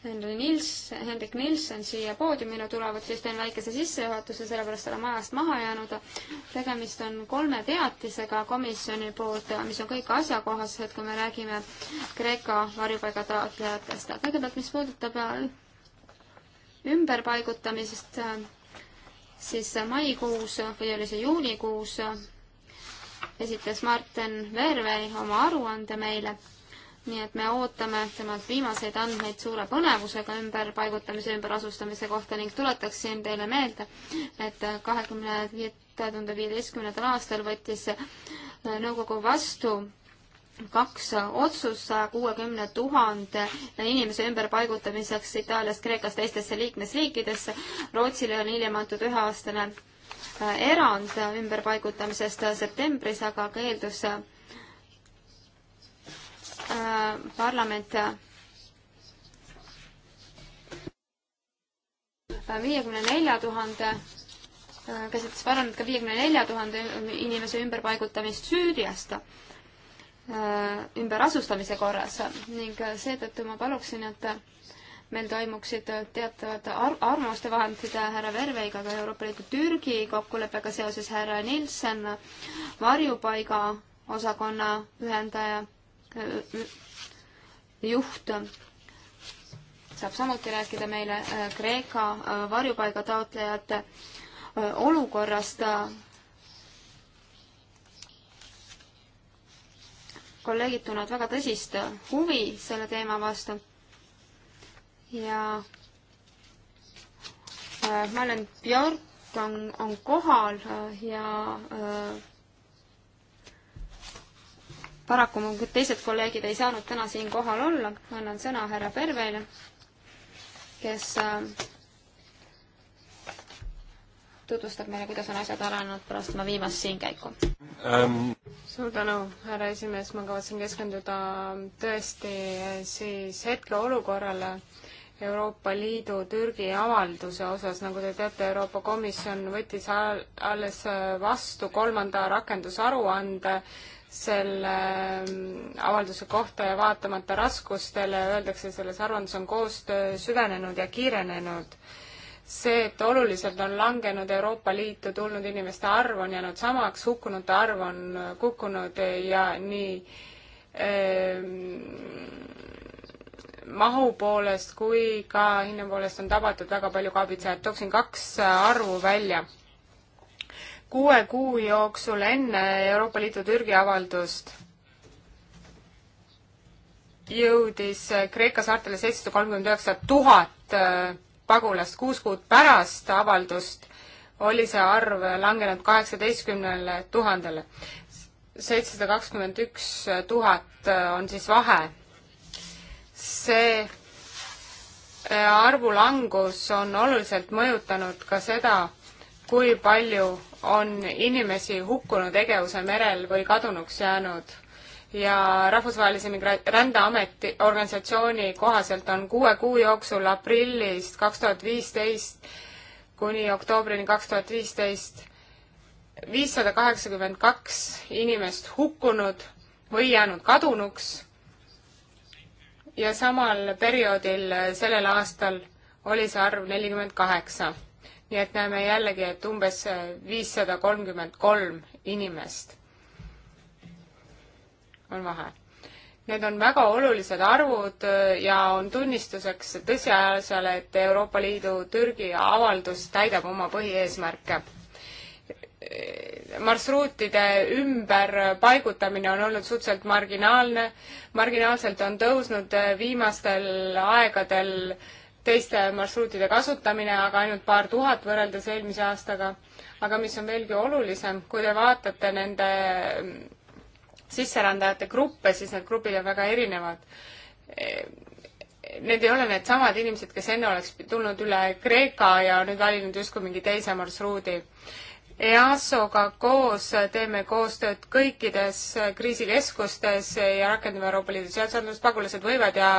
Henry Nils, Henrik Nilsson siia poodiumile tulevad, siis teen väikese sissejuhatuse, sellepärast oleme ajast maha jäänud. tegemist on kolme teatisega komisjoni poolt, mis on kõik asjakohased, kui me räägime Kreeka varjupaigataotlejatest. kõigepealt, mis puudutab ümberpaigutamisest, siis maikuus või oli see juunikuus esitas Martin Vervey oma aruande meile nii et me ootame temalt viimaseid andmeid suure põnevusega ümberpaigutamise, ümberasustamise kohta ning tuletaksin teile meelde, et kahekümne viie, kahe tuhande viieteistkümnendal aastal võttis äh, nõukogu vastu kaks otsust saja kuuekümne tuhande inimese ümberpaigutamiseks Itaaliast, Kreekast teistesse liikmesriikidesse. Rootsile on hiljem antud üheaastane äh, erand ümberpaigutamisest septembris, aga keeldus äh, Äh, parlament äh, viiekümne nelja tuhande, äh, käsitles parlament ka viiekümne nelja tuhande inimese ümberpaigutamist Süüriast ümberasustamise korras ning seetõttu ma paluksin, et meil toimuksid teatavad ar arvamuste vahendid härra Verveiga ka Euroopa Liidu Türgi kokkuleppega seoses härra Nilsson, varjupaiga osakonna ühendaja Äh, juht saab samuti rääkida meile äh, Kreeka äh, varjupaiga taotlejate olukorrast. kolleegid tunnevad väga tõsist huvi selle teema vastu ja Malen Björk on, on kohal ja äh, paraku mu teised kolleegid ei saanud täna siin kohal olla, annan sõna härra Pervele, kes äh, tutvustab meile, kuidas on asjad arenenud pärast oma viimast siinkäiku ähm.. suur tänu, härra esimees, ma kavatsen keskenduda tõesti siis hetkeolukorrale Euroopa Liidu Türgi avalduse osas, nagu te teate, Euroopa Komisjon võttis alles vastu kolmanda rakendusaruande selle ähm, avalduse kohta ja vaatamata raskustele öeldakse selles aruandes, on koostöö süvenenud ja kiirenenud. see, et oluliselt on langenud Euroopa Liitu tulnud inimeste arv, on jäänud samaks, hukkunute arv on äh, kukkunud ja nii eh, mahu poolest kui ka hinna poolest on tabatud väga palju kaabitsaid. tooksin kaks äh, arvu välja kuue kuu jooksul enne Euroopa Liidu Türgi avaldust jõudis Kreeka saartele seitsesada kolmkümmend üheksa tuhat äh, pagulast, kuus kuud pärast avaldust oli see arv langenud kaheksateistkümnele tuhandele. seitsesada kakskümmend üks tuhat äh, on siis vahe. see äh, arvu langus on oluliselt mõjutanud ka seda, kui palju on inimesi hukkunud tegevuse merel või kadunuks jäänud ja Rahvusvahelise migra-, rändeameti organisatsiooni kohaselt on kuue kuu jooksul aprillist kaks tuhat viisteist kuni oktoobrini kaks tuhat viisteist viissada kaheksakümmend kaks inimest hukkunud või jäänud kadunuks ja samal perioodil sellel aastal oli see arv nelikümmend kaheksa nii et näeme jällegi, et umbes viissada kolmkümmend kolm inimest on vahe. Need on väga olulised arvud äh, ja on tunnistuseks tõsiasjale, et Euroopa Liidu Türgi avaldus täidab oma põhieesmärke. Äh, marsruutide ümberpaigutamine on olnud suhteliselt marginaalne, marginaalselt on tõusnud äh, viimastel aegadel äh, teiste marsruutide kasutamine, aga ainult paar tuhat võrreldes eelmise aastaga. aga mis on veelgi olulisem, kui te vaatate nende sisserändajate gruppe, siis need grupid on väga erinevad. Need ei ole needsamad inimesed, kes enne oleks tulnud üle Kreeka ja nüüd valinud justkui mingi teise marsruudi. EASO-ga koos teeme koostööd kõikides kriisikeskustes ja rakendame Euroopa Liidu seadusandlust, pagulased võivad ja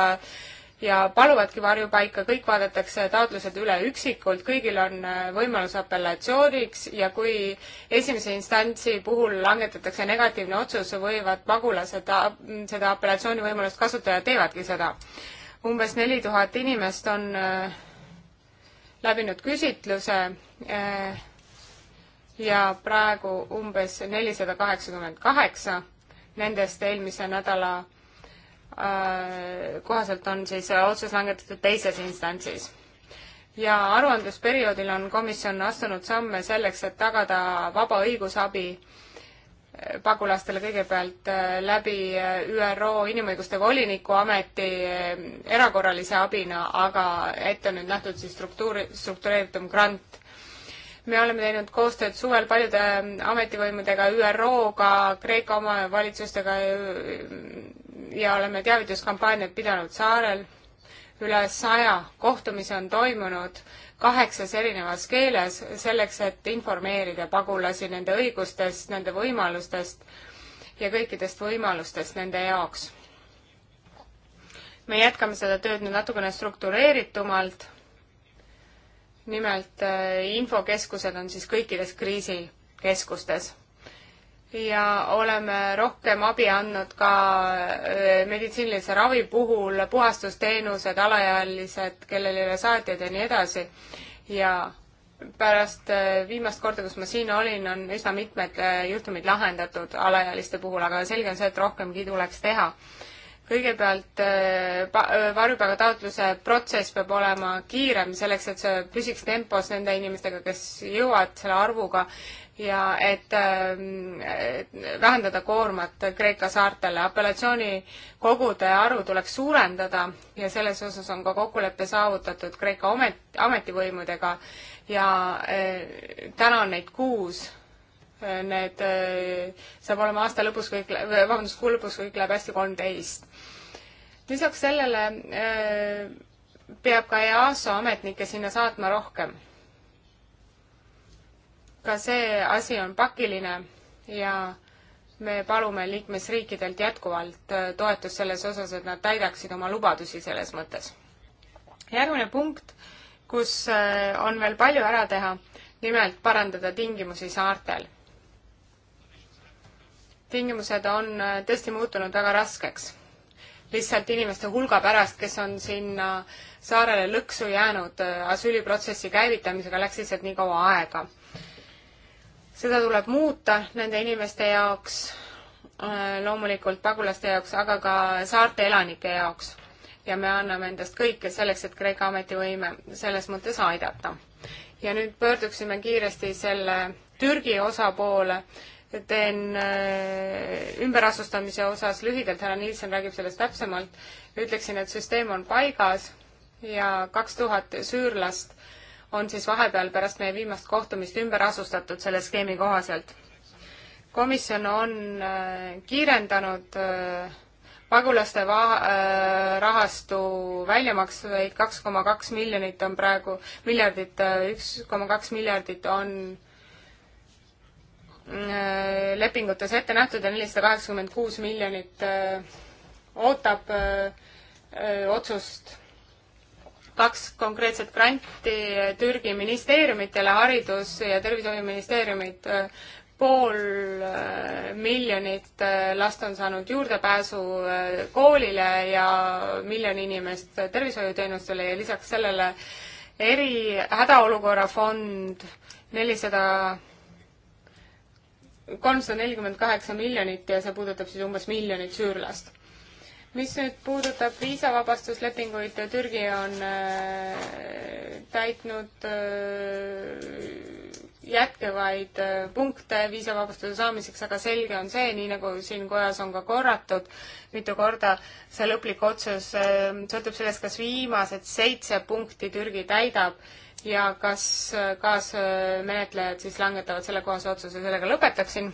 ja paluvadki varjupaika, kõik vaadatakse taotlused üle üksikult, kõigil on äh, võimalus apellatsiooniks ja kui esimese instantsi puhul langetatakse negatiivne otsus, võivad pagulased seda apellatsiooni võimalust kasutada ja teevadki seda. umbes neli tuhat inimest on äh, läbinud küsitluse äh, ja praegu umbes nelisada kaheksakümmend kaheksa nendest eelmise nädala Äh, kohaselt on siis äh, otsus langetatud teises instantsis. ja aruandlusperioodil on komisjon astunud samme selleks, et tagada vaba õigusabi äh, pagulastele kõigepealt läbi ÜRO Inimõiguste Voliniku Ameti erakorralise abina, aga ette on nüüd nähtud siis struktuuri, struktureeritum grant me oleme teinud koostööd suvel paljude ametivõimudega, ÜRO-ga, Kreeka omavalitsustega ja oleme teavituskampaaniat pidanud saarel. üle saja kohtumise on toimunud kaheksas erinevas keeles selleks, et informeerida pagulasi nende õigustest, nende võimalustest ja kõikidest võimalustest nende jaoks. me jätkame seda tööd nüüd natukene struktureeritumalt nimelt äh, infokeskused on siis kõikides kriisikeskustes. ja oleme rohkem abi andnud ka äh, meditsiinilise ravi puhul, puhastusteenused, alaealised, kellel ei ole saatjaid ja nii edasi. ja pärast äh, viimast korda, kus ma siin olin, on üsna mitmed juhtumid lahendatud alaealiste puhul, aga selge on see, et rohkemgi tuleks teha kõigepealt äh, äh, varjupaiga taotluse protsess peab olema kiirem selleks, et see püsiks tempos nende inimestega, kes jõuavad selle arvuga ja et ähm, vähendada koormat Kreeka saartele. apellatsioonikogude arvu tuleks suurendada ja selles osas on ka kokkulepe saavutatud Kreeka amet, ametivõimudega ja äh, täna on neid kuus need saab olema aasta lõpus kõik, vabandust, kuu lõpus kõik läheb hästi, kolmteist lisaks sellele äh, peab ka EASO ametnikke sinna saatma rohkem. ka see asi on pakiline ja me palume liikmesriikidelt jätkuvalt äh, toetust selles osas, et nad täidaksid oma lubadusi selles mõttes. järgmine punkt, kus äh, on veel palju ära teha, nimelt parandada tingimusi saartel. tingimused on tõesti muutunud väga raskeks lihtsalt inimeste hulga pärast, kes on sinna saarele lõksu jäänud äh, asüüliprotsessi käivitamisega, läks lihtsalt nii kaua aega. seda tuleb muuta nende inimeste jaoks, äh, loomulikult pagulaste jaoks, aga ka saarte elanike jaoks. ja me anname endast kõike selleks, et Kreeka ametivõime selles mõttes aidata. ja nüüd pöörduksime kiiresti selle Türgi osa poole teen äh, ümberasustamise osas lühidalt, härra Nielsen räägib sellest täpsemalt, ütleksin, et süsteem on paigas ja kaks tuhat süürlast on siis vahepeal pärast meie viimast kohtumist ümber asustatud selle skeemi kohaselt. komisjon on äh, kiirendanud äh, pagulaste va-, rahastu väljamaksveid, kaks koma kaks miljonit on praegu, miljardit, üks koma kaks miljardit on lepingutes ette nähtud ja nelisada kaheksakümmend kuus miljonit äh, ootab äh, äh, otsust. kaks konkreetset granti Türgi ministeeriumitele, haridus- ja tervishoiuministeeriumid, pool miljonit last on saanud juurdepääsu koolile ja miljon inimest tervishoiuteenustele ja lisaks sellele eri hädaolukorra fond nelisada 400 kolmsada nelikümmend kaheksa miljonit ja see puudutab siis umbes miljonit süürlast. mis nüüd puudutab viisavabastuslepinguid, Türgi on äh, täitnud äh, jätkevaid äh, punkte viisavabastuse saamiseks, aga selge on see, nii nagu siin kojas on ka korratud mitu korda, see lõplik otsus äh, sõltub sellest, kas viimased seitse punkti Türgi täidab äh, ja kas äh, kaasmenetlejad siis langetavad sellekohase otsuse, sellega lõpetaksin.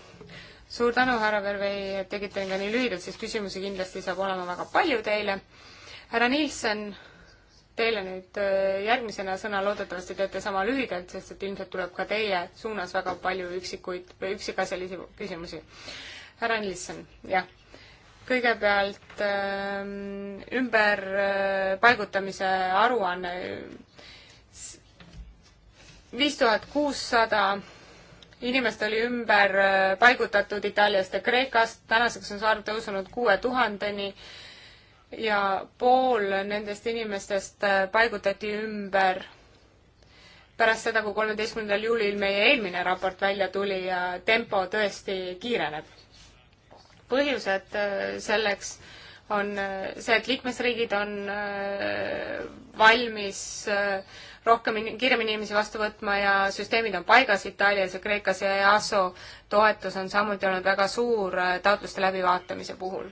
suur tänu, härra Vervei, et tegite ka nii lühidalt, sest küsimusi kindlasti saab olema väga palju teile. härra Nilsson, teile nüüd äh, järgmisena sõna, loodetavasti teete sama lühidalt, sest et ilmselt tuleb ka teie suunas väga palju üksikuid, üksikasjalisi küsimusi. härra Nilsson, jah kõigepealt ähm, ümberpaigutamise äh, aruanne viis tuhat kuussada inimest oli ümber äh, paigutatud Itaaliast ja Kreekast, tänaseks on see arv tõusnud kuue tuhandeni ja pool nendest inimestest äh, paigutati ümber pärast seda, kui kolmeteistkümnendal juulil meie eelmine raport välja tuli ja tempo tõesti kiireneb. põhjused äh, selleks on see, et liikmesriigid on valmis rohkem, kiiremini inimesi vastu võtma ja süsteemid on paigas Itaalias ja Kreekas ja EASO toetus on samuti olnud väga suur äh, taotluste läbivaatamise puhul.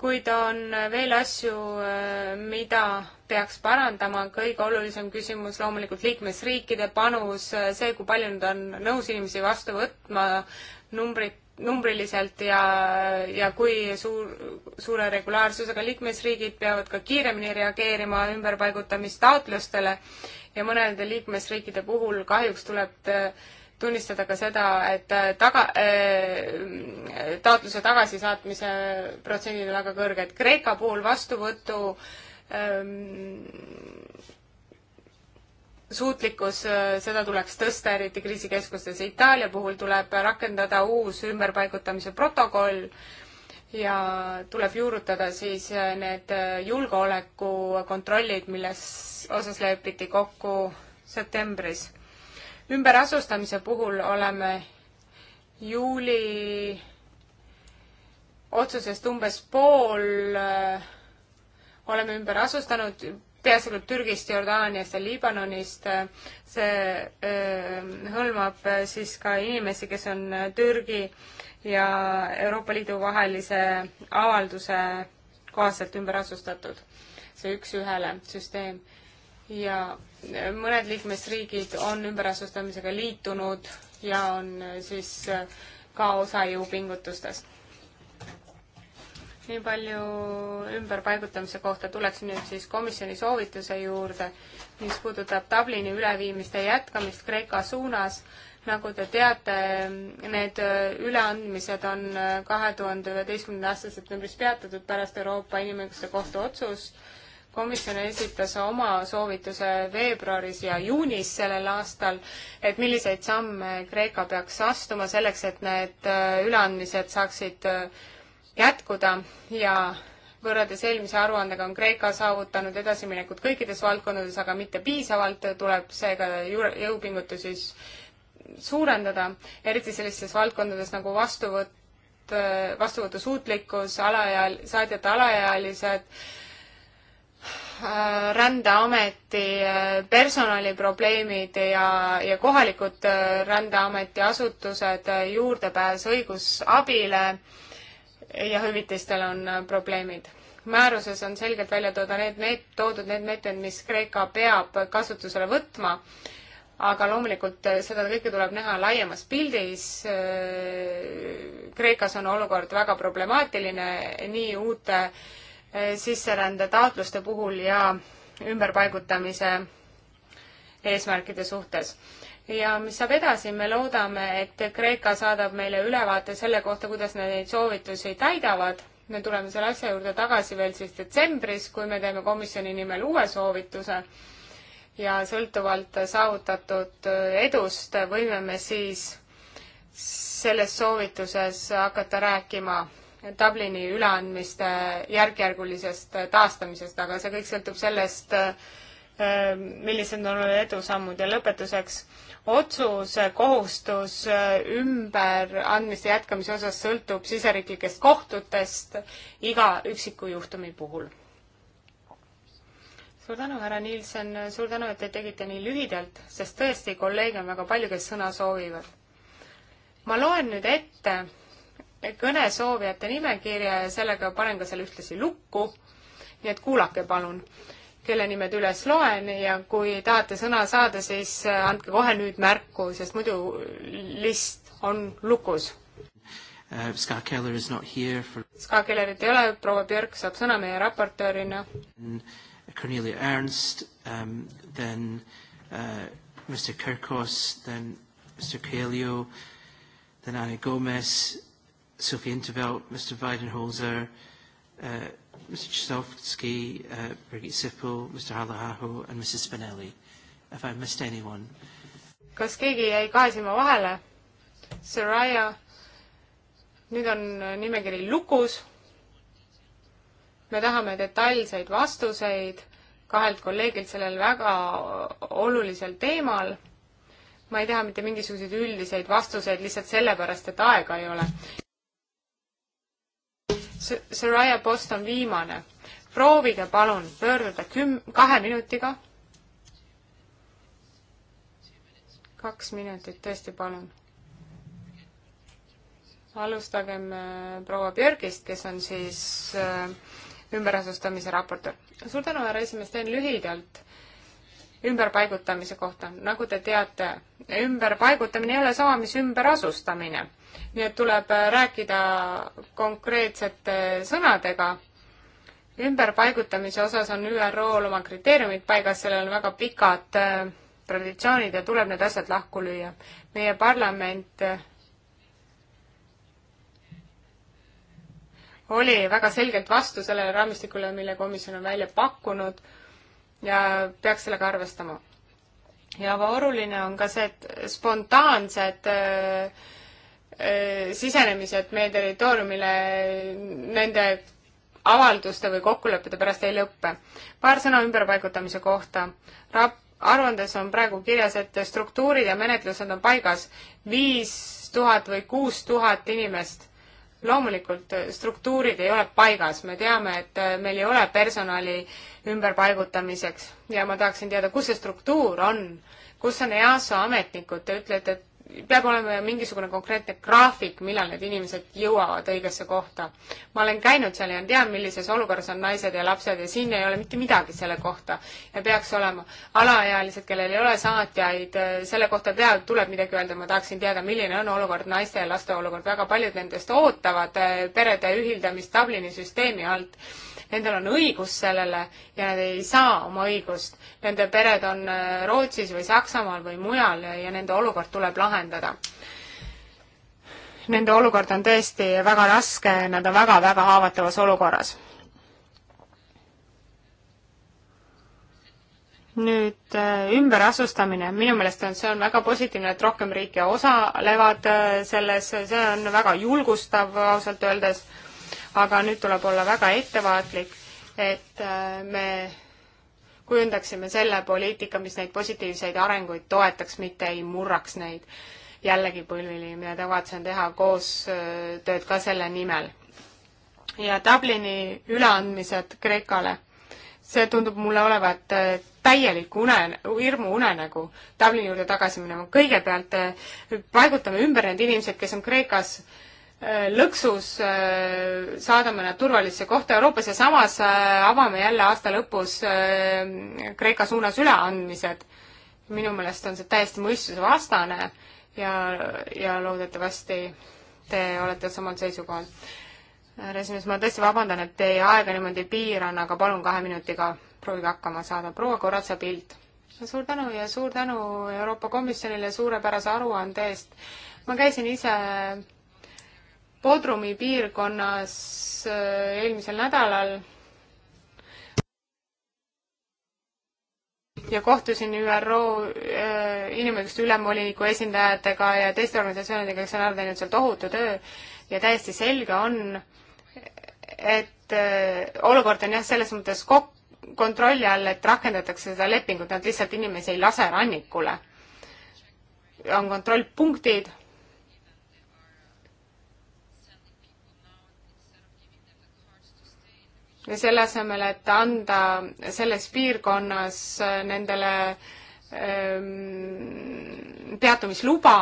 kuid on äh, veel asju, äh, mida peaks parandama, kõige olulisem küsimus loomulikult liikmesriikide panus, see, kui palju nad on nõus inimesi vastu võtma, numbrid numbriliselt ja, ja kui suur, suure regulaarsusega liikmesriigid peavad ka kiiremini reageerima ümberpaigutamistaotlustele ja mõnede liikmesriikide puhul kahjuks tuleb äh, tunnistada ka seda, et äh, taga äh,, taotluse tagasisaatmise protsendid on väga kõrged. Kreeka puhul vastuvõtu ähm, suutlikkus, äh, seda tuleks tõsta, eriti kriisikeskustes. Itaalia puhul tuleb rakendada uus ümberpaigutamise protokoll ja tuleb juurutada siis äh, need äh, julgeolekukontrollid, milles osas lepiti kokku septembris. ümberasustamise puhul oleme juuli otsusest umbes pool oleme ümber asustanud, peaasjalikult Türgist, Jordaaniast ja Liibanonist. see öö, äh, hõlmab äh, siis ka inimesi, kes on äh, Türgi ja Euroopa Liidu vahelise avalduse kohaselt ümber asustatud. see üks-ühele süsteem. ja mõned liikmesriigid on ümberasustamisega liitunud ja on siis ka osa jõupingutustest nii palju ümberpaigutamise kohta, tuleks nüüd siis komisjoni soovituse juurde, mis puudutab Dublini üleviimist ja jätkamist Kreeka suunas. nagu te teate, need üleandmised on kahe tuhande üheteistkümnenda aasta septembris peatatud pärast Euroopa Inimõiguste Kohtu otsust. komisjon esitas oma soovituse veebruaris ja juunis sellel aastal, et milliseid samme Kreeka peaks astuma selleks, et need üleandmised saaksid jätkuda ja võrreldes eelmise aruandega on Kreeka saavutanud edasiminekut kõikides valdkondades, aga mitte piisavalt, tuleb seega jõupingutusi suurendada, eriti sellistes valdkondades nagu vastuvõtt, vastuvõtusuutlikkus, alaeal-, saatjate alaealised, äh, rändeameti äh, personaliprobleemid ja, ja kohalikud äh, rändeameti asutused, juurdepääs õigusabile ja hüvitistel on äh, probleemid. määruses on selgelt välja tooda need meet-, toodud need meetmed, mis Kreeka peab kasutusele võtma, aga loomulikult äh, seda kõike tuleb näha laiemas pildis. Äh, Kreekas on olukord väga problemaatiline nii uute sisserändetaotluste puhul ja ümberpaigutamise eesmärkide suhtes ja mis saab edasi, me loodame, et Kreeka saadab meile ülevaate selle kohta, kuidas nad neid soovitusi täidavad. me tuleme selle asja juurde tagasi veel siis detsembris, kui me teeme komisjoni nimel uue soovituse. ja sõltuvalt saavutatud edust võime me siis selles soovituses hakata rääkima Dublini üleandmiste järkjärgulisest taastamisest, aga see kõik sõltub sellest, millised on olnud edusammud ja lõpetuseks otsus, kohustus äh, ümberandmiste jätkamise osas sõltub siseriiklikest kohtutest iga üksiku juhtumi puhul. suur tänu, härra Nielsen, suur tänu, et te tegite nii lühidalt, sest tõesti, kolleege on väga palju, kes sõna soovivad. ma loen nüüd ette kõnesoovijate nimekirja ja sellega panen ka selle ühtlasi lukku, nii et kuulake palun kelle nimed üles loen ja kui tahate sõna saada, siis äh, andke kohe nüüd märku, sest muidu list on lukus. Uh, Ska Keller is not here for Ska Kellerit ei ole, proua Björk saab sõna meie raportöörina. Cornelia Ernst um,, then uh, Mr Kirkos, then Mr Coelho, then Anna Gomez, Sophie Intervelt, Mr Weidenholzer uh,, Mr. Chisovsky, uh, Birgit Sippel, Mr. Halahaho and Mrs. Spinelli. If I missed anyone. kas keegi jäi kahe silma vahele? Soraya, nüüd on äh, nimekiri lukus. me tahame detailseid vastuseid kahelt kolleegilt sellel väga äh, olulisel teemal. ma ei taha mitte mingisuguseid üldiseid vastuseid lihtsalt sellepärast, et aega ei ole. Soraya Post on viimane. proovige palun pöörduda küm-, kahe minutiga. kaks minutit, tõesti, palun. alustagem äh, proua Björgist, kes on siis äh, ümberasustamise raportöör. suur tänu, härra esimees, teen lühidalt ümberpaigutamise kohta. nagu te teate, ümberpaigutamine ei ole sama, mis ümberasustamine nii et tuleb äh, rääkida konkreetsete sõnadega. ümberpaigutamise osas on ÜRO-l oma kriteeriumid paigas, sellel on väga pikad äh, traditsioonid ja tuleb need asjad lahku lüüa. meie parlament äh, oli väga selgelt vastu sellele raamistikule, mille komisjon on välja pakkunud ja peaks sellega arvestama. ja oluline on ka see, et spontaansed äh, Äh, sisenemised meie territooriumile nende avalduste või kokkulepete pärast ei lõppe. paar sõna ümberpaigutamise kohta. Rap-, aruandes on praegu kirjas, et struktuurid ja menetlused on paigas viis tuhat või kuus tuhat inimest. loomulikult struktuurid ei ole paigas, me teame, et äh, meil ei ole personali ümberpaigutamiseks ja ma tahaksin teada, kus see struktuur on, kus on EASO ametnikud, te ütlete, et peab olema ju mingisugune konkreetne graafik, millal need inimesed jõuavad õigesse kohta. ma olen käinud seal ja tean, millises olukorras on naised ja lapsed ja siin ei ole mitte midagi selle kohta. ja peaks olema alaealised, kellel ei ole saatjaid, äh, selle kohta peab, tuleb midagi öelda, ma tahaksin teada, milline on olukord, naiste ja laste olukord, väga paljud nendest ootavad äh, perede ühildamist Dublini süsteemi alt nendel on õigus sellele ja nad ei saa oma õigust. Nende pered on äh, Rootsis või Saksamaal või mujal ja nende olukord tuleb lahendada lahendada. Nende olukord on tõesti väga raske, nad on väga-väga haavatavas olukorras. nüüd äh, ümberasustamine, minu meelest on, see on väga positiivne, et rohkem riike osalevad äh, selles, see on väga julgustav ausalt öeldes, aga nüüd tuleb olla väga ettevaatlik, et äh, me kujundaksime selle poliitika, mis neid positiivseid arenguid toetaks, mitte ei murraks neid jällegi põlvili, mida tavatsen teha koostööd ka selle nimel. ja Dublini üleandmised Kreekale, see tundub mulle olevat äh, täielik une, hirmu unenägu. Dublini juurde tagasi minema, kõigepealt äh, paigutame ümber need inimesed, kes on Kreekas äh, Äh, lõksus äh, saadame nad turvalisse kohta Euroopas ja samas äh, avame jälle aasta lõpus Kreeka suunas üleandmised. minu meelest on see täiesti mõistusevastane ja, ja loodetavasti te olete samal seisukohal. härra esimees, ma tõesti vabandan, et teie aega niimoodi piiran, aga palun kahe minutiga proovige hakkama saada. proua Korratsa pilt. suur tänu ja suur tänu Euroopa Komisjonile suurepärase aruande eest. ma käisin ise Bodrumi piirkonnas äh, eelmisel nädalal ja kohtusin ÜRO äh, inimõiguste ülemvoliniku esindajatega ja teiste organisatsioonidega, kes on ära teinud seal tohutu töö ja täiesti selge on, et äh, olukord on jah, selles mõttes kok-, kontrolli all, et rakendatakse seda lepingut, nad lihtsalt inimesi ei lase rannikule. on kontrollpunktid selle asemel, et anda selles piirkonnas nendele ähm, peatumisluba,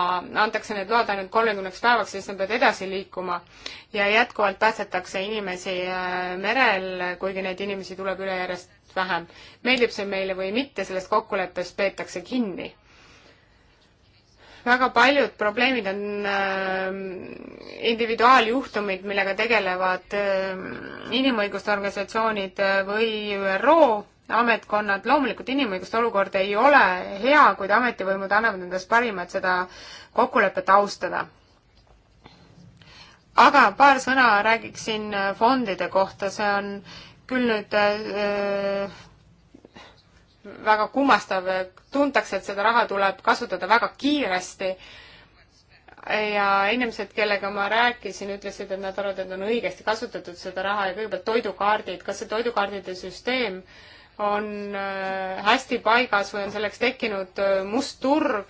antakse need load ainult kolmekümneks päevaks, siis nad peavad edasi liikuma. ja jätkuvalt päästetakse inimesi äh, merel, kuigi neid inimesi tuleb üle järjest vähem. meeldib see meile või mitte, sellest kokkuleppest peetakse kinni väga paljud probleemid on ähm, individuaaljuhtumid, millega tegelevad ähm, inimõiguste organisatsioonid äh, või ÜRO ametkonnad, loomulikult inimõiguste olukord ei ole hea, kuid ametivõimud annavad endast parima, et seda kokkulepet austada. aga paar sõna räägiksin fondide kohta, see on küll nüüd äh, väga kummastav, tuntakse, et seda raha tuleb kasutada väga kiiresti ja inimesed, kellega ma rääkisin, ütlesid, et nad arvavad, et on õigesti kasutatud seda raha ja kõigepealt toidukaardid, kas see toidukaardide süsteem on äh, hästi paigas või on selleks tekkinud äh, must turg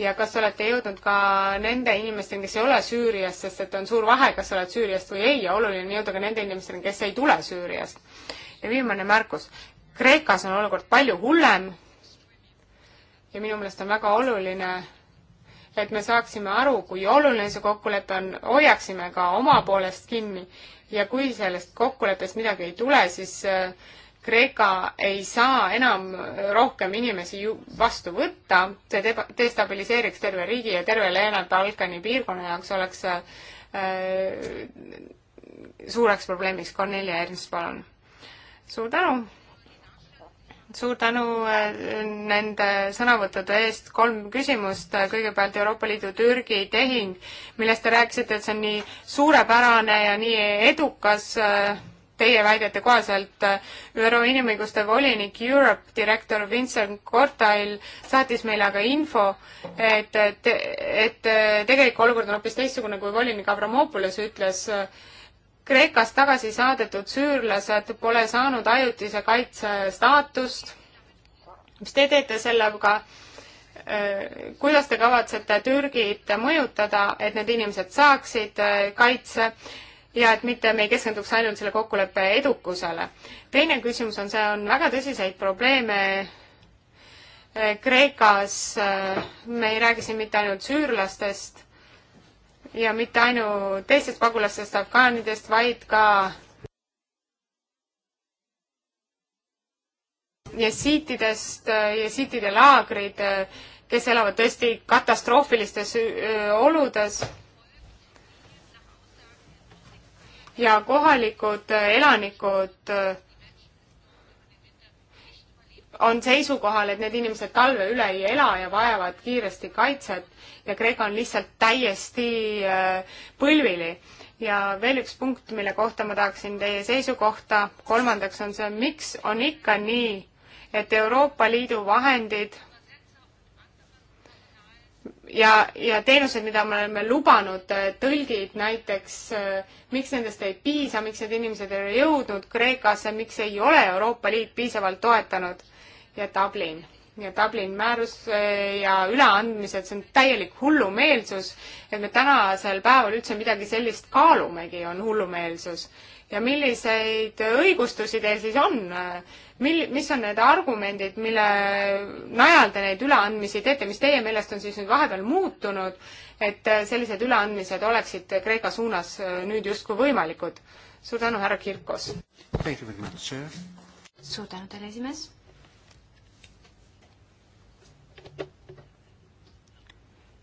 ja kas olete jõudnud ka nende inimesteni, kes ei ole Süüriast, sest et on suur vahe, kas sa oled Süüriast või ei ja oluline on jõuda ka nende inimesteni, kes ei tule Süüriast. ja viimane märkus, Kreekas on olukord palju hullem ja minu meelest on väga oluline, et me saaksime aru, kui oluline see kokkulepe on, hoiaksime ka oma poolest kinni ja kui sellest kokkuleppest midagi ei tule, siis äh, Kreeka ei saa enam äh, rohkem inimesi ju vastu võtta, see destabiliseeriks terve riigi ja terve Lääne-Balkani piirkonna jaoks oleks äh, suureks probleemiks. Kornelia Ernst, palun. suur tänu suur tänu äh, nende sõnavõttude eest. kolm küsimust. kõigepealt Euroopa Liidu Türgi tehing, millest te rääkisite, et see on nii suurepärane ja nii edukas äh, teie väidete kohaselt ÜRO inimõiguste volinik Europe direktor Vincent Cortail saatis meile aga info, et, et, et tegelik olukord on hoopis teistsugune, kui volinik Avramopoulos ütles äh, Kreekast tagasi saadetud süürlased pole saanud ajutise kaitse staatust. mis te teete sellega? Äh, kuidas te kavatsete Türgit mõjutada, et need inimesed saaksid äh, kaitse ja et mitte me ei keskenduks ainult selle kokkuleppe edukusele. teine küsimus on, see on väga tõsiseid probleeme äh, Kreekas. me ei räägi siin mitte ainult süürlastest ja mitte ainu teistest pagulastest afgaanidest, vaid ka jesiitidest, jesiitide laagrid, kes elavad tõesti katastroofilistes oludes. ja kohalikud elanikud on seisukohal, et need inimesed talve üle ei ela ja vajavad kiiresti kaitset ja Kreeka on lihtsalt täiesti äh, põlvili. ja veel üks punkt, mille kohta ma tahaksin teie seisukohta, kolmandaks on see, miks on ikka nii, et Euroopa Liidu vahendid ja, ja teenused, mida me oleme lubanud, äh, tõlgid näiteks, äh, miks nendest ei piisa, miks need inimesed ei ole jõudnud Kreekasse, miks ei ole Euroopa Liit piisavalt toetanud? ja Dublin ja Dublin määrus eh, ja üleandmised, see on täielik hullumeelsus, et me tänasel päeval üldse midagi sellist kaalumegi, on hullumeelsus. ja milliseid õigustusi teil siis on? mil-, mis on need argumendid, mille najal te neid üleandmisi teete, mis teie meelest on siis nüüd vahepeal muutunud, et sellised üleandmised oleksid Kreeka suunas eh, nüüd justkui võimalikud? suur tänu, härra Kirkos! suur tänu teile, esimees!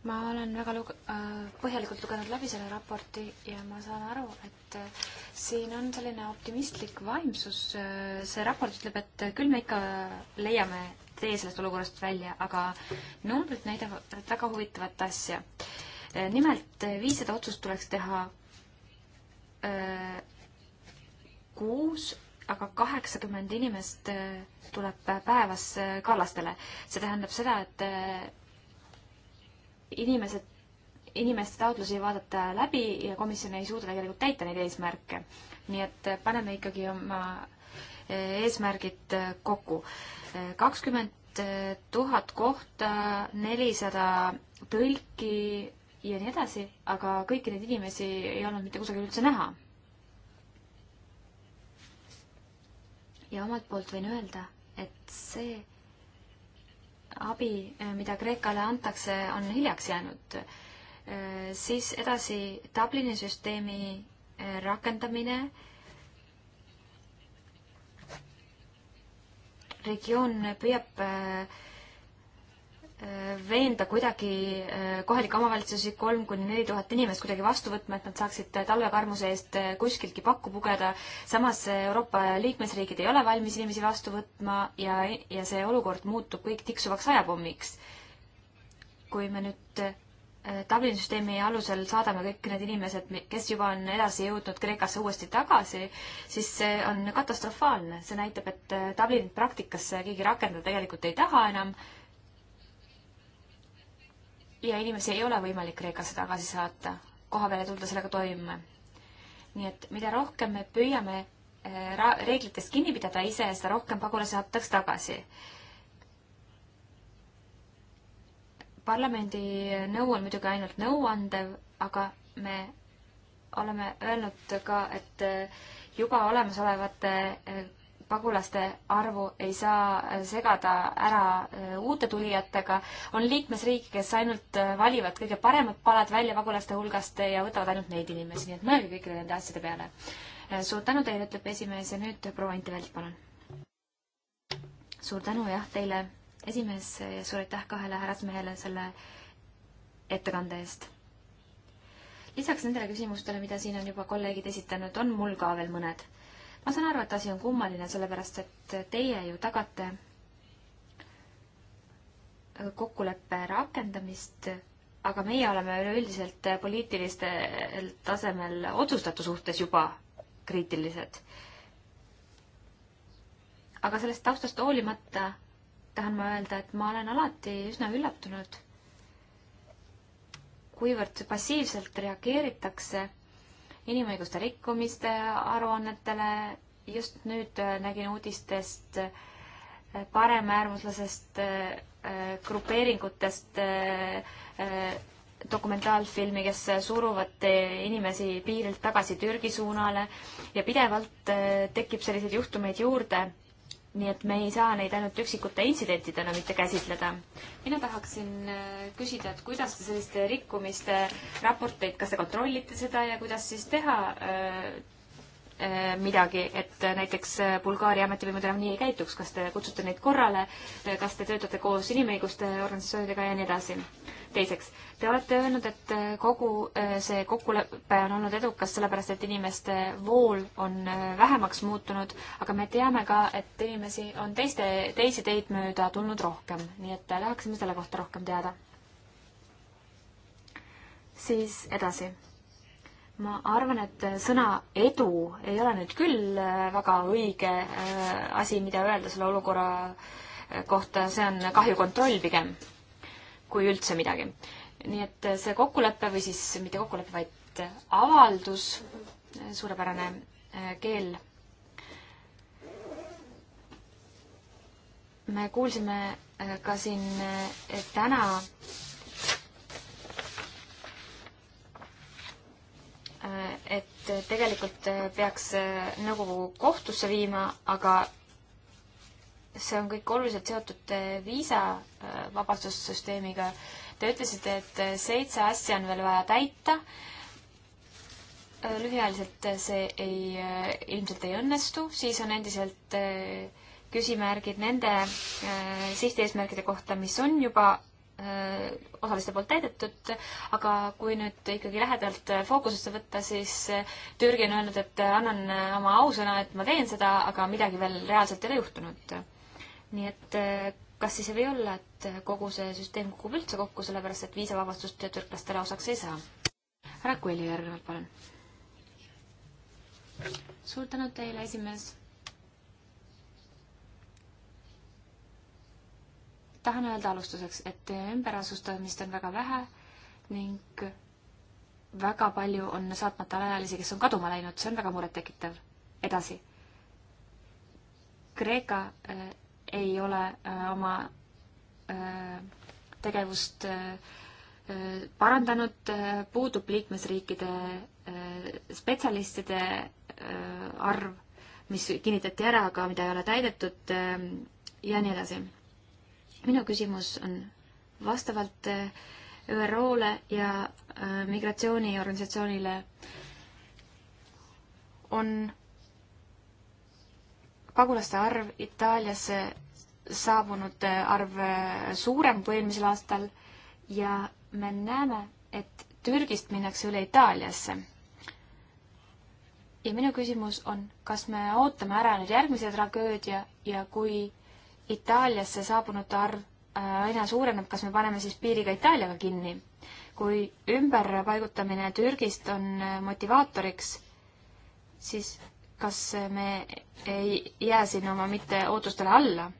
ma olen väga lug-, äh, põhjalikult lugenud läbi selle raporti ja ma saan aru, et äh, siin on selline optimistlik vaimsus, äh, see raport ütleb, et küll me ikka leiame tee sellest olukorrast välja, aga numbrid näidavad väga huvitavat asja. nimelt viissada otsust tuleks teha kuus, aga kaheksakümmend inimest tuleb päevas kallastele. see tähendab seda, et inimesed, inimeste taotlusi ei vaadata läbi ja komisjon ei suuda tegelikult täita neid eesmärke. nii et eh, paneme ikkagi oma eh, eesmärgid eh, kokku. kakskümmend tuhat kohta, nelisada tõlki ja nii edasi, aga kõiki neid inimesi ei olnud mitte kusagil üldse näha. ja omalt poolt võin öelda, et see abi, mida Kreekale antakse, on hiljaks jäänud. siis edasi Dublini süsteemi eh, rakendamine. regioon püüab äh, veenda kuidagi äh, kohalikke omavalitsusi, kolm kuni neli tuhat inimest kuidagi vastu võtma, et nad saaksid äh, talvekarmuse eest äh, kuskiltki pakku pugeda. samas Euroopa liikmesriigid ei ole valmis inimesi vastu võtma ja, ja see olukord muutub kõik tiksuvaks ajapommiks. kui me nüüd Dublini süsteemi alusel saadame kõik need inimesed, kes juba on edasi jõudnud Kreekasse uuesti tagasi, siis see on katastrofaalne. see näitab, et Dublinit praktikasse keegi rakendada tegelikult ei taha enam ja inimesi ei ole võimalik Kreekasse tagasi saata, koha peale tulda sellega toime. nii et mida rohkem me püüame eh, reeglitest kinni pidada ise, seda rohkem pagulasi antakse tagasi. parlamendi nõu on muidugi ainult nõuandev, aga me oleme öelnud ka, et eh, juba olemasolevate eh, pagulaste arvu ei saa segada ära äh, uute tulijatega, on liikmesriike, kes ainult äh, valivad kõige paremad palad välja pagulaste hulgast ja võtavad ainult neid inimesi, nii et mõelge kõikide nende asjade peale. Äh, suur tänu teile, ütleb esimees ja nüüd proua Anti Vält, palun. suur tänu jah teile, esimees, ja suur aitäh kahele härrasmehele selle ettekande eest. lisaks nendele küsimustele, mida siin on juba kolleegid esitanud, on mul ka veel mõned ma saan aru, et asi on kummaline, sellepärast et teie ju tagate kokkuleppe rakendamist, aga meie oleme üleüldiselt poliitilistel tasemel otsustatu suhtes juba kriitilised. aga sellest taustast hoolimata tahan ma öelda, et ma olen alati üsna üllatunud, kuivõrd passiivselt reageeritakse inimõiguste rikkumiste aruannetele. just nüüd äh, nägin uudistest äh, paremäärmuslasest äh, grupeeringutest dokumentaalfilmi, kes suruvad inimesi piirilt tagasi Türgi suunale ja pidevalt tekib selliseid juhtumeid juurde nii et me ei saa neid ainult üksikute intsidentidena mitte käsitleda. mina tahaksin äh, küsida, et kuidas te selliste rikkumiste raporteid, kas te kontrollite seda ja kuidas siis teha äh, äh, midagi, et näiteks Bulgaaria ametivõimud enam nii ei käituks, kas te kutsute neid korrale, kas te töötate koos inimõiguste organisatsioonidega ja nii edasi teiseks, te olete öelnud, et äh, kogu äh, see kokkulepe on olnud edukas, sellepärast et inimeste vool on äh, vähemaks muutunud, aga me teame ka, et inimesi on teiste, teisi teid mööda tulnud rohkem, nii et tahaksime selle kohta rohkem teada. siis edasi ma arvan, et sõna edu ei ole nüüd küll väga õige asi, mida öelda selle olukorra kohta, see on kahjukontroll pigem kui üldse midagi. nii et see kokkulepe või siis mitte kokkulepe, vaid avaldus, suurepärane äh, keel. me kuulsime äh, ka siin äh, täna et tegelikult peaks nõukogu kohtusse viima, aga see on kõik oluliselt seotud eh, viisavabastussüsteemiga. Eh, Te ütlesite, et eh, seitse asja on veel vaja täita. lühiajaliselt see ei, ilmselt ei õnnestu, siis on endiselt küsimärgid nende sihteesmärkide kohta, mis on juba osaliste poolt täidetud, aga kui nüüd ikkagi lähedalt fookusesse võtta, siis Türgi on öelnud, et annan oma ausõna, et ma teen seda, aga midagi veel reaalselt ei ole juhtunud nii et eh, kas siis ei või olla, et kogu see süsteem kukub üldse kokku, sellepärast et viisavabastust türklastele osaks ei saa? härra Kueli järgnevalt, palun. suur tänu teile, esimees. tahan öelda alustuseks, et ümberasustamist on väga vähe ning väga palju on saatmata alaealisi, kes on kaduma läinud, see on väga murettekitav. edasi. Kreeka eh, ei ole äh, oma äh, tegevust äh, parandanud, puudub liikmesriikide spetsialistide arv, mis kinnitati ära, aga mida ei ole täidetud ja nii edasi. minu küsimus on vastavalt ÜRO-le ja migratsiooniorganisatsioonile on pagulaste arv Itaaliasse saabunute arv äh, suurem kui eelmisel aastal ja me näeme, et Türgist minnakse üle Itaaliasse. ja minu küsimus on, kas me ootame ära nüüd järgmise tragöödia ja kui Itaaliasse saabunute arv äh, aina suureneb, kas me paneme siis piiri ka Itaaliaga kinni? kui ümberpaigutamine Türgist on äh, motivaatoriks, siis kas me ei jää siin oma mitte ootustele alla.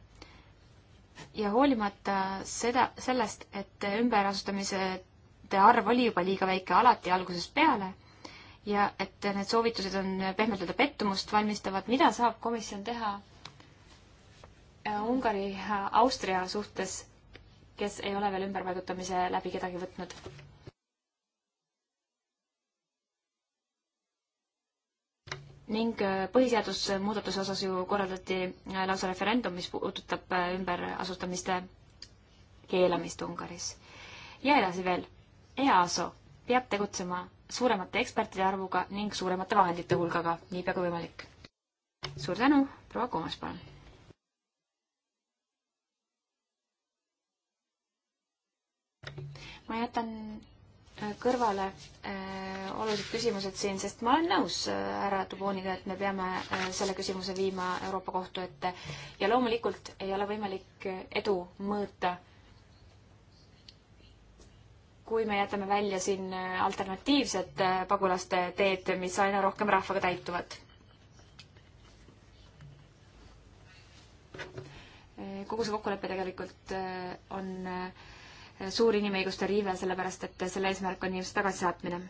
ja hoolimata seda, sellest, et ümberasustamisede arv oli juba liiga väike alati algusest peale ja et need soovitused on pehmelt öelda pettumust valmistavad, mida saab komisjon teha äh, Ungari, äh, Austria suhtes, kes ei ole veel ümberpaigutamise läbi kedagi võtnud? ning äh, põhiseaduse muudatuse osas ju korraldati äh, lausa referendum, mis puudutab äh, ümberasustamiste keelamist Ungaris. ja edasi veel. EASO peab tegutsema suuremate ekspertide arvuga ning suuremate vahendite hulgaga, niipea kui võimalik. suur tänu, proua Koomas, palun. ma jätan Äh, kõrvale äh, olulised küsimused siin, sest ma olen nõus äh, härra Duboniga, et me peame selle küsimuse viima Euroopa Kohtu ette ja loomulikult ei ole võimalik edu mõõta, kui me jätame välja siin alternatiivsed pagulaste teed, mis aina rohkem rahvaga täituvad. kogu see kokkulepe tegelikult on äh, suur inimõiguste riive, sellepärast et selle eesmärk on inimeste tagasisaatmine.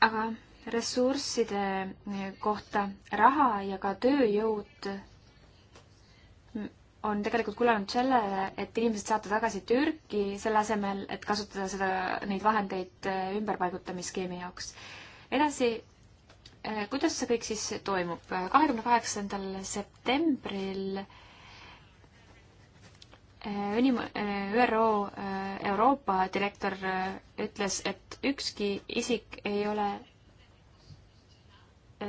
aga ressursside kohta raha ja ka tööjõud on tegelikult kulanud sellele, et inimesed saata tagasi Türki, selle asemel, et kasutada seda, neid vahendeid ümberpaigutamisskeemi jaoks. edasi Äh, kuidas see kõik siis toimub? Äh, kahekümne kaheksandal septembril äh, ÜRO Euroopa direktor ütles, et ükski isik ei ole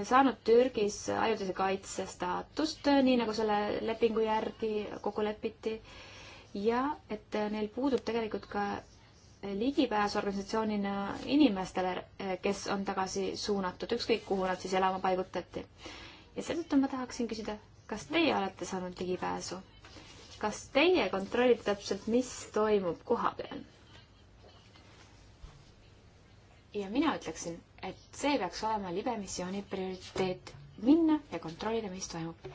saanud Türgis ajutise kaitse staatust, nii nagu selle lepingu järgi kokku lepiti, ja et neil puudub tegelikult ka ligipääs organisatsioonina inimestele, eh, kes on tagasi suunatud, ükskõik kuhu nad siis elama paigutati. ja seetõttu ma tahaksin küsida, kas teie olete saanud ligipääsu? kas teie kontrollite täpselt, mis toimub koha peal? ja mina ütleksin, et see peaks olema libe missiooni prioriteet, minna ja kontrollida, mis toimub.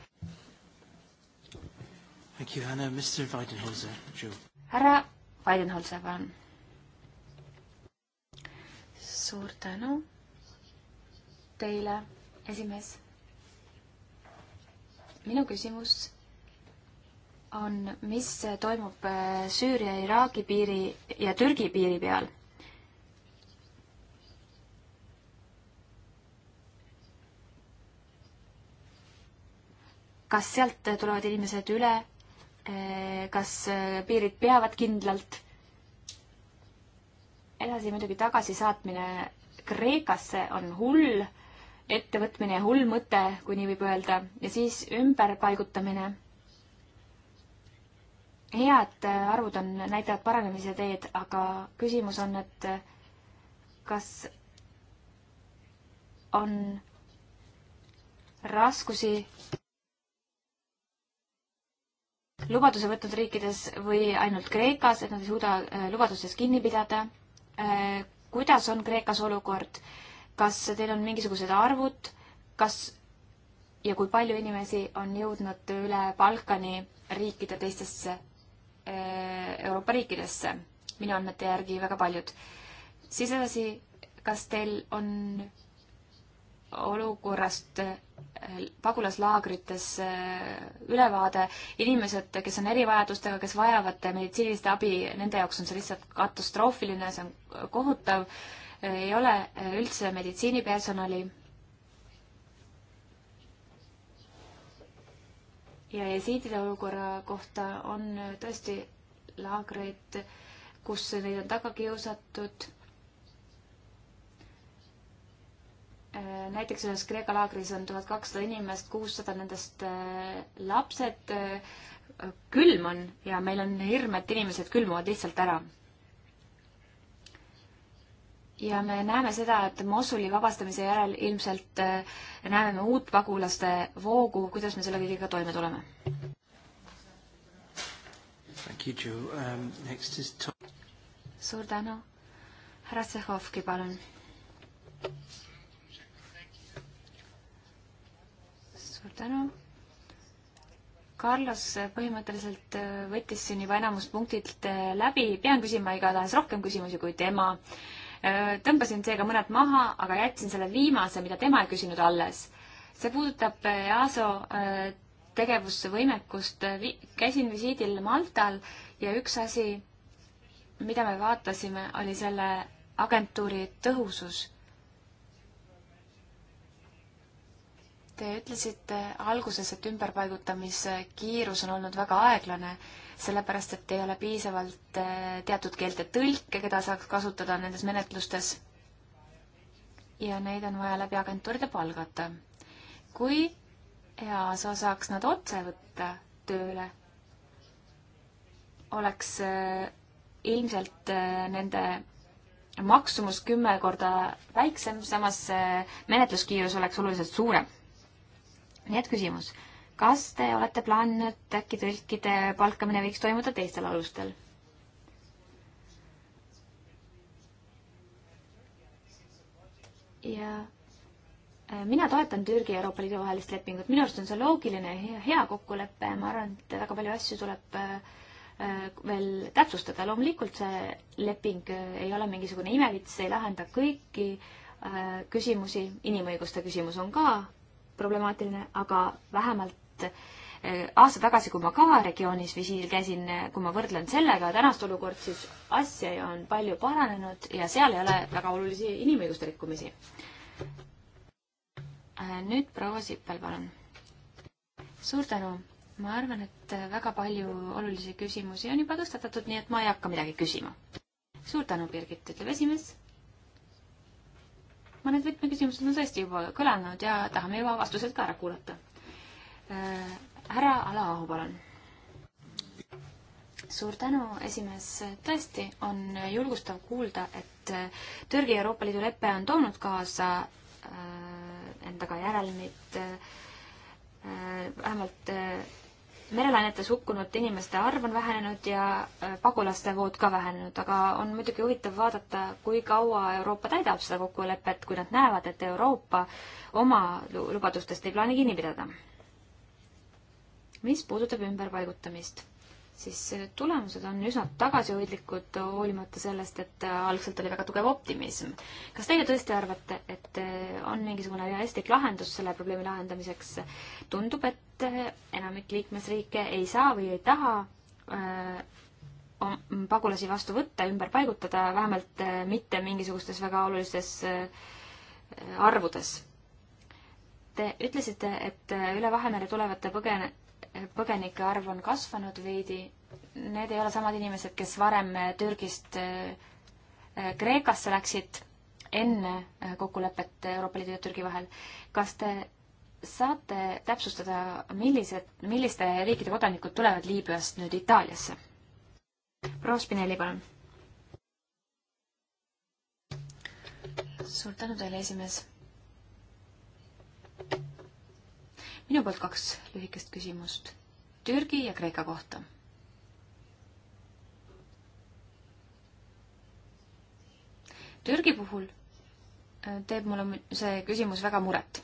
härra Weidenholzer, palun suur tänu teile, esimees. minu küsimus on, mis toimub äh, Süüria, Iraagi piiri ja Türgi piiri peal? kas sealt tulevad inimesed üle? Äh, kas äh, piirid peavad kindlalt? edasi muidugi tagasisaatmine Kreekasse on hull ettevõtmine ja hull mõte, kui nii võib öelda, ja siis ümberpaigutamine. head arvud on, näitavad paranemise teed, aga küsimus on, et kas on raskusi lubaduse võtnud riikides või ainult Kreekas, et nad ei suuda eh, lubadustest kinni pidada Äh, kuidas on Kreekas olukord, kas teil on mingisugused arvud, kas ja kui palju inimesi on jõudnud üle Balkani riikide teistesse äh, Euroopa riikidesse, minu andmete järgi väga paljud. siis edasi, kas teil on olukorrast äh, pagulaslaagrites äh, ülevaade, inimesed, kes on erivajadustega, kes vajavad meditsiinilist abi, nende jaoks on see lihtsalt katastroofiline, see on kohutav, äh, ei ole üldse meditsiinipersonali. ja jesiidide olukorra kohta on tõesti laagreid, kus neid on taga kiusatud Äh, näiteks ühes Kreeka laagris on tuhat kakssada inimest, kuussada nendest äh, lapsed. Äh, külm on ja meil on hirm, et inimesed külmuvad lihtsalt ära. ja me näeme seda, et Mosuli vabastamise järel ilmselt näeme me uut pagulaste voogu, kuidas me selle kõigega toime tuleme. Um, is... suur tänu. härra Tšehhovki, palun. suur tänu. Carlos põhimõtteliselt äh, võttis siin juba enamus punktid äh, läbi, pean küsima igatahes rohkem küsimusi kui tema. Äh, tõmbasin seega mõned maha, aga jätsin selle viimase, mida tema ei küsinud, alles. see puudutab EASO tegevusvõimekust. käisin visiidil Maltal ja üks asi, mida me vaatasime, oli selle agentuuri tõhusus Te ütlesite alguses, et ümberpaigutamise kiirus on olnud väga aeglane, sellepärast et ei ole piisavalt eh, teatud keelte tõlke, keda saaks kasutada nendes menetlustes. ja neid on vaja läbi agentuuride palgata. kui EASO saaks nad otse võtta tööle, oleks eh, ilmselt eh, nende maksumus kümme korda väiksem, samas menetluskiirus oleks oluliselt suurem nii et küsimus, kas te olete plaaninud, äkki tõlkide palkamine võiks toimuda teistel alustel? ja äh, mina toetan Türgi ja Euroopa Liidu vahelist lepingut, minu arust on see loogiline ja hea kokkulepe, ma arvan, et väga palju asju tuleb äh, äh, veel täpsustada, loomulikult see leping ei ole mingisugune imevits, ei lahenda kõiki küsimusi, inimõiguste küsimus on ka problemaatiline, aga vähemalt eh, aasta tagasi, kui ma ka regioonis visiiril käisin, eh, kui ma võrdlen sellega tänast olukord, siis asja ju on palju paranenud ja seal ei ole väga olulisi inimõiguste rikkumisi. Eh, nüüd proua Sippel, palun. suur tänu. ma arvan, et väga palju olulisi küsimusi on juba tõstatatud, nii et ma ei hakka midagi küsima. suur tänu, Birgit, ütleb esimees mõned võtmeküsimused on tõesti juba kõlanud ja tahame juba vastused ka ära kuulata. Äh, härra Ala Ahu, palun. suur tänu, esimees. tõesti on julgustav kuulda, et äh, Türgi Euroopa Liidu lepe on toonud kaasa äh, endaga järelmid vähemalt merelainetes hukkunud inimeste arv on vähenenud ja äh, pagulaste vood ka vähenenud, aga on muidugi huvitav vaadata, kui kaua Euroopa täidab seda kokkulepet, kui nad näevad, et Euroopa oma lubadustest ei plaani kinni pidada. mis puudutab ümberpaigutamist siis tulemused on üsna tagasihoidlikud, hoolimata sellest, et äh, algselt oli väga tugev optimism. kas teie tõesti arvate, et äh, on mingisugune realistlik lahendus selle probleemi lahendamiseks? tundub, et äh, enamik liikmesriike ei saa või ei taha pagulasi vastu võtta, ümber paigutada, vähemalt mitte mingisugustes väga olulistes arvudes. Te ütlesite, et üle Vahemere tulevate põgene-, põgenike arv on kasvanud veidi, need ei ole samad inimesed, kes varem Türgist äh, Kreekasse läksid enne äh, kokkulepet Euroopa Liidu ja Türgi vahel. kas te saate täpsustada, millised, milliste riikide kodanikud tulevad Liibüast nüüd Itaaliasse? proua Spinelli, palun. suur tänu teile, esimees minu poolt kaks lühikest küsimust Türgi ja Kreeka kohta. Türgi puhul äh, teeb mulle see küsimus väga muret.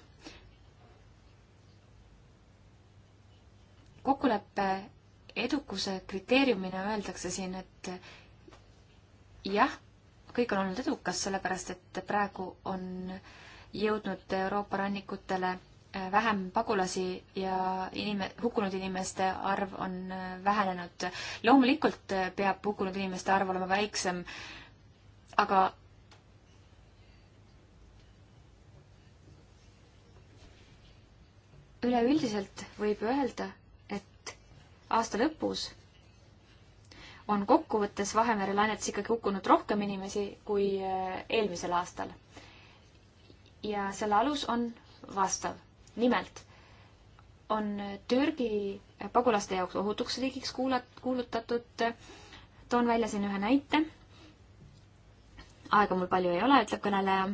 kokkuleppe edukuse kriteeriumina öeldakse siin, et äh, jah, kõik on olnud edukas, sellepärast et praegu on jõudnud Euroopa rannikutele vähem pagulasi ja inime-, hukkunud inimeste arv on äh, vähenenud. loomulikult äh, peab hukkunud inimeste arv olema väiksem, aga üleüldiselt võib öelda, et aasta lõpus on kokkuvõttes Vahemere lainetes ikkagi hukkunud rohkem inimesi kui äh, eelmisel aastal. ja selle alus on vastav nimelt on Türgi pagulaste jaoks ohutuks riigiks kuulat-, kuulutatud. toon välja siin ühe näite. aega mul palju ei ole, ütleb kõneleja.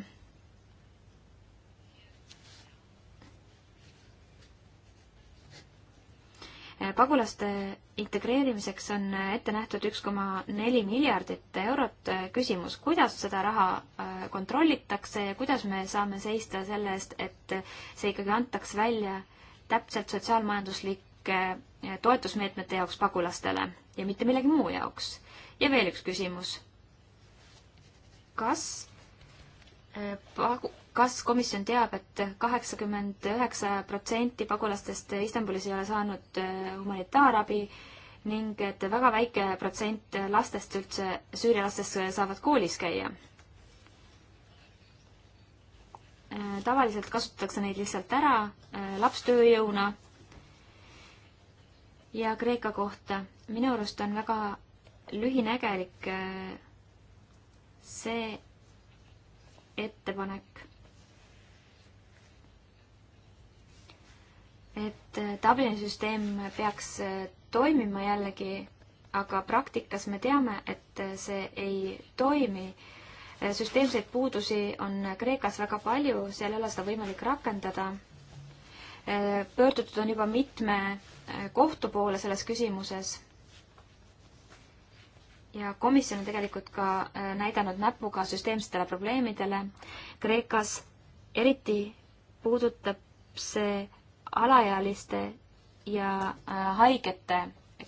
pagulaste integreerimiseks on ette nähtud üks koma neli miljardit eurot. küsimus, kuidas seda raha äh, kontrollitakse ja kuidas me saame seista selle eest, et see ikkagi antaks välja täpselt sotsiaalmajanduslike äh, toetusmeetmete jaoks pagulastele ja mitte millegi muu jaoks. ja veel üks küsimus. kas äh, pagu-, kas komisjon teab et, et kaheksakümmend üheksa protsenti pagulastest Istanbulis ei ole saanud humanitaarabi ning et väga väike protsent lastest üldse, Süüria lastest saavad koolis käia. tavaliselt kasutatakse neid lihtsalt ära lapstööjõuna. ja Kreeka kohta, minu arust on väga lühinägelik äh, see ettepanek et Dublini süsteem peaks äh, toimima jällegi, aga praktikas me teame, et see ei toimi. süsteemseid puudusi on Kreekas väga palju, seal ei ole seda võimalik rakendada. pöördutud on juba mitme kohtu poole selles küsimuses ja komisjon on tegelikult ka äh, näidanud näpuga süsteemsetele probleemidele. Kreekas eriti puudutab see alaealiste ja äh, haigete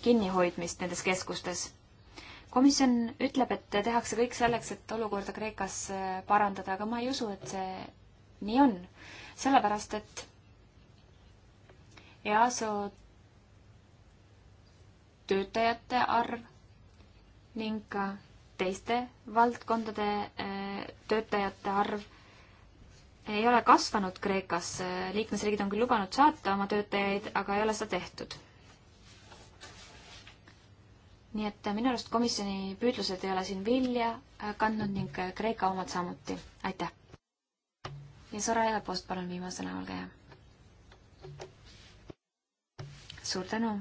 kinnihoidmist nendes keskustes. komisjon ütleb, et tehakse kõik selleks, et olukorda Kreekas äh, parandada, aga ma ei usu, et see nii on. sellepärast, et EASO töötajate arv ning ka teiste valdkondade äh, töötajate arv ei ole kasvanud Kreekas, liikmesriigid on küll lubanud saata oma töötajaid, aga ei ole seda tehtud. nii et minu arust komisjoni püüdlused ei ole siin vilja kandnud ning Kreeka omad samuti, aitäh! ja Soraya Post, palun viimasena, olge hea! suur tänu!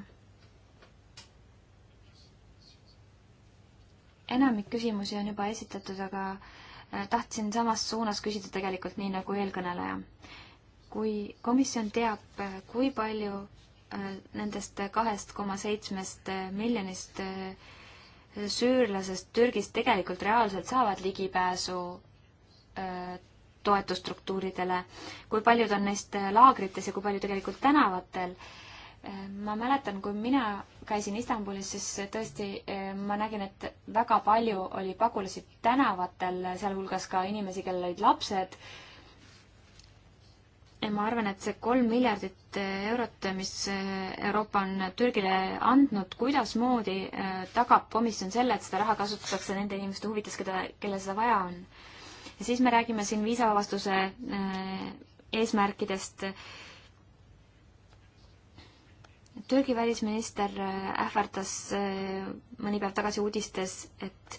enamik küsimusi on juba esitatud, aga äh, Äh, tahtsin samas suunas küsida tegelikult nii nagu eelkõneleja. kui komisjon teab, äh, kui palju äh, nendest kahest koma seitsmest miljonist süürlasest Türgis tegelikult reaalselt saavad ligipääsu toetusstruktuuridele, kui paljud on neist laagrites ja kui palju tegelikult tänavatel ma mäletan, kui mina käisin Istanbulis, siis tõesti eh, ma nägin, et väga palju oli pagulasi tänavatel, sealhulgas ka inimesi, kellel olid lapsed. ma arvan, et see kolm miljardit eh, eurot, mis eh, Euroopa on Türgile andnud, kuidasmoodi tagab komisjon selle, et seda raha kasutatakse nende inimeste huvides, keda, kellel seda vaja on. ja siis me räägime siin viisavabastuse eesmärkidest äh, Türgi välisminister äh, ähvardas äh, mõni päev tagasi uudistes, et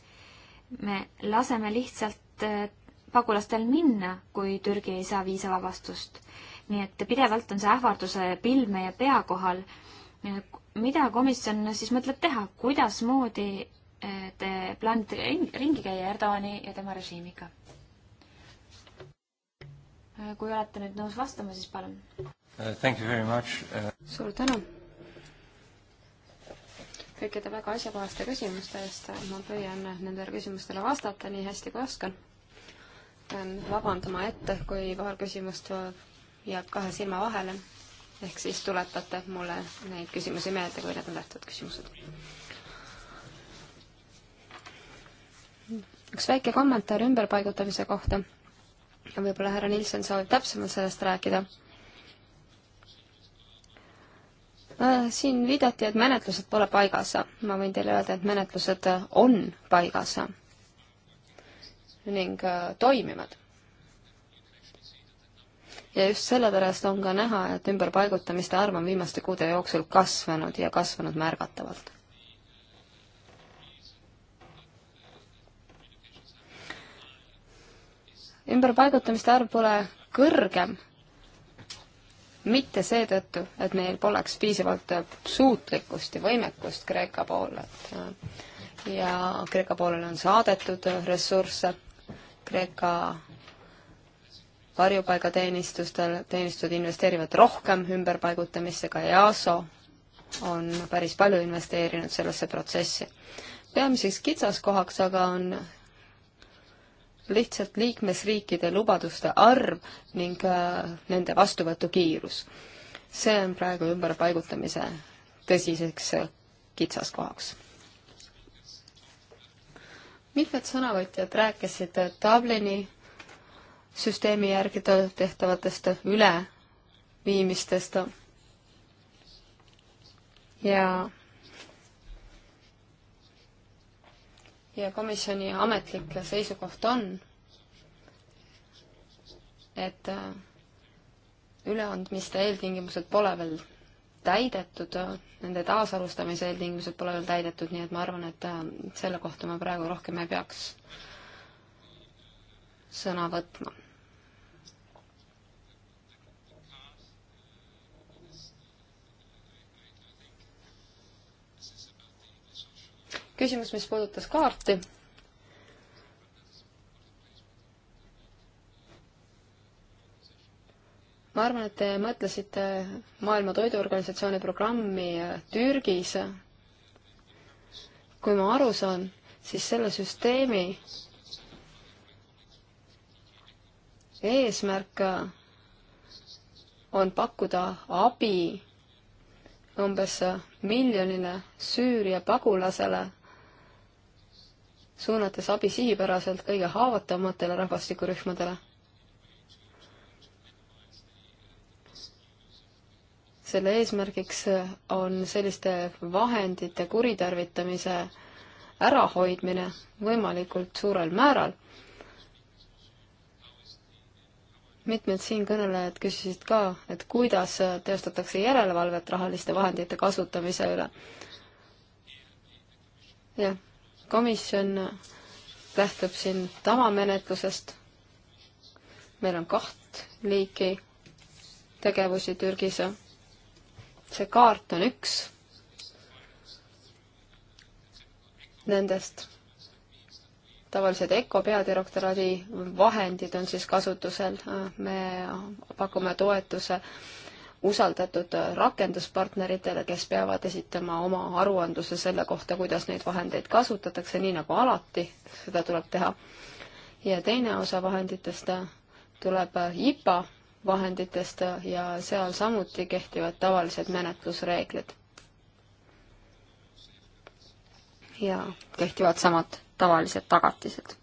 me laseme lihtsalt äh, pagulastel minna, kui Türgi ei saa viisavabastust. nii et pidevalt on see ähvarduse pilv meie pea kohal. mida komisjon siis mõtleb teha, kuidasmoodi te plaanite ringi käia Erdoani ja tema režiimiga? kui olete nüüd nõus vastama, siis palun uh,. Thank you very much uh.... suur tänu kõikide väga asjakohaste küsimuste eest. ma püüan nendele küsimustele vastata nii hästi, kui oskan. pean vabandama ette, kui paar küsimust jääb kahe silma vahele. ehk siis tuletate mulle neid küsimusi meelde, kui need on tähtsad küsimused. üks väike kommentaar ümberpaigutamise kohta. võib-olla härra Nilsson soovib täpsemalt sellest rääkida Äh, siin viidati, et menetlused pole paigas. ma võin teile öelda, et menetlused äh, on paigas ning äh, toimivad. ja just sellepärast on ka näha, et ümberpaigutamiste arv on viimaste kuude jooksul kasvanud ja kasvanud märgatavalt. ümberpaigutamiste arv pole kõrgem mitte seetõttu, et meil poleks piisavalt suutlikkust ja võimekust Kreeka poole, et ja Kreeka poolele on saadetud ressursse, Kreeka varjupaigateenistustel, teenistused investeerivad rohkem ümberpaigutamisse, ka EASO on päris palju investeerinud sellesse protsessi. peamiseks kitsaskohaks aga on lihtsalt liikmesriikide lubaduste arv ning äh, nende vastuvõtu kiirus. see on praegu ümberpaigutamise tõsiseks äh, kitsaskohaks. mitmed sõnavõtjad rääkisid äh, Dublini süsteemi järgi tehtavatest üleviimistest ja ja komisjoni ametlik seisukoht on, et äh, üleandmiste eeltingimused pole veel täidetud, nende taasalustamise eeltingimused pole veel täidetud, nii et ma arvan, et äh, selle kohta ma praegu rohkem ei peaks sõna võtma. küsimus, mis puudutas kaarti. ma arvan, et te mõtlesite Maailma Toiduorganisatsiooni programmi Türgis. kui ma aru saan, siis selle süsteemi eesmärk on pakkuda abi umbes miljonile Süüria pagulasele suunates abi sihipäraselt kõige haavatavamatele rahvastikurühmadele. selle eesmärgiks on selliste vahendite kuritarvitamise ärahoidmine võimalikult suurel määral. mitmed siinkõnelejad küsisid ka, et kuidas teostatakse järelevalvet rahaliste vahendite kasutamise üle. jah komisjon lähtub siin tavamenetlusest. meil on kaht liiki tegevusi Türgis. see kaart on üks nendest. tavaliselt EKO peadirektoraadi vahendid on siis kasutusel. me pakume toetuse äh, usaldatud äh, rakenduspartneritele, kes peavad esitama oma aruandluse selle kohta, kuidas neid vahendeid kasutatakse, nii nagu alati seda tuleb teha. ja teine osa vahenditest äh, tuleb äh, IPA vahenditest ja seal samuti kehtivad tavalised menetlusreeglid. ja kehtivad samad tavalised tagatised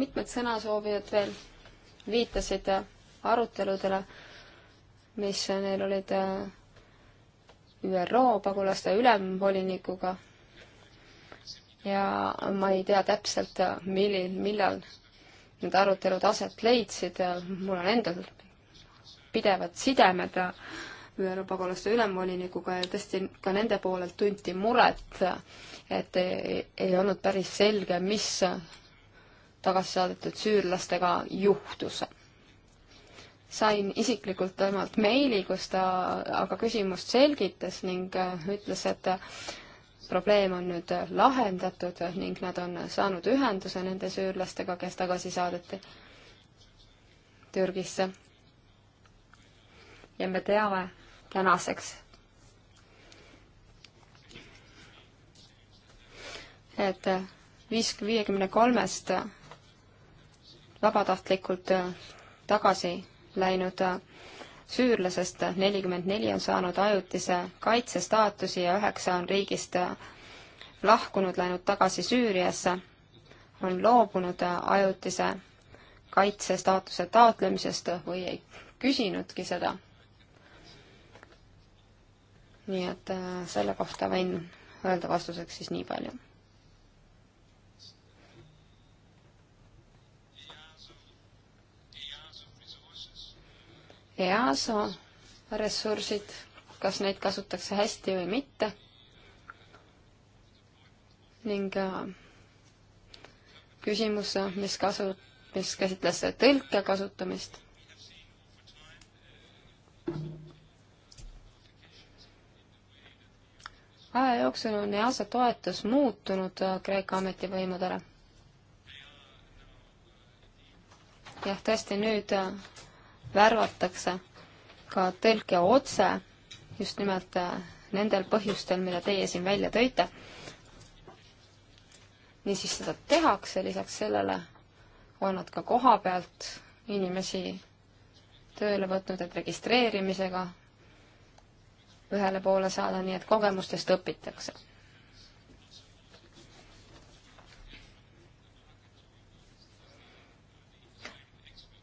mitmed sõnasoovijad veel viitasid aruteludele, mis neil olid äh, ÜRO pagulaste ülemvolinikuga ja ma ei tea täpselt, äh, millil, millal need arutelud aset leidsid, mul on endal pidevad sidemed äh, ÜRO pagulaste ülemvolinikuga ja tõesti ka nende poolelt tunti muret, et ei, ei olnud päris selge, mis tagasi saadetud süürlastega juhtus. sain isiklikult temalt meili, kus ta aga küsimust selgitas ning äh, ütles, et äh, probleem on nüüd lahendatud ning nad on saanud ühenduse nende süürlastega, kes tagasi saadeti Türgisse. ja me teame tänaseks, et äh, viis, viiekümne kolmest vabatahtlikult äh, tagasi läinud äh, süürlasest nelikümmend neli on saanud ajutise kaitse staatusi ja üheksa on riigist äh, lahkunud, läinud tagasi Süüriasse, on loobunud ajutise kaitse staatuse taotlemisest või ei küsinudki seda. nii et selle kohta võin öelda vastuseks siis nii palju EASO ressursid, kas neid kasutatakse hästi või mitte ning äh, küsimus, äh, mis kasu, mis käsitles äh, tõlke kasutamist. aja jooksul on EASA toetus muutunud Kreeka ametivõimudele. jah, tõesti nüüd värvatakse ka tõlke otse just nimelt äh, nendel põhjustel, mida teie siin välja tõite. niisiis seda tehakse, lisaks sellele on nad ka koha pealt inimesi tööle võtnud, et registreerimisega ühele poole saada, nii et kogemustest õpitakse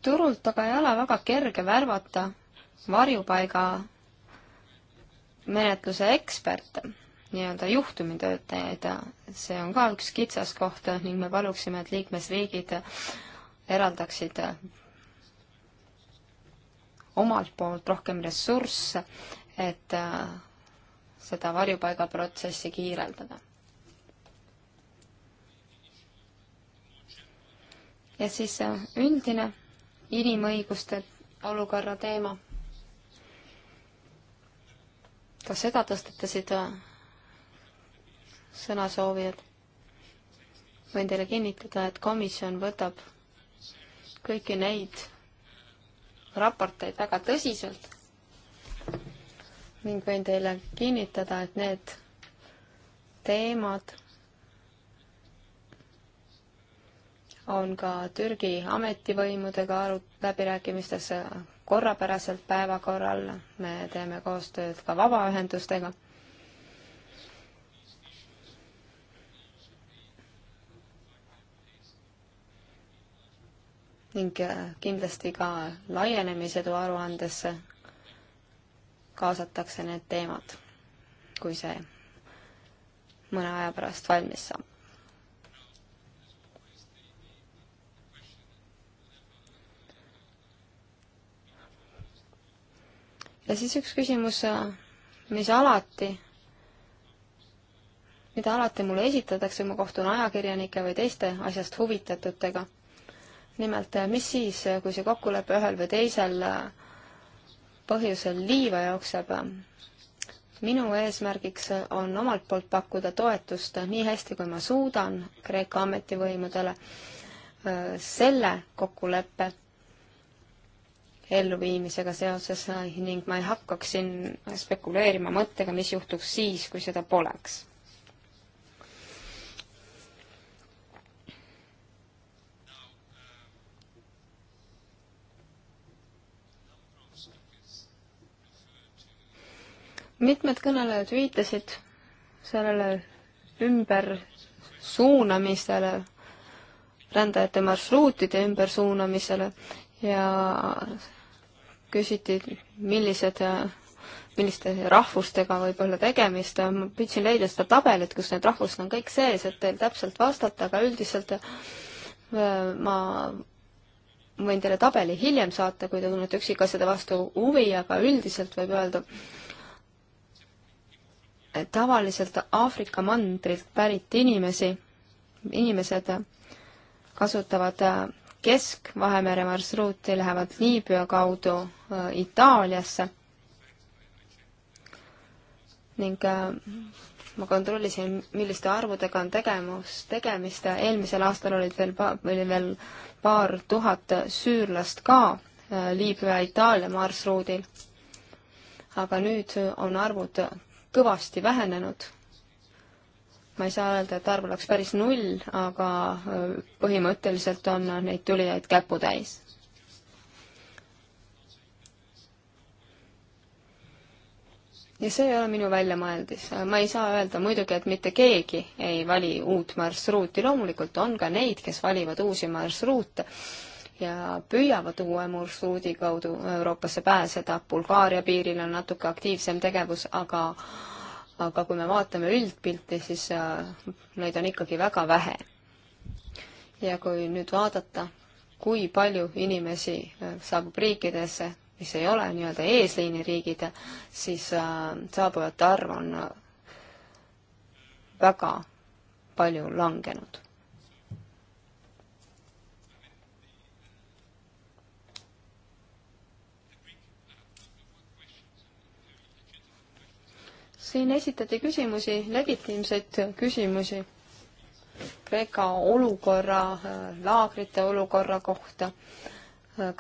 turult aga ei ole väga kerge värvata varjupaiga menetluse eksperte, nii-öelda juhtumitöötajaid, see on ka üks kitsaskoht ning me paluksime, et liikmesriigid eraldaksid omalt poolt rohkem ressursse, et seda varjupaigaprotsessi kiireldada. ja siis üldine inimõiguste olukorra teema. ka seda tõstatasid äh, sõnasoovijad. võin teile kinnitada, et komisjon võtab kõiki neid raporteid väga tõsiselt ning võin teile kinnitada, et need teemad on ka Türgi ametivõimudega aru-, läbirääkimistes korrapäraselt päevakorral, me teeme koostööd ka vabaühendustega ning äh, kindlasti ka laienemisõdu aruandesse kaasatakse need teemad, kui see mõne aja pärast valmis saab. ja siis üks küsimus, mis alati, mida alati mulle esitatakse, kui ma kohtun ajakirjanike või teiste asjast huvitatutega. nimelt, mis siis, kui see kokkulepe ühel või teisel põhjusel liiva jookseb, minu eesmärgiks on omalt poolt pakkuda toetust nii hästi, kui ma suudan Kreeka ametivõimudele selle kokkuleppe elluviimisega seoses ning ma ei hakkaks siin spekuleerima mõttega, mis juhtuks siis, kui seda poleks mitmed kõnelejad viitasid sellele ümbersuunamisele, rändajate marsruutide ümbersuunamisele ja küsiti, millised, milliste rahvustega võib olla tegemist, ma püüdsin leida seda tabelit, kus need rahvused on kõik sees, et teil täpselt vastata, aga üldiselt äh, ma võin teile tabeli hiljem saata, kui te tunnete üksikasjade vastu huvi, aga üldiselt võib öelda, et tavaliselt Aafrika mandrilt pärit inimesi, inimesed kasutavad äh, Kesk-Vahemere marsruuti, lähevad Liibüa kaudu äh, Itaaliasse. ning äh, ma kontrollisin, milliste arvudega on tegemus, tegemist, eelmisel aastal olid veel, oli veel paar tuhat süürlast ka Liibüa äh, ja Itaalia marsruudil. aga nüüd on arvud kõvasti vähenenud ma ei saa öelda, et arv oleks päris null, aga põhimõtteliselt on neid tulijaid käputäis. ja see ei ole minu väljamõeldis. ma ei saa öelda muidugi, et mitte keegi ei vali uut marsruuti, loomulikult on ka neid, kes valivad uusi marsruute ja püüavad uue marsruudi kaudu Euroopasse pääseda. Bulgaaria piiril on natuke aktiivsem tegevus, aga äh, aga kui me vaatame üldpilti, siis äh, neid on ikkagi väga vähe. ja kui nüüd vaadata, kui palju inimesi äh, saabub riikidesse, mis ei ole nii-öelda eesliiniriigid, siis äh, saabujate arv on väga palju langenud siin esitati küsimusi, legitiimseid küsimusi Kreeka olukorra, laagrite olukorra kohta,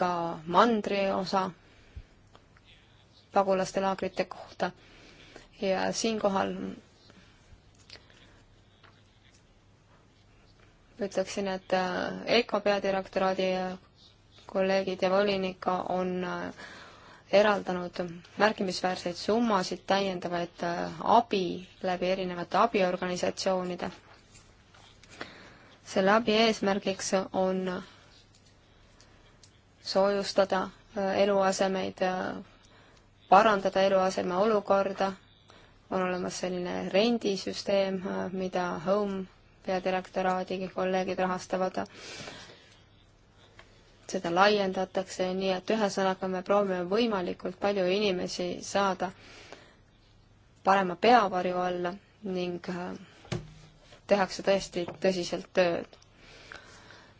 ka mandri osa pagulaste laagrite kohta ja siinkohal ütleksin, et äh, EKO peadirektoraadi äh, kolleegid ja volinik on äh, eraldanud märkimisväärseid summasid, täiendavaid äh, abi läbi erinevate abiorganisatsioonide. selle abi eesmärgiks on soojustada äh, eluasemeid, äh, parandada eluaseme olukorda, on olemas selline rendisüsteem, mida Home peadirektoraadi kolleegid rahastavad seda laiendatakse, nii et ühesõnaga me proovime võimalikult palju inimesi saada parema peavarju alla ning äh, tehakse tõesti tõsiselt tööd.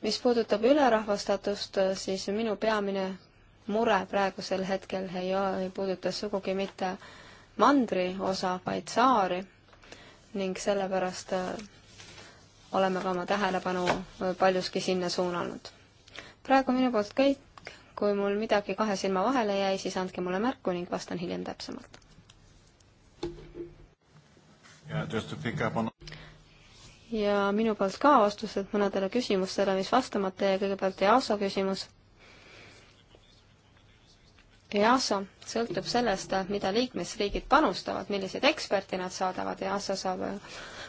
mis puudutab ülerahvastatust, äh, siis minu peamine mure praegusel hetkel ei, ei puuduta sugugi mitte mandri osa, vaid saari ning sellepärast äh, oleme ka oma tähelepanu paljuski sinna suunanud praegu minu poolt kõik, kui mul midagi kahe silma vahele jäi, siis andke mulle märku ning vastan hiljem täpsemalt. ja minu poolt ka vastused mõnedele küsimustele, mis vastamata jäi, kõigepealt EASO küsimus. EASO sõltub sellest, mida liikmesriigid panustavad, milliseid eksperte nad saadavad, EASO saab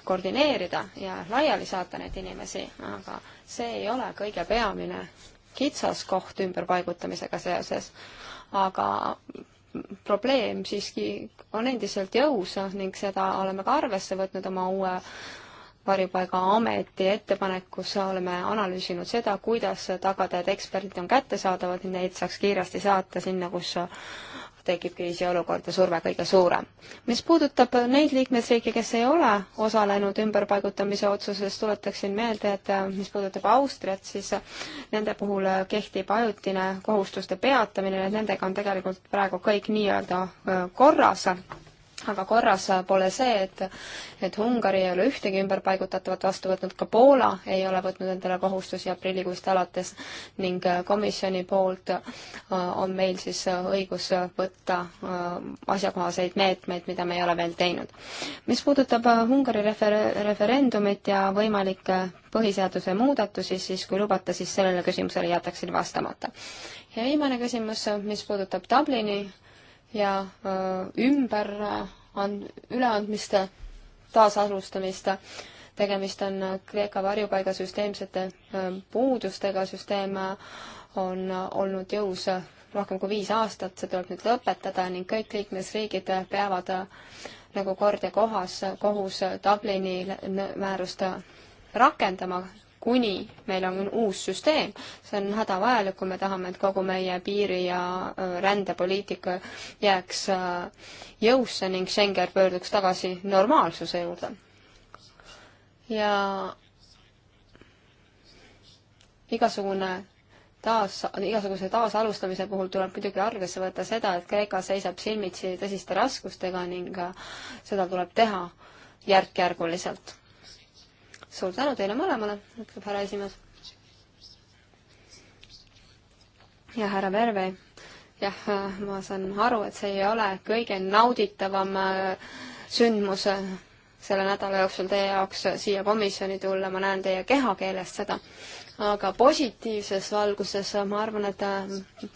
koordineerida ja laiali saata neid inimesi, aga see ei ole kõige peamine kitsaskoht ümberpaigutamisega seoses, aga probleem siiski on endiselt jõus ning seda oleme ka arvesse võtnud oma uue varjupaigaameti ettepanekus oleme analüüsinud seda, kuidas tagada, et eksperdid on kättesaadavad, neid saaks kiiresti saata sinna, kus tekib kriisiolukord ja surve kõige suurem. mis puudutab neid liikmesriike, kes ei ole osalenud ümberpaigutamise otsuses, tuletaksin meelde, et äh, mis puudutab Austriat, siis äh, nende puhul äh, kehtib ajutine kohustuste peatamine, nendega on tegelikult praegu kõik nii-öelda korras aga korras pole see, et, et Ungari ei ole ühtegi ümberpaigutatavat vastu võtnud, ka Poola ei ole võtnud endale kohustusi aprillikuust alates ning äh, komisjoni poolt äh, on meil siis äh, õigus võtta asjakohaseid meetmeid, mida me ei ole veel teinud. mis puudutab Ungari refer-, referendumit ja võimalikke põhiseaduse muudatusi, siis kui lubate, siis sellele küsimusele jätaksin vastamata. ja viimane küsimus, mis puudutab Dublini ja äh, ümber äh, and-, üleandmiste taasalustamist. tegemist on äh, Kreeka varjupaiga süsteemsete puudustega, süsteem on olnud jõus rohkem kui viis aastat, see tuleb nüüd lõpetada ning kõik liikmesriigid peavad nagu kord ja kohas, kohus Dublini määrust rakendama kuni meil on uus süsteem. see on hädavajalik, kui me tahame, et kogu meie piiri- ja äh, rändepoliitika jääks äh, jõusse ning Schengen pöörduks tagasi normaalsuse juurde. ja igasugune taas, igasuguse taasalustamise puhul tuleb muidugi arvesse võtta seda, et Kreeka seisab silmitsi tõsiste raskustega ning äh, seda tuleb teha järk-järguliselt suur tänu teile mõlemale, ütleb härra esimees. ja härra Verve, jah, ma saan aru, et see ei ole kõige nauditavam äh, sündmus äh, selle nädala jooksul teie jaoks siia komisjoni tulla, ma näen teie kehakeelest seda. aga positiivses valguses ma arvan, et äh,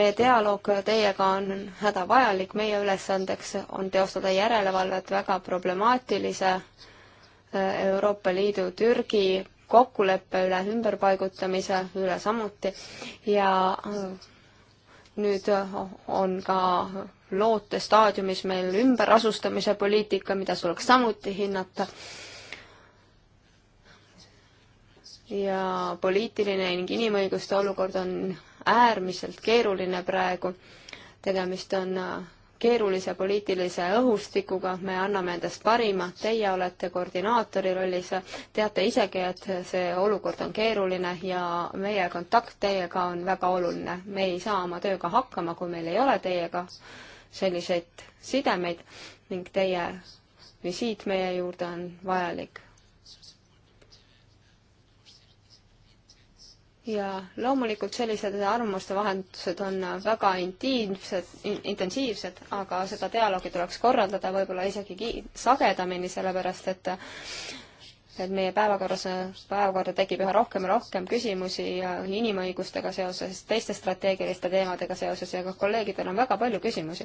meie dialoog teiega on hädavajalik, meie ülesandeks on teostada järelevalvet väga problemaatilise äh, Euroopa Liidu Türgi kokkuleppe üle ümberpaigutamise üle samuti ja äh, nüüd äh, on ka lootestaadiumis meil ümberasustamise poliitika, mida tuleks samuti hinnata. ja poliitiline ning inimõiguste olukord on äärmiselt keeruline praegu. tegemist on äh, keerulise poliitilise õhustikuga, me anname endast parima, teie olete koordinaatori rollis, teate isegi, et see olukord on keeruline ja meie kontakt teiega on väga oluline. me ei saa oma tööga hakkama, kui meil ei ole teiega selliseid sidemeid ning teie visiit meie juurde on vajalik ja loomulikult sellised arvamuste vahendused on väga intiimsed, intensiivsed, aga seda dialoogi tuleks korraldada võib-olla isegi sagedamini, sellepärast et et meie päevakorras, päevakorda tekib üha rohkem ja rohkem küsimusi inimõigustega seoses, teiste strateegiliste teemadega seoses ja ka kolleegidel on väga palju küsimusi.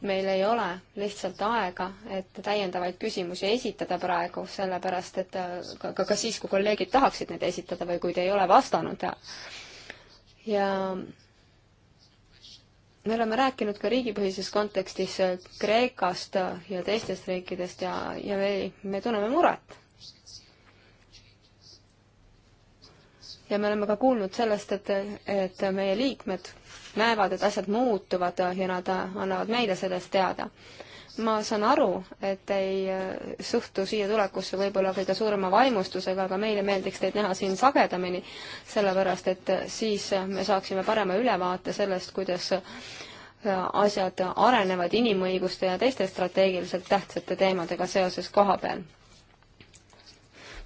meil ei ole lihtsalt aega, et täiendavaid küsimusi esitada praegu, sellepärast et ka, ka, ka siis, kui kolleegid tahaksid neid esitada või kui te ei ole vastanud ja ja me oleme rääkinud ka riigipõhises kontekstis Kreekast ja teistest riikidest ja, ja me, me tunneme muret ja me oleme ka kuulnud sellest, et, et meie liikmed näevad, et asjad muutuvad ja nad annavad meile sellest teada. ma saan aru, et ei äh, suhtu siia tulekusse võib-olla kõige suurema vaimustusega, aga meile meeldiks teid näha siin sagedamini, sellepärast et äh, siis äh, me saaksime parema ülevaate sellest, kuidas asjad arenevad inimõiguste ja teiste strateegiliselt tähtsate teemadega seoses koha peal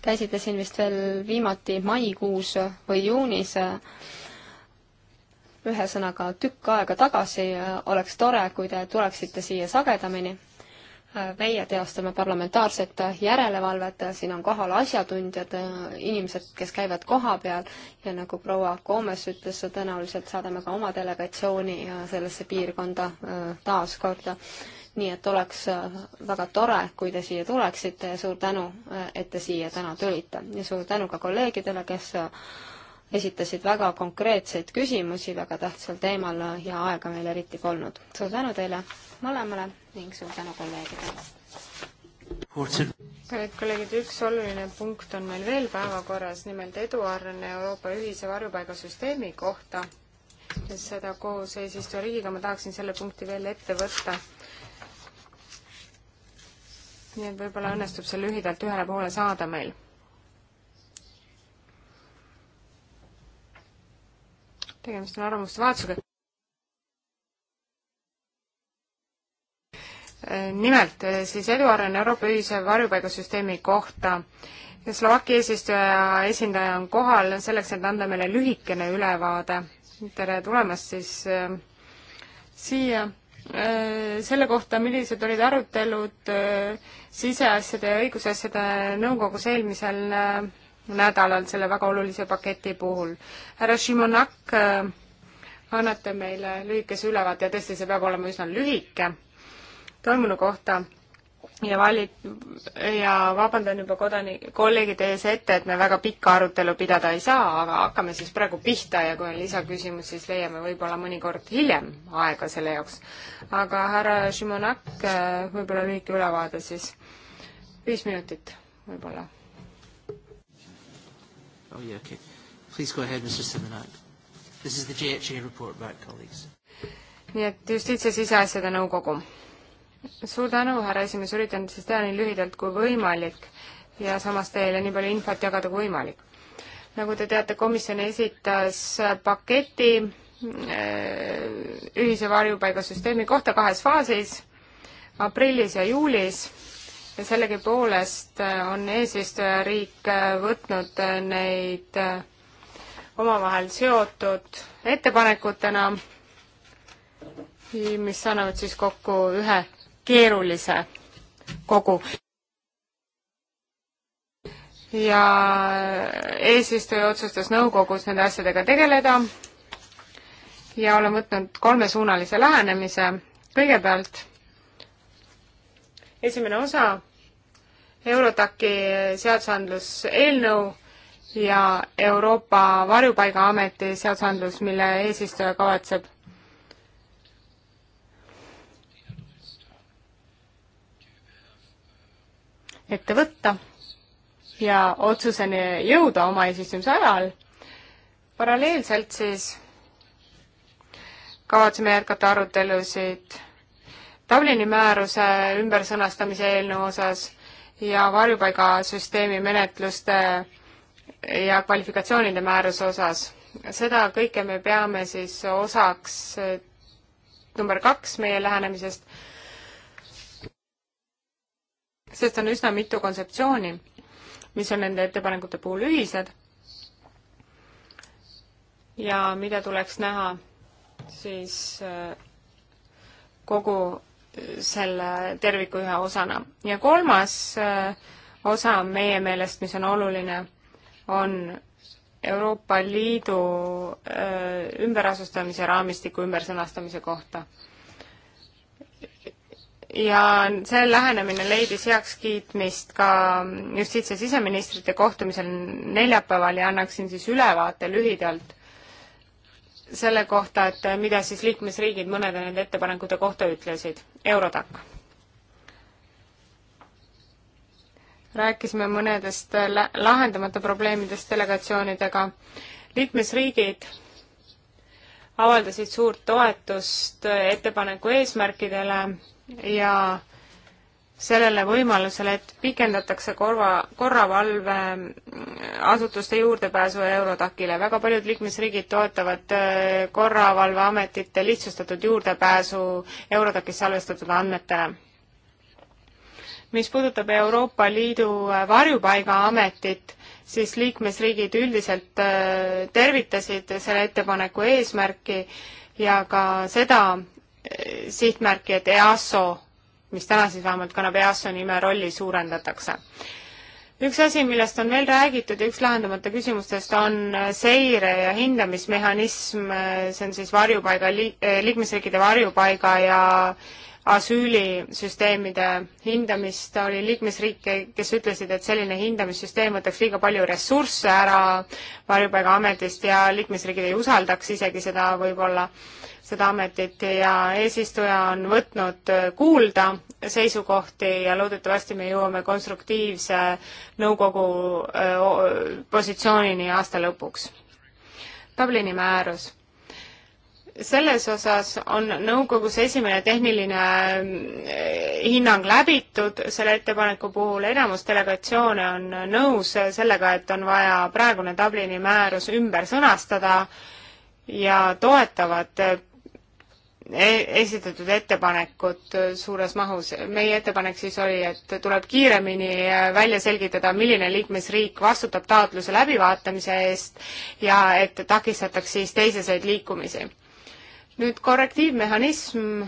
käsitlesin vist veel viimati maikuus või juunis. ühesõnaga, tükk aega tagasi oleks tore, kui te tuleksite siia sagedamini. meie teostame parlamentaarset järelevalvet, siin on kohal asjatundjad, inimesed, kes käivad kohapeal ja nagu proua Koomes ütles, tõenäoliselt saadame ka oma delegatsiooni sellesse piirkonda äh, taas korda nii et oleks äh, väga tore, kui te siia tuleksite ja suur tänu, äh, et te siia täna tulite ja suur tänu ka kolleegidele, kes äh, esitasid väga konkreetseid küsimusi väga tähtsal teemal ja aega meil eriti polnud. suur tänu teile mõlemale ning suur tänu kolleegidele. kallid kolleegid, üks oluline punkt on meil veel päevakorras, nimelt eduaruanne Euroopa ühise varjupaigasüsteemi kohta. seda koos eesistujariigiga ma tahaksin selle punkti veel ette võtta nii et võib-olla õnnestub see lühidalt ühele poole saada meil. tegemist on arvamuste vahetusega. Äh, nimelt äh, siis eduaruanne Euroopa ühise varjupaigasüsteemi kohta ja Slovakkia eesistuja esindaja on kohal selleks, et anda meile lühikene ülevaade. tere tulemast siis äh, siia Äh, selle kohta, millised olid arutelud äh, siseasjade ja õigusasjade nõukogus eelmisel äh, nädalal selle väga olulise paketi puhul. härra Šimonak, annate meile lühikese ülevaate ja tõesti, see peab olema üsna lühike toimunu kohta ja valit- ja vabandan juba kodanik-, kolleegide ees ette, et me väga pikka arutelu pidada ei saa, aga hakkame siis praegu pihta ja kui on lisaküsimus, siis leiame võib-olla mõnikord hiljem aega selle jaoks. aga härra Šimonak, äh, võib-olla lühike ülevaade siis, viis minutit võib-olla. Oh yeah, okay. Please go ahead, Mr Simonak. This is the JHA report back, colleagues. nii et Justiits- ja Siseasjade Nõukogu suur tänu, härra esimees, üritan siis teha nii lühidalt kui võimalik ja samas teile nii palju infot jagada kui võimalik. nagu te teate, komisjon esitas paketi eh, ühise varjupaigasüsteemi kohta kahes faasis, aprillis ja juulis, ja sellegipoolest eh, on eesistujariik eh, võtnud neid omavahel seotud ettepanekutena, mis annavad siis kokku ühe keerulise kogu. ja eesistuja otsustas nõukogus nende asjadega tegeleda ja olen võtnud kolmesuunalise lähenemise. kõigepealt esimene osa, Eurotaki seadusandluseelnõu ja Euroopa Varjupaigaameti seadusandlus, mille eesistuja kavatseb ette võtta ja otsuseni jõuda oma eesistumise ajal. paralleelselt siis kavatseme jätkata arutelusid Dublini määruse ümbersõnastamise eelnõu osas ja varjupaigasüsteemi menetluste ja kvalifikatsioonide määruse osas. seda kõike me peame siis osaks number kaks meie lähenemisest sest on üsna mitu kontseptsiooni, mis on nende ettepanekute puhul ühised ja mida tuleks näha siis äh, kogu äh, selle terviku ühe osana. ja kolmas äh, osa meie meelest, mis on oluline, on Euroopa Liidu ümberasustamise raamistiku ümbersõnastamise kohta ja see lähenemine leidis heakskiitmist ka justiits- ja siseministrite kohtumisel neljapäeval ja annaksin siis ülevaate lühidalt selle kohta, et mida siis liikmesriigid mõnede nende ettepanekute kohta ütlesid. Eurotac. rääkisime mõnedest lahendamata probleemidest delegatsioonidega. liikmesriigid avaldasid suurt toetust ettepaneku eesmärkidele ja sellele võimalusele, et pikendatakse korva, korravalveasutuste mm, juurdepääsu Eurodacile. väga paljud liikmesriigid toetavad äh, korravalveametite lihtsustatud juurdepääsu Eurodacis salvestatud andmetele. mis puudutab Euroopa Liidu äh, varjupaiga-ametit, siis liikmesriigid üldiselt äh, tervitasid selle ettepaneku eesmärki ja ka seda, sihtmärki, et EASO, mis täna siis vähemalt kannab EASO nime rolli, suurendatakse. üks asi, millest on veel räägitud ja üks lahendamata küsimustest on seire- ja hindamismehhanism, see on siis varjupaiga, liikmesriikide varjupaiga ja asüülisüsteemide hindamist, oli liikmesriike, kes ütlesid, et selline hindamissüsteem võtaks liiga palju ressursse ära varjupaigaametist ja liikmesriigid ei usaldaks isegi seda võib-olla, seda ametit ja eesistuja on võtnud kuulda seisukohti ja loodetavasti me jõuame konstruktiivse nõukogu positsioonini aasta lõpuks. Dublini määrus selles osas on nõukogus esimene tehniline eh, hinnang läbitud selle ettepaneku puhul, enamus delegatsioone on nõus sellega, et on vaja praegune Dublini määrus ümber sõnastada ja toetavad eh, esitatud ettepanekut suures mahus. meie ettepanek siis oli, et tuleb kiiremini eh, välja selgitada, milline liikmesriik vastutab taotluse läbivaatamise eest ja et takistataks siis teiseseid liikumisi nüüd korrektiivmehhanism,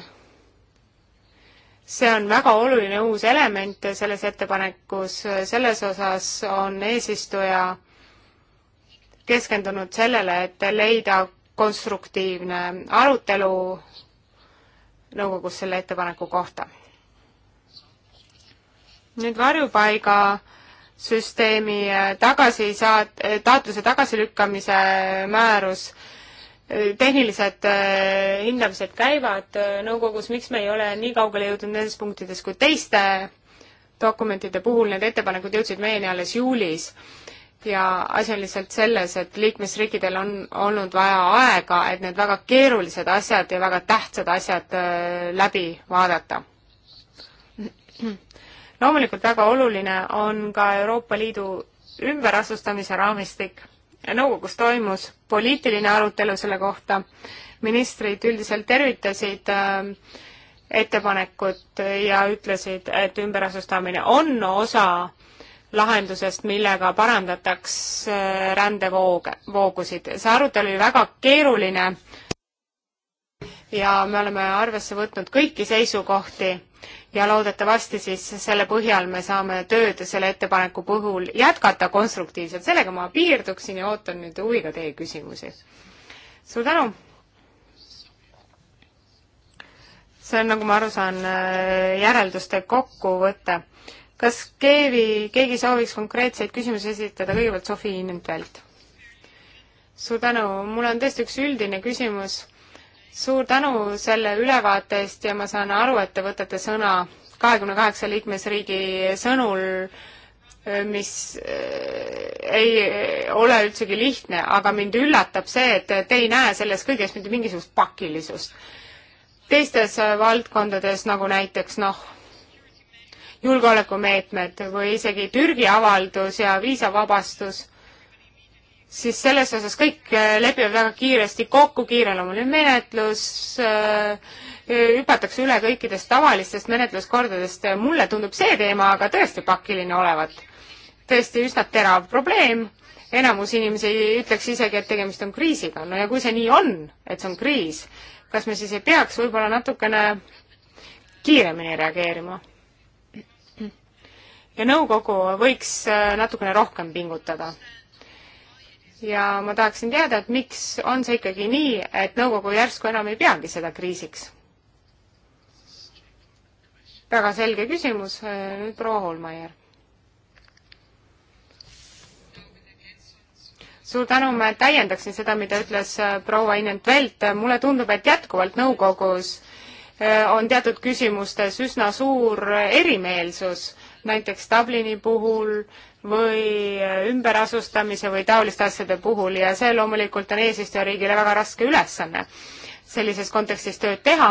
see on väga oluline uus element selles ettepanekus, selles osas on eesistuja keskendunud sellele, et leida konstruktiivne arutelu nõukogus selle ettepaneku kohta. nüüd varjupaiga süsteemi tagasisaat-, taotluse tagasilükkamise määrus tehnilised äh, hindamised käivad äh, nõukogus, miks me ei ole nii kaugele jõudnud nendes punktides kui teiste dokumentide puhul, need ettepanekud jõudsid meieni alles juulis ja asi on lihtsalt selles, et liikmesriikidel on olnud vaja aega, et need väga keerulised asjad ja väga tähtsad asjad äh, läbi vaadata. loomulikult väga oluline on ka Euroopa Liidu ümberasustamise raamistik nõukogus toimus poliitiline arutelu selle kohta, ministrid üldiselt tervitasid äh, ettepanekut ja ütlesid, et ümberasustamine on osa lahendusest, millega parandataks äh, rändevooge, voogusid. see arutelu oli väga keeruline ja me oleme arvesse võtnud kõiki seisukohti ja loodetavasti siis selle põhjal me saame tööd selle ettepaneku puhul jätkata konstruktiivselt. sellega ma piirduksin ja ootan nüüd huviga teie küsimusi. suur tänu! see on, nagu ma aru saan, järelduste kokkuvõte. kas keegi, keegi sooviks konkreetseid küsimusi esitada, kõigepealt Sofi Innenfeld? suur tänu, mul on tõesti üks üldine küsimus suur tänu selle ülevaate eest ja ma saan aru, et te võtate sõna kahekümne kaheksa liikmesriigi sõnul, eh, mis eh, ei eh, ole üldsegi lihtne, aga mind üllatab see, et te ei näe selles kõiges mitte mingisugust pakilisust. teistes valdkondades, nagu näiteks noh, julgeolekumeetmed või isegi Türgi avaldus ja viisavabastus siis selles osas kõik äh, lepivad väga kiiresti kokku, kiireloomuline menetlus, äh, äh, hüpatakse üle kõikidest tavalistest menetluskordadest, mulle tundub see teema aga tõesti pakiline olevat. tõesti üsna terav probleem, enamus inimesi ütleks isegi, et tegemist on kriisiga, no ja kui see nii on, et see on kriis, kas me siis ei peaks võib-olla natukene kiiremini reageerima? ja nõukogu võiks natukene rohkem pingutada ja ma tahaksin teada, et miks on see ikkagi nii, et nõukogu järsku enam ei peagi seda kriisiks? väga selge küsimus, äh, nüüd proua Holmeier. suur tänu, ma täiendaksin seda, mida ütles äh, proua Inent Velt, mulle tundub, et jätkuvalt nõukogus äh, on teatud küsimustes üsna suur erimeelsus, näiteks Dublini puhul, või ümberasustamise või taoliste asjade puhul ja see loomulikult on eesistujariigile väga raske ülesanne sellises kontekstis tööd teha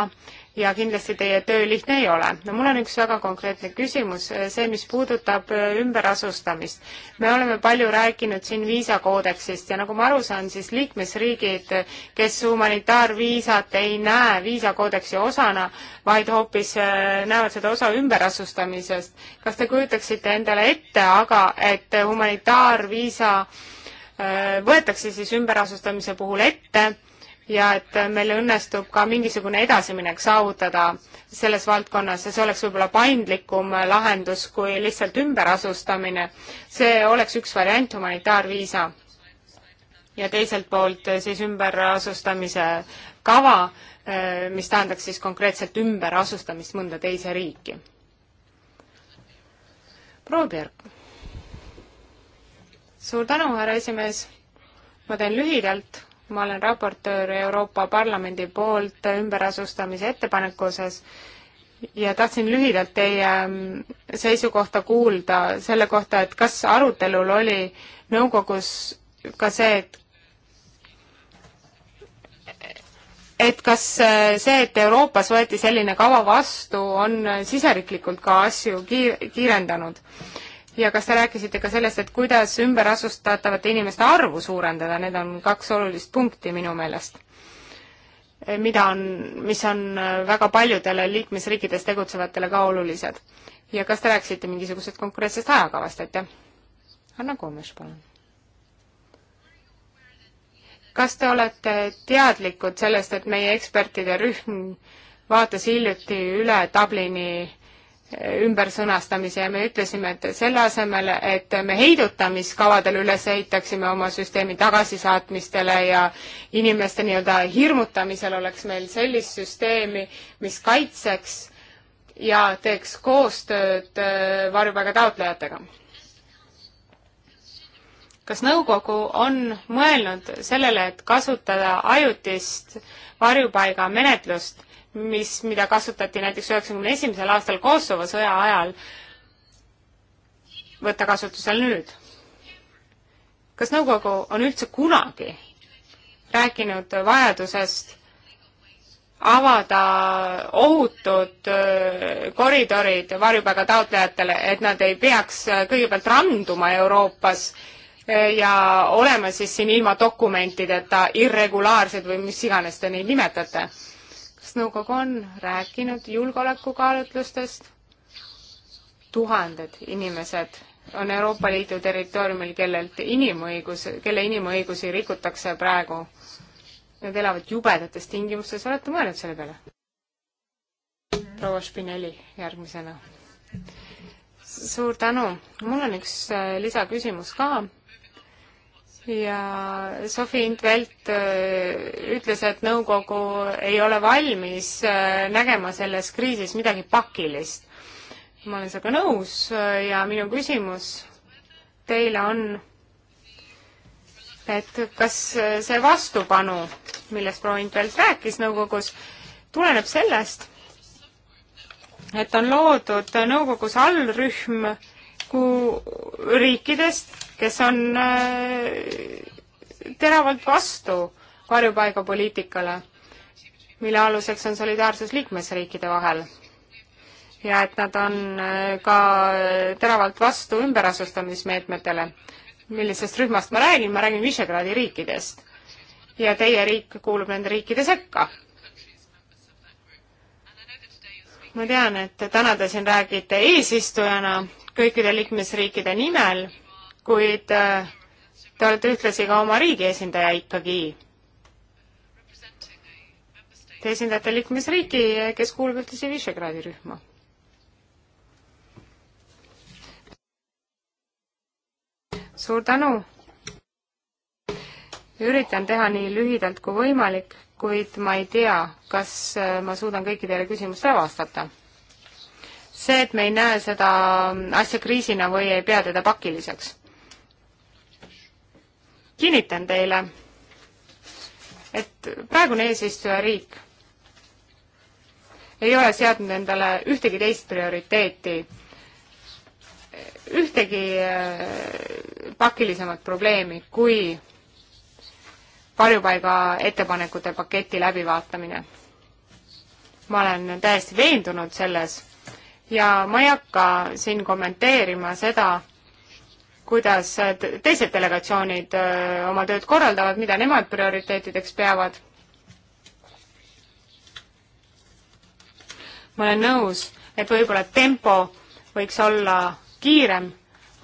ja kindlasti teie töö lihtne ei ole. no mul on üks väga konkreetne küsimus, see, mis puudutab äh, ümberasustamist. me oleme palju rääkinud siin viisakoodeksist ja nagu ma aru saan, siis liikmesriigid, kes humanitaarviisat ei näe viisakoodeksi osana, vaid hoopis äh, näevad seda osa ümberasustamisest. kas te kujutaksite endale ette aga, et humanitaarviisa äh, võetakse siis ümberasustamise puhul ette ja et meil õnnestub ka mingisugune edasiminek saavutada selles valdkonnas ja see oleks võib-olla paindlikum lahendus kui lihtsalt ümberasustamine. see oleks üks variant, humanitaarviisa. ja teiselt poolt siis ümberasustamise kava, eh, mis tähendaks siis konkreetselt ümberasustamist mõnda teise riiki. proua Björk. suur tänu, härra esimees. ma teen lühidalt ma olen raportöör Euroopa Parlamendi poolt ümberasustamise ettepaneku osas ja tahtsin lühidalt teie mm, seisukohta kuulda selle kohta, et kas arutelul oli nõukogus ka see, et et kas äh, see, et Euroopas võeti selline kava vastu, on siseriiklikult ka asju kiir-, kiirendanud ja kas te rääkisite ka sellest, et kuidas ümberasustatavate inimeste arvu suurendada, need on kaks olulist punkti minu meelest, eh, mida on, mis on eh, väga paljudele liikmesriikides tegutsevatele ka olulised. ja kas te rääkisite mingisugusest konkreetsest ajakavast, aitäh? Anna Koomes, palun. kas te olete teadlikud sellest, et meie ekspertide rühm vaatas hiljuti üle Dublini ümbersõnastamise ja me ütlesime, et selle asemel, et me heidutamiskavadele üles ehitaksime oma süsteemi tagasisaatmistele ja inimeste nii-öelda hirmutamisel, oleks meil sellist süsteemi, mis kaitseks ja teeks koostööd äh, varjupaiga taotlejatega. kas nõukogu on mõelnud sellele, et kasutada ajutist varjupaiga menetlust mis, mida kasutati näiteks üheksakümne esimesel aastal Kosovo sõja ajal, võtta kasutusele nüüd? kas nõukogu on üldse kunagi rääkinud vajadusest avada ohutud äh, koridorid varjupaiga taotlejatele, et nad ei peaks äh, kõigepealt randuma Euroopas äh, ja olema siis siin ilma dokumentideta irregulaarsed või mis iganes te neid nimetate näiteks nõukogu on rääkinud julgeolekukaalutlustest, tuhanded inimesed on Euroopa Liidu territooriumil, kellelt inimõigus, kelle inimõigusi rikutakse praegu. Nad elavad jubedates tingimustes, olete mõelnud selle peale? proua Spinelli järgmisena. suur tänu, mul on üks äh, lisaküsimus ka ja Sofi Intvelt äh, ütles, et nõukogu ei ole valmis äh, nägema selles kriisis midagi pakilist. ma olen sellega nõus äh, ja minu küsimus teile on, et kas see vastupanu, millest proua Intvelt rääkis nõukogus, tuleneb sellest, et on loodud nõukogus allrühm, kuhu riikidest, kes on äh, teravalt vastu varjupaigapoliitikale, mille aluseks on solidaarsus liikmesriikide vahel. ja et nad on äh, ka teravalt vastu ümberasustamismeetmetele. millisest rühmast ma räägin, ma räägin Visegradi riikidest. ja teie riik kuulub nende riikide sekka ma tean, et täna te siin räägite eesistujana kõikide liikmesriikide nimel kuid äh, te olete ühtlasi ka oma riigi esindaja ikkagi. Te esindate liikmesriiki, kes kuulub ühtlasi Visegradi rühma. suur tänu! üritan teha nii lühidalt kui võimalik, kuid ma ei tea, kas äh, ma suudan kõikidele küsimustele vastata. see, et me ei näe seda asja kriisina või ei pea teda pakiliseks kinnitan teile, et praegune eesistujariik ei ole seadnud endale ühtegi teist prioriteeti, ühtegi äh, pakilisemat probleemi kui varjupaiga ettepanekute paketi läbivaatamine. ma olen täiesti veendunud selles ja ma ei hakka siin kommenteerima seda, kuidas teised delegatsioonid äh, oma tööd korraldavad, mida nemad prioriteetideks peavad. ma olen nõus, et võib-olla tempo võiks olla kiirem,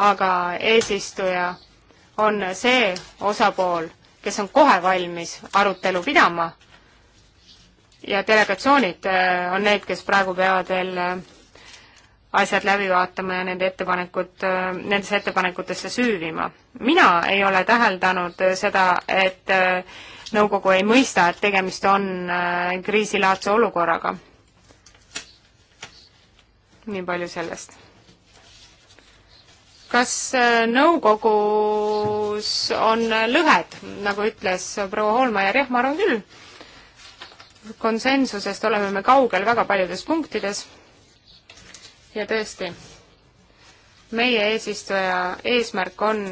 aga eesistuja on see osapool, kes on kohe valmis arutelu pidama ja delegatsioonid äh, on need, kes praegu peavad veel äh, asjad läbi vaatama ja nende ettepanekud, nendesse ettepanekutesse süüvima. mina ei ole täheldanud seda, et äh, nõukogu ei mõista, et tegemist on äh, kriisilaadse olukorraga. nii palju sellest. kas äh, nõukogus on lõhed, nagu ütles proua Holmajärv, jah, ma arvan küll. konsensusest oleme me kaugel väga paljudes punktides ja tõesti, meie eesistuja eesmärk on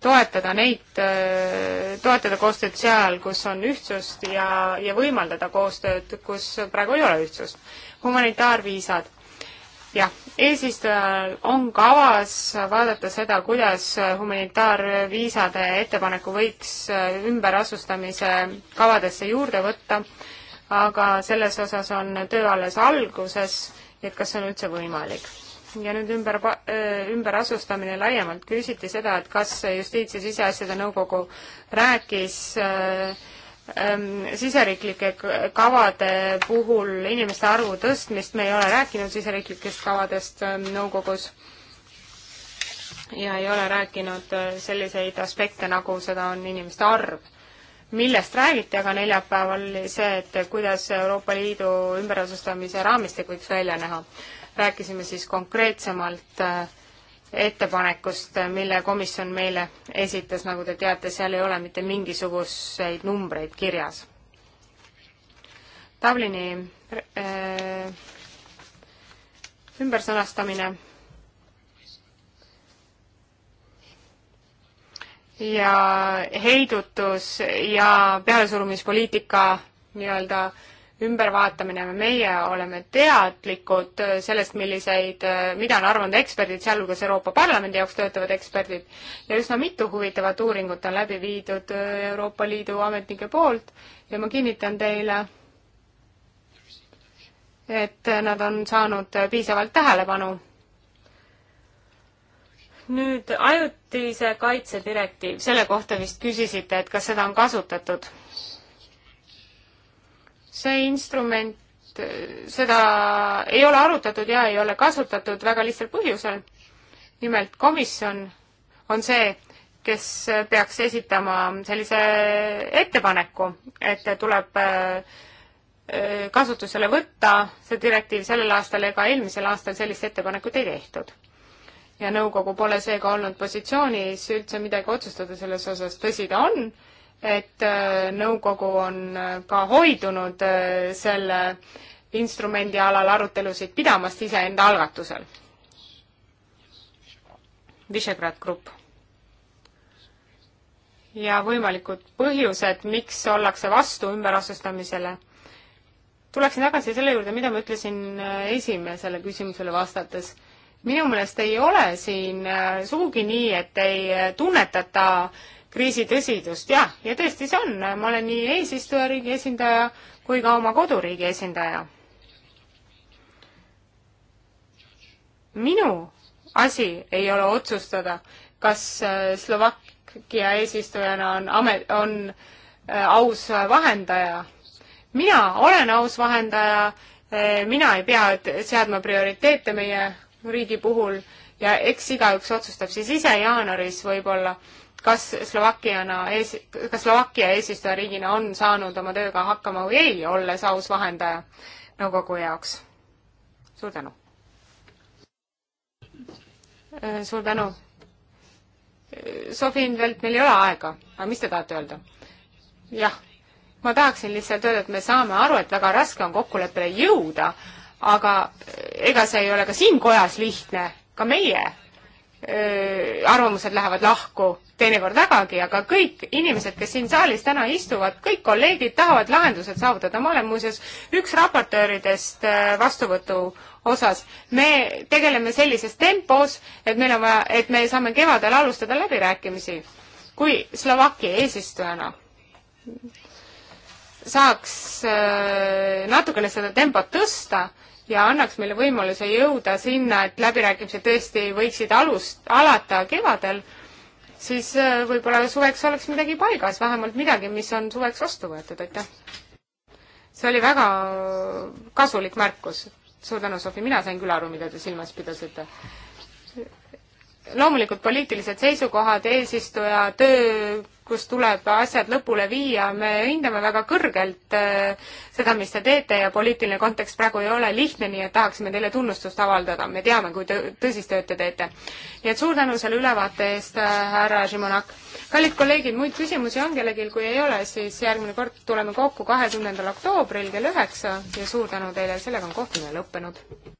toetada neid, äh, toetada koostööd seal, kus on ühtsust ja, ja võimaldada koostööd, kus praegu ei ole ühtsust. humanitaarviisad. jah, eesistujal on kavas vaadata seda, kuidas humanitaarviisade ettepaneku võiks äh, ümberasustamise kavadesse juurde võtta, aga selles osas on töö alles alguses et kas see on üldse võimalik. ja nüüd ümber, ümberasustamine laiemalt, küsiti seda, et kas Justiits- ja Siseasjade Nõukogu rääkis äh, siseriiklike kavade puhul inimeste arvu tõstmist, me ei ole rääkinud siseriiklikest kavadest nõukogus ja ei ole rääkinud selliseid aspekte, nagu seda on inimeste arv millest räägiti aga neljapäeval, see, et kuidas Euroopa Liidu ümberasustamise raamistik võiks välja näha. rääkisime siis konkreetsemalt äh, ettepanekust, äh, mille komisjon meile esitas, nagu te teate, seal ei ole mitte mingisuguseid numbreid kirjas. Dublini äh, ümbersõnastamine ja heidutus ja pealesurumispoliitika nii-öelda ümbervaatamine, meie oleme teadlikud sellest, milliseid, mida on arvanud eksperdid, sealhulgas Euroopa Parlamendi jaoks töötavad eksperdid, ja üsna mitu huvitavat uuringut on läbi viidud Euroopa Liidu ametnike poolt ja ma kinnitan teile, et nad on saanud piisavalt tähelepanu nüüd ajutise kaitse direktiiv, selle kohta vist küsisite, et kas seda on kasutatud? see instrument, seda ei ole arutatud ja ei ole kasutatud väga lihtsal põhjusel. nimelt komisjon on see, kes peaks esitama sellise ettepaneku, et tuleb äh, kasutusele võtta see direktiiv sellel aastal ega eelmisel aastal sellist ettepanekut ei tehtud ja nõukogu pole seega olnud positsioonis üldse midagi otsustada selles osas, tõsi ta on, et äh, nõukogu on äh, ka hoidunud äh, selle instrumendi alal arutelusid pidamast iseenda algatusel. Visegrad Grupp. ja võimalikud põhjused, miks ollakse vastu ümberasustamisele tuleksin tagasi selle juurde, mida ma ütlesin esimesele küsimusele vastates minu meelest ei ole siin äh, sugugi nii, et ei äh, tunnetata kriisi tõsidust, jah, ja tõesti see on, ma olen nii eesistujariigi esindaja kui ka oma koduriigi esindaja. minu asi ei ole otsustada, kas äh, Slovakkia eesistujana on amet, on aus vahendaja. mina olen aus vahendaja, mina ei pea seadma prioriteete meie riigi puhul ja eks igaüks otsustab siis ise jaanuaris võib-olla, kas Slovakkiana ees, kas Slovakkia eesistujariigina on saanud oma tööga hakkama või ei, olles aus vahendaja nõukogu jaoks. suur tänu! Äh, suur tänu! Äh, Sofi Invelt, meil ei ole aega, aga mis te tahate öelda? jah, ma tahaksin lihtsalt öelda, et me saame aru, et väga raske on kokkuleppele jõuda aga ega see ei ole ka siin kojas lihtne, ka meie öö, arvamused lähevad lahku teinekord vägagi, aga kõik inimesed, kes siin saalis täna istuvad, kõik kolleegid tahavad lahendused saavutada, ma olen muuseas üks raportööridest vastuvõtu osas. me tegeleme sellises tempos, et meil on vaja, et me saame kevadel alustada läbirääkimisi, kui Slovakkia eesistujana saaks natukene seda tempot tõsta, ja annaks meile võimaluse jõuda sinna, et läbirääkimised tõesti võiksid alust, alata kevadel, siis äh, võib-olla suveks oleks midagi paigas, vähemalt midagi, mis on suveks vastu võetud, aitäh. see oli väga kasulik märkus. suur tänu, Sofi, mina sain küll aru, mida te silmas pidasite loomulikult poliitilised seisukohad, eesistuja töö, kus tuleb asjad lõpule viia, me hindame väga kõrgelt äh, seda, mis te teete ja poliitiline kontekst praegu ei ole lihtne, nii et tahaksime teile tunnustust avaldada, me teame, kui tõsist tööd te teete. nii et suur tänu selle ülevaate eest, äh, härra Šimonak. kallid kolleegid, muid küsimusi on kellelgi, kui ei ole, siis järgmine kord tuleme kokku kahekümnendal oktoobril kell üheksa ja suur tänu teile, sellega on kohtumine lõppenud.